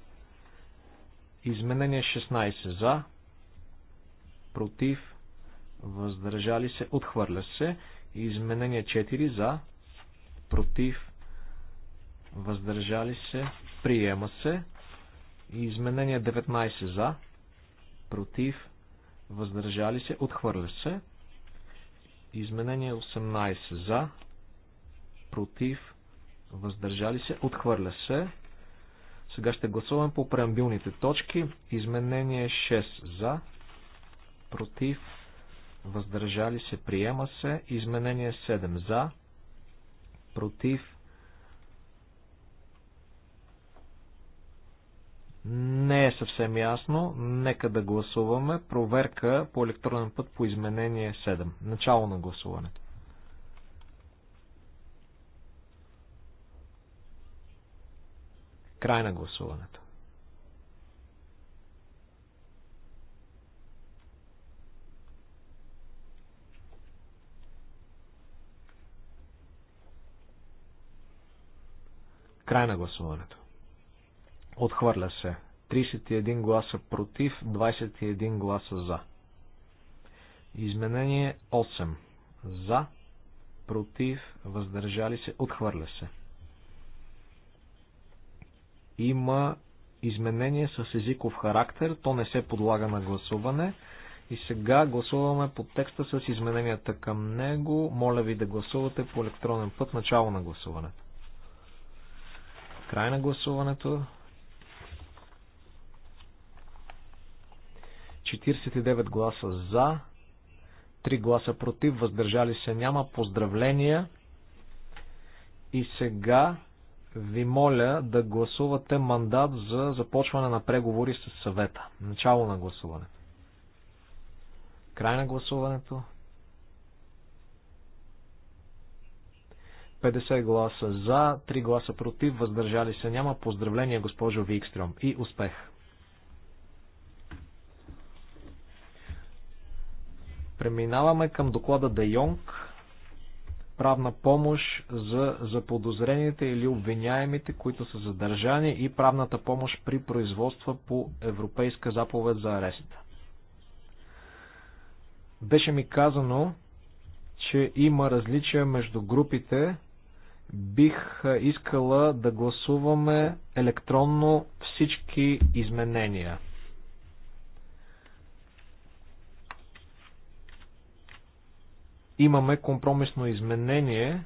Изменение 16 за, против, въздържали се, отхвърля се. Изменение 4 за, против, въздържали се, приема се. Изменение 19 за, против, въздържали се, отхвърля се. Изменение 18 за, против, въздържали се, отхвърля се. Сега ще гласуваме по преамбилните точки. Изменение 6 за, против, въздържали се, приема се. Изменение 7 за, против. Не е съвсем ясно. Нека да гласуваме. Проверка по електронен път по изменение 7. Начало на гласуването. Край на гласуването. Край на гласуването. Отхвърля се. 31 гласа против, 21 гласа за. Изменение 8. За, против, въздържали се, отхвърля се има изменение с езиков характер. То не се подлага на гласуване. И сега гласуваме по текста с измененията към него. Моля ви да гласувате по електронен път начало на гласуването. Край на гласуването. 49 гласа за, 3 гласа против, въздържали се няма. Поздравления! И сега ви моля да гласувате мандат за започване на преговори с съвета. Начало на гласуването. Край на гласуването. 50 гласа за, 3 гласа против, въздържали се няма. Поздравления, госпожо Викстрем и успех! Преминаваме към доклада Де Йонг правна помощ за заподозрените или обвиняемите, които са задържани и правната помощ при производства по Европейска заповед за арест. Беше ми казано, че има различия между групите. Бих искала да гласуваме електронно всички изменения. Имаме компромисно изменение.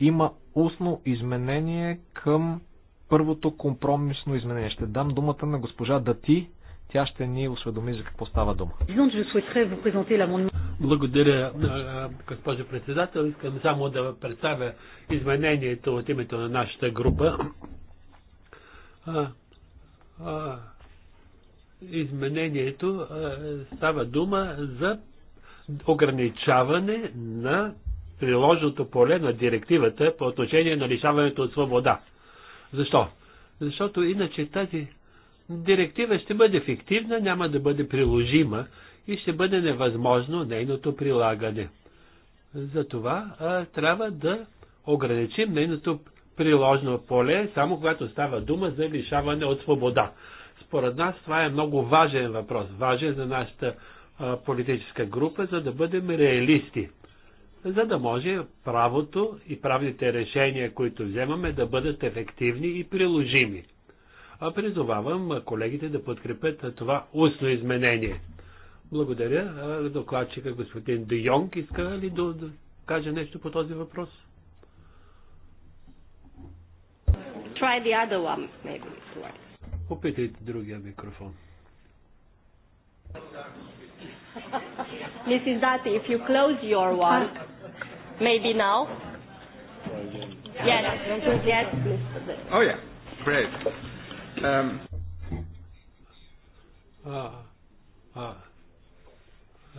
Има устно изменение към първото компромисно изменение. Ще дам думата на госпожа Дати. Тя ще ни осведоми за какво става дума. Благодаря, госпожо председател. Искам само да представя изменението от името на нашата група изменението става дума за ограничаване на приложното поле на директивата по отношение на лишаването от свобода. Защо? Защото иначе тази директива ще бъде фиктивна, няма да бъде приложима и ще бъде невъзможно нейното прилагане. Затова а, трябва да ограничим нейното приложно поле, само когато става дума за лишаване от свобода. Според нас това е много важен въпрос, важен за нашата политическа група, за да бъдем реалисти, за да може правото и правните решения, които вземаме, да бъдат ефективни и приложими. А призовавам колегите да подкрепят това устно изменение. Благодаря. Докладчика господин Де Йонг иска ли да, да каже нещо по този въпрос? Try the other one, maybe it's right. Опитайте другия микрофон. Mrs. Dati, if you close your one, maybe now. Yes, yes, Mr. Oh yeah, great. Um. А, а,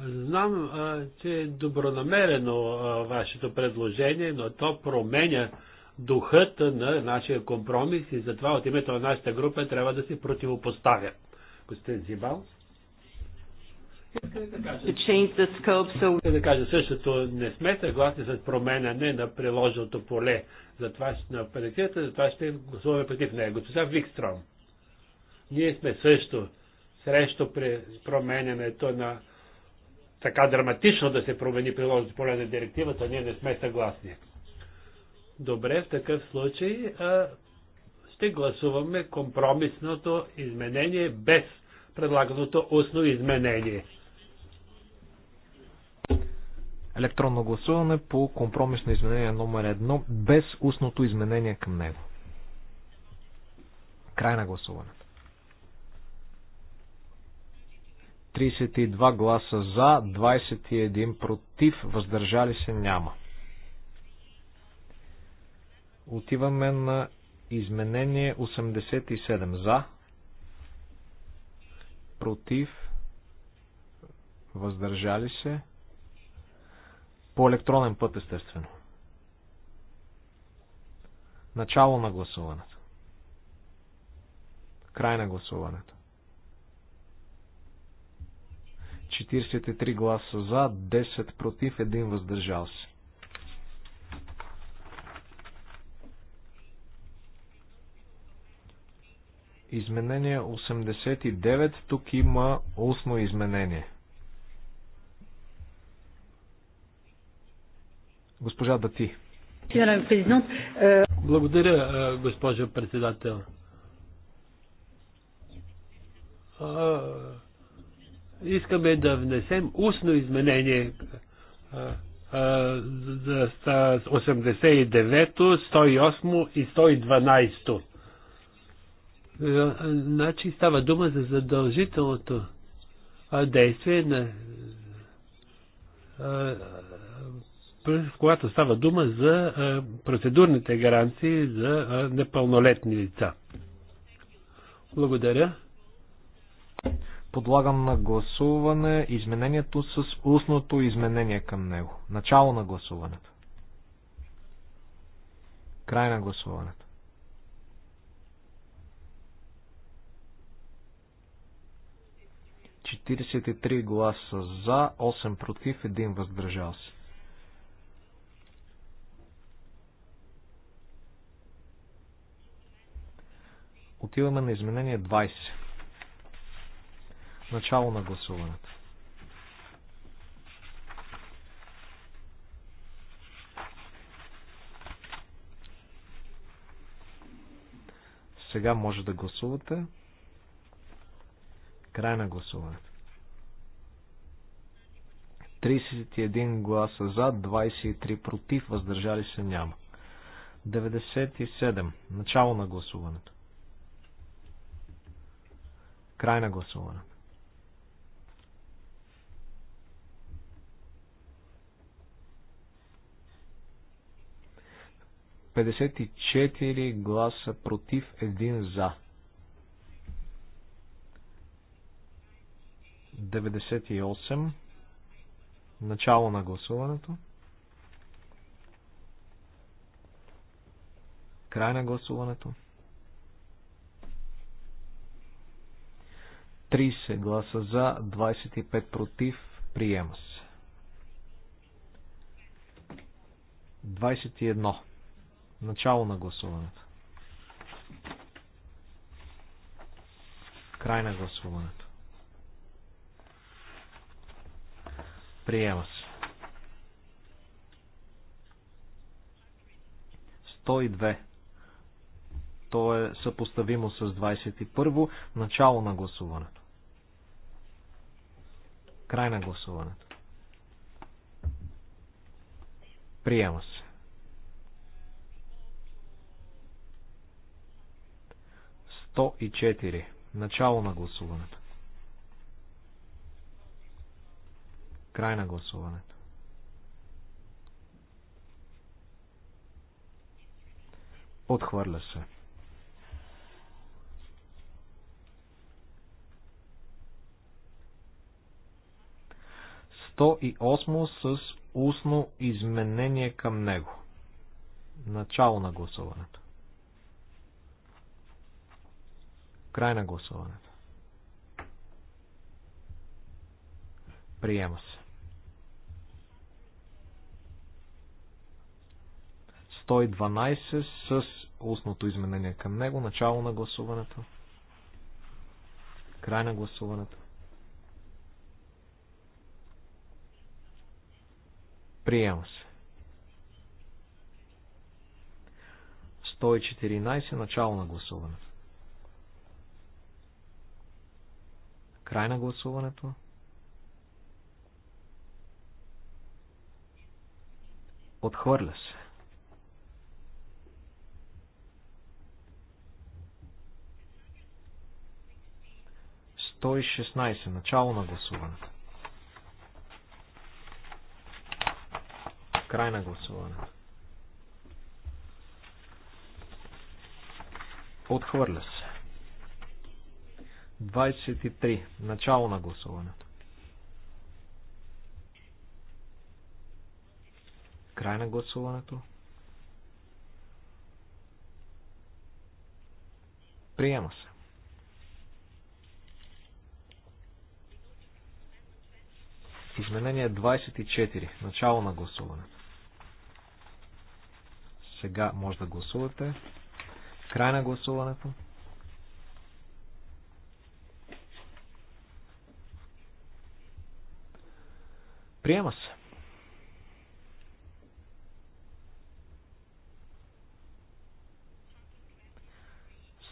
знам, а, че е добронамерено а, вашето предложение, но то променя духът на нашия компромис и затова от името на нашата група трябва да се противопоставя. Господин Зибал? Искам да, да кажа същото, не сме съгласни с променяне на приложеното поле за това на за затова ще гласуваме против нея. Госпожа Викстром, ние сме също срещу променянето на така драматично да се промени приложеното поле на директивата, ние не сме съгласни. Добре, в такъв случай а, ще гласуваме компромисното изменение без предлаганото устно изменение. Електронно гласуване по компромисно изменение номер 1 без устното изменение към него. Край на гласуването. 32 гласа за, 21 против, въздържали се няма. Отиваме на изменение 87 за, против, въздържали се, по електронен път естествено. Начало на гласуването. Край на гласуването. 43 гласа за, 10 против, 1 въздържал се. Изменение 89. Тук има устно изменение. Госпожа Дати. Благодаря, госпожа председател. Искаме да внесем устно изменение за 89, 108 и 112. Е, значи става дума за задължителното действие на когато става дума за процедурните гаранции за непълнолетни лица. Благодаря. Подлагам на гласуване изменението с устното изменение към него. Начало на гласуването. Край на гласуването. 43 гласа за, 8 против, 1 въздържал се. Отиваме на изменение 20. Начало на гласуването. Сега може да гласувате. Край на гласуването. 31 гласа за, 23 против, въздържали се няма. 97. Начало на гласуването. Край на гласуването. Петдесет гласа против, един за. 98. Начало на гласуването. Край на гласуването. 30 гласа за, 25 против. Приема се. 21. Начало на гласуването. Край на гласуването. Приема се. 102. То е съпоставимо с 21. Начало на гласуването. Край на гласуването. Приема се. 104. Начало на гласуването. Край на гласуването. Отхвърля се. и осмо с устно изменение към него. Начало на гласуването. Край на гласуването. Приема се. 112 с устното изменение към него. Начало на гласуването. Край на гласуването. Приема се. 114. Начало на гласуването. Край на гласуването. Отхвърля се. 116. Начало на гласуването. Край на гласуването. Отхвърля се. 23. Начало на гласуването. Край на гласуването. Приема се. Изменение 24. Начало на гласуването. Сега може да гласувате. Край на гласуването. Приема се.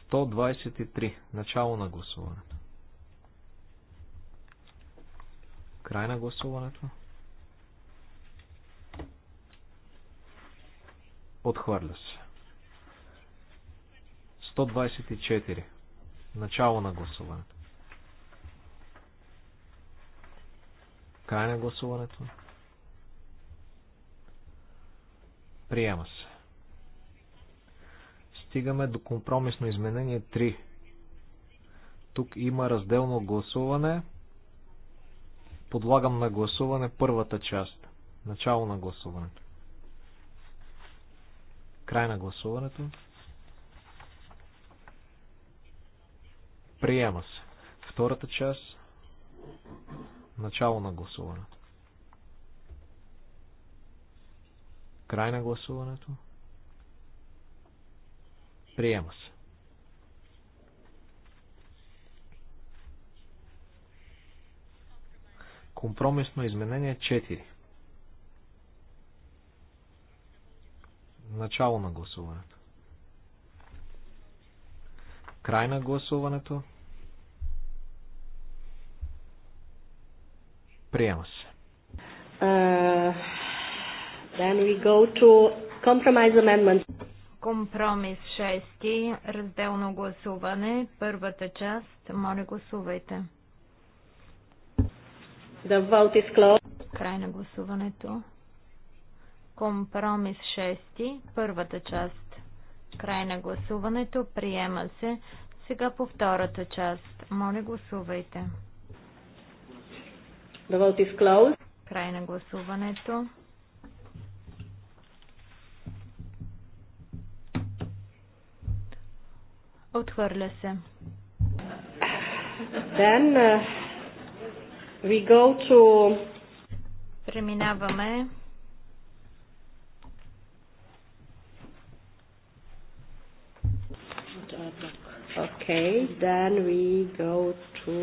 Сто двадесет и три. Начало на гласуване. Край на гласуването. Отхвърля се. 124. Начало на гласуването. Край на гласуването. Приема се. Стигаме до компромисно изменение 3. Тук има разделно гласуване Подлагам на гласуване първата част. Начало на гласуването. Край на гласуването. Приема се. Втората част. Начало на гласуването. Край на гласуването. Приема се. Компромисно изменение 4. Начало на гласуването. Край на гласуването. Приема се. Uh, then we go to compromise amendment. Компромис 6. Разделно гласуване. Първата част. Моля, гласувайте. The vote is closed. Край на гласуването. Компромис 6. Първата част. Край на гласуването. Приема се. Сега по втората част. Моля, гласувайте. The vote is closed. Край на гласуването. Отхвърля се. Then, uh... We go to... Преминаваме Okay, then we go to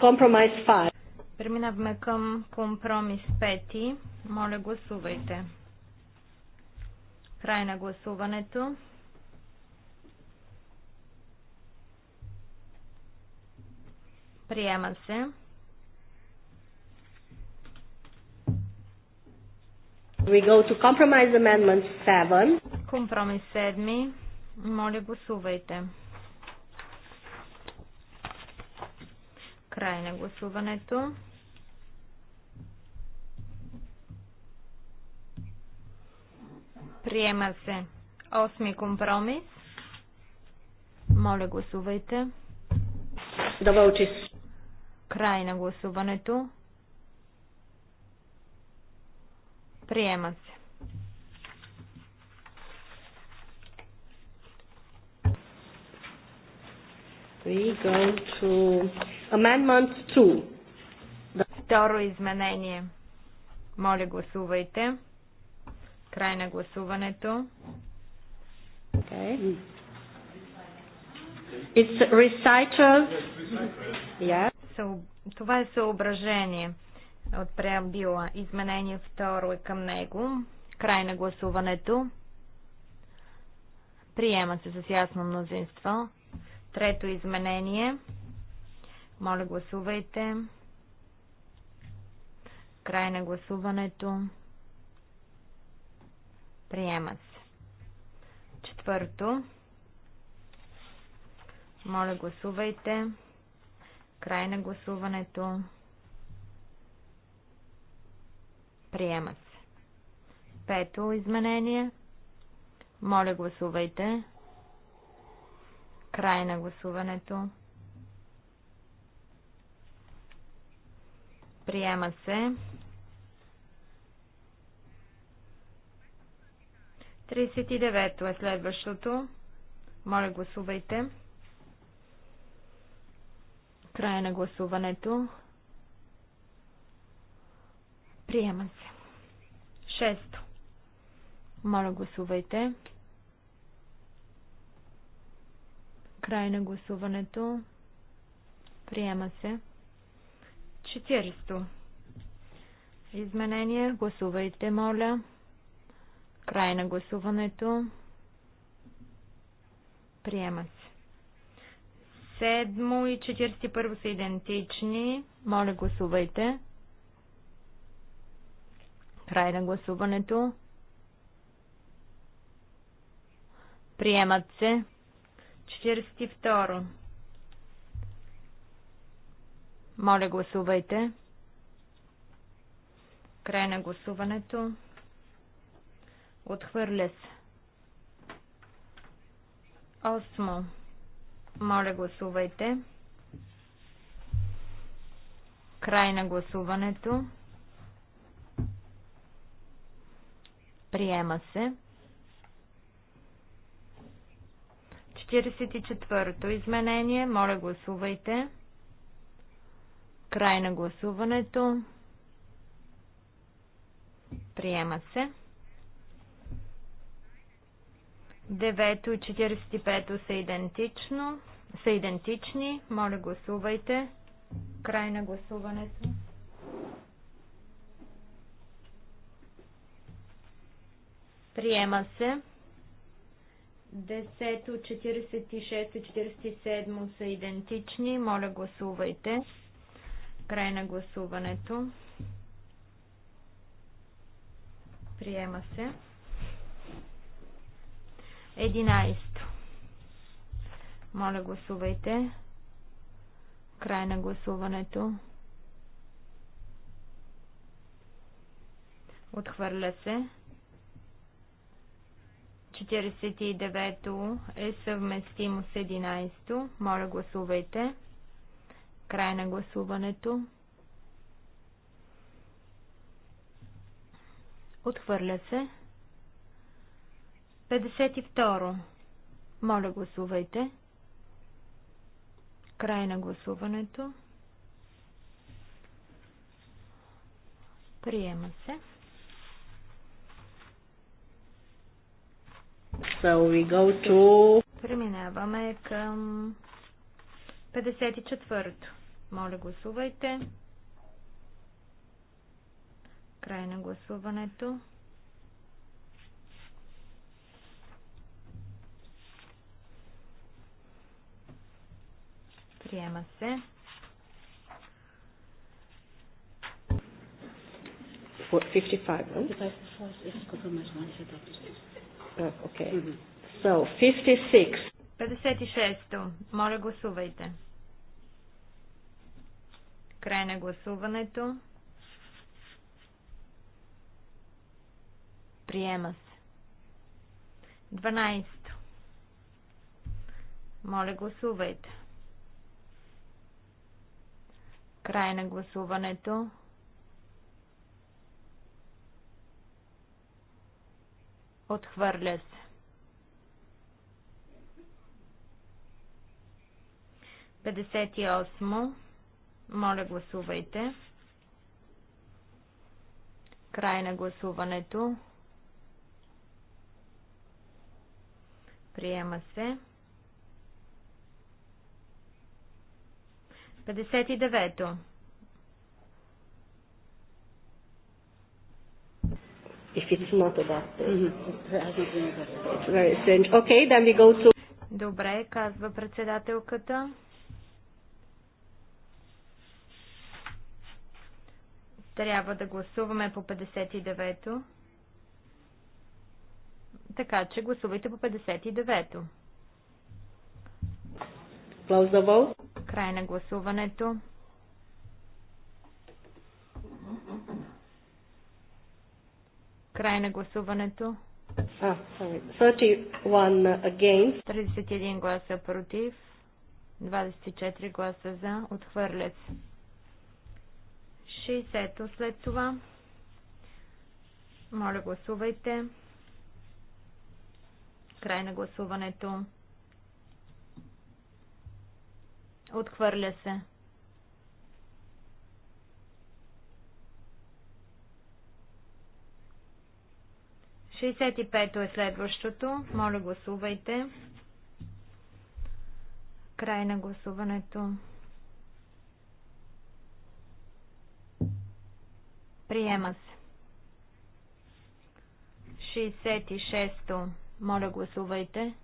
Compromise 5. Преминаваме към компромис 5. Моля, гласувайте. Край на гласуването. Приема се. We go to compromise amendment 7. Компромис 7. Моля, гласувайте. Край на гласуването. Приема се. Осми компромис. Моля, гласувайте. Доволчис. Край на гласуването. Приема се. We go to amendment 2. Второ изменение. Моля, гласувайте. Край на гласуването. Okay. It's recital. Yeah това е съображение от преамбила. Изменение второ е към него. Край на гласуването. Приема се с ясно мнозинство. Трето изменение. Моля, гласувайте. Край на гласуването. Приема се. Четвърто. Моля, гласувайте. Край на гласуването. Приема се. Пето изменение. Моля, гласувайте. Край на гласуването. Приема се. 39 е следващото. Моля, гласувайте. Края на гласуването. Приема се. Шесто. Моля, гласувайте. Край на гласуването. Приема се. Четиристо. Изменение. Гласувайте, моля. Край на гласуването. Приема се. 47 и 41 са идентични. Моля, гласувайте. Край на гласуването. Приемат се. 42. Моля, гласувайте. Край на гласуването. Отхвърля се. Осмо. Моля, гласувайте. Край на гласуването. Приема се. 44-то изменение. Моля, гласувайте. Край на гласуването. Приема се. 9 и 45 са, идентично, са идентични. Моля, гласувайте. Край на гласуването. Приема се. 10, 46 и 47 са идентични. Моля, гласувайте. Край на гласуването. Приема се. 11. Моля, гласувайте. Край на гласуването. Отхвърля се. 49-то е съвместимо с 11-то. Моля, гласувайте. Край на гласуването. Отхвърля се. 52. Моля, гласувайте. Край на гласуването. Приема се. So we go to... Преминаваме към 54-то. Моля, гласувайте. Край на гласуването. Приема се. What, 55, okay. So, 56. Моля, гласувайте. Край на гласуването. Приема се. 12. Моля, гласувайте. Край на гласуването. Отхвърля се. 58. Моля, гласувайте. Край на гласуването. Приема се. 59 Добре, казва председателката. Трябва да гласуваме по 59-то. Така че гласувайте по 59-то. Close the vote. Край на гласуването. Край на гласуването. 31 ah, гласа против, 24 гласа за, отхвърлят се. 60-то след това. Моля гласувайте. Край на гласуването. Отхвърля се. Шестдесет и пето е следващото. Моля, гласувайте. Край на гласуването. Приема се. 66-то. Моля, гласувайте.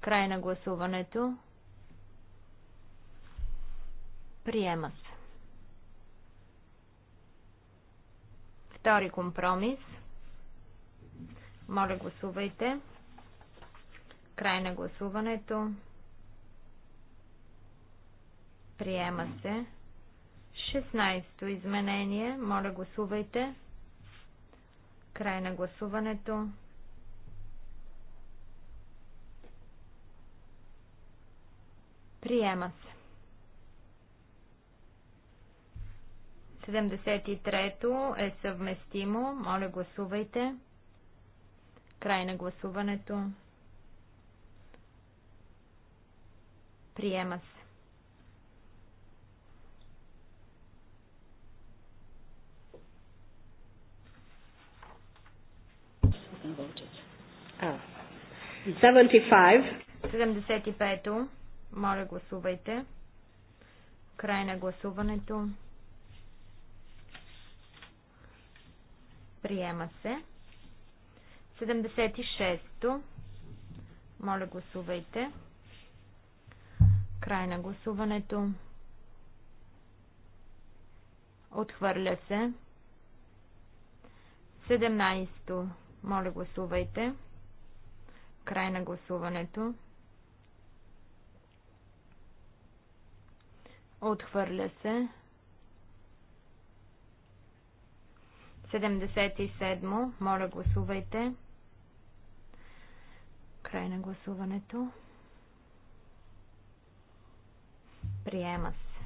Край на гласуването. Приема се. Втори компромис. Моля, гласувайте. Край на гласуването. Приема се. 16-то изменение. Моля, гласувайте. Край на гласуването. Приема се. 73-то е съвместимо. Моля, гласувайте. Край на гласуването. Приема се. Oh. 75. 75-то. Моля, гласувайте. Край на гласуването. Приема се. 76-то. Моля, гласувайте. Край на гласуването. Отхвърля се. 17-то. Моля, гласувайте. Край на гласуването. Отхвърля се. 77. Моля, гласувайте. Край на гласуването. Приема се.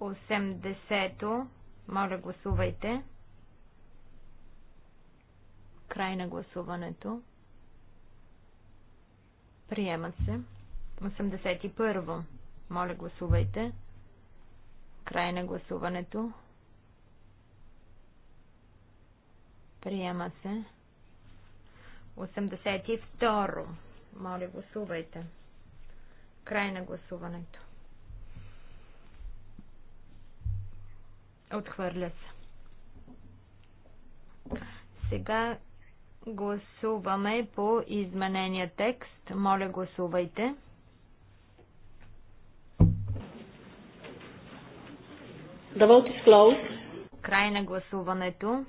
Осемдесето. Моля, гласувайте. Край на гласуването. Приема се. 81. Моля, гласувайте. Край на гласуването. Приема се. 82. Моля, гласувайте. Край на гласуването. Отхвърля се. Сега гласуваме по изменения текст. Моля, гласувайте. The vote is closed. Край на гласуването.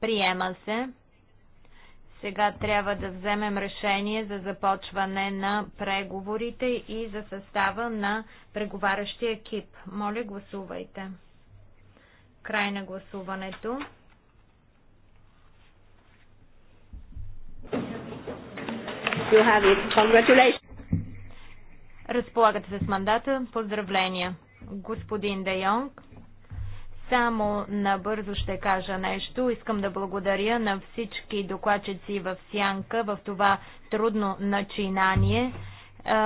Приема се. Сега трябва да вземем решение за започване на преговорите и за състава на преговарящия екип. Моля, гласувайте. Край на гласуването. You have it. Congratulations. Разполагате с мандата. Поздравления, господин Де Йонг. Само набързо ще кажа нещо. Искам да благодаря на всички докладчици в Сянка в това трудно начинание.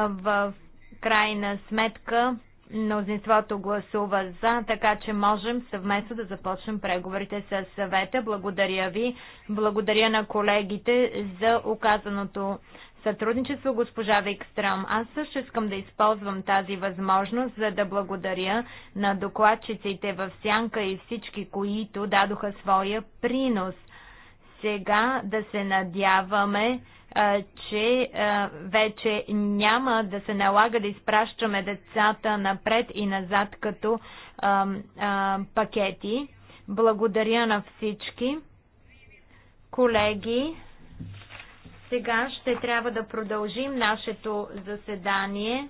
В крайна сметка мнозинството гласува за, така че можем съвместно да започнем преговорите с съвета. Благодаря ви. Благодаря на колегите за оказаното сътрудничество, госпожа Викстрам. Аз също искам да използвам тази възможност, за да благодаря на докладчиците в Сянка и всички, които дадоха своя принос. Сега да се надяваме, че вече няма да се налага да изпращаме децата напред и назад като пакети. Благодаря на всички. Колеги, сега ще трябва да продължим нашето заседание.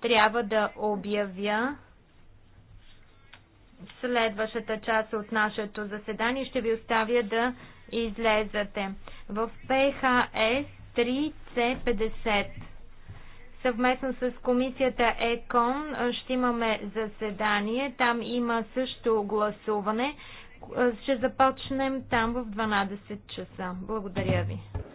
Трябва да обявя следващата част от нашето заседание. Ще ви оставя да излезете. В ПХС 3C50 съвместно с комисията ЕКОН ще имаме заседание. Там има също гласуване. Ще започнем там в 12 часа. Благодаря ви.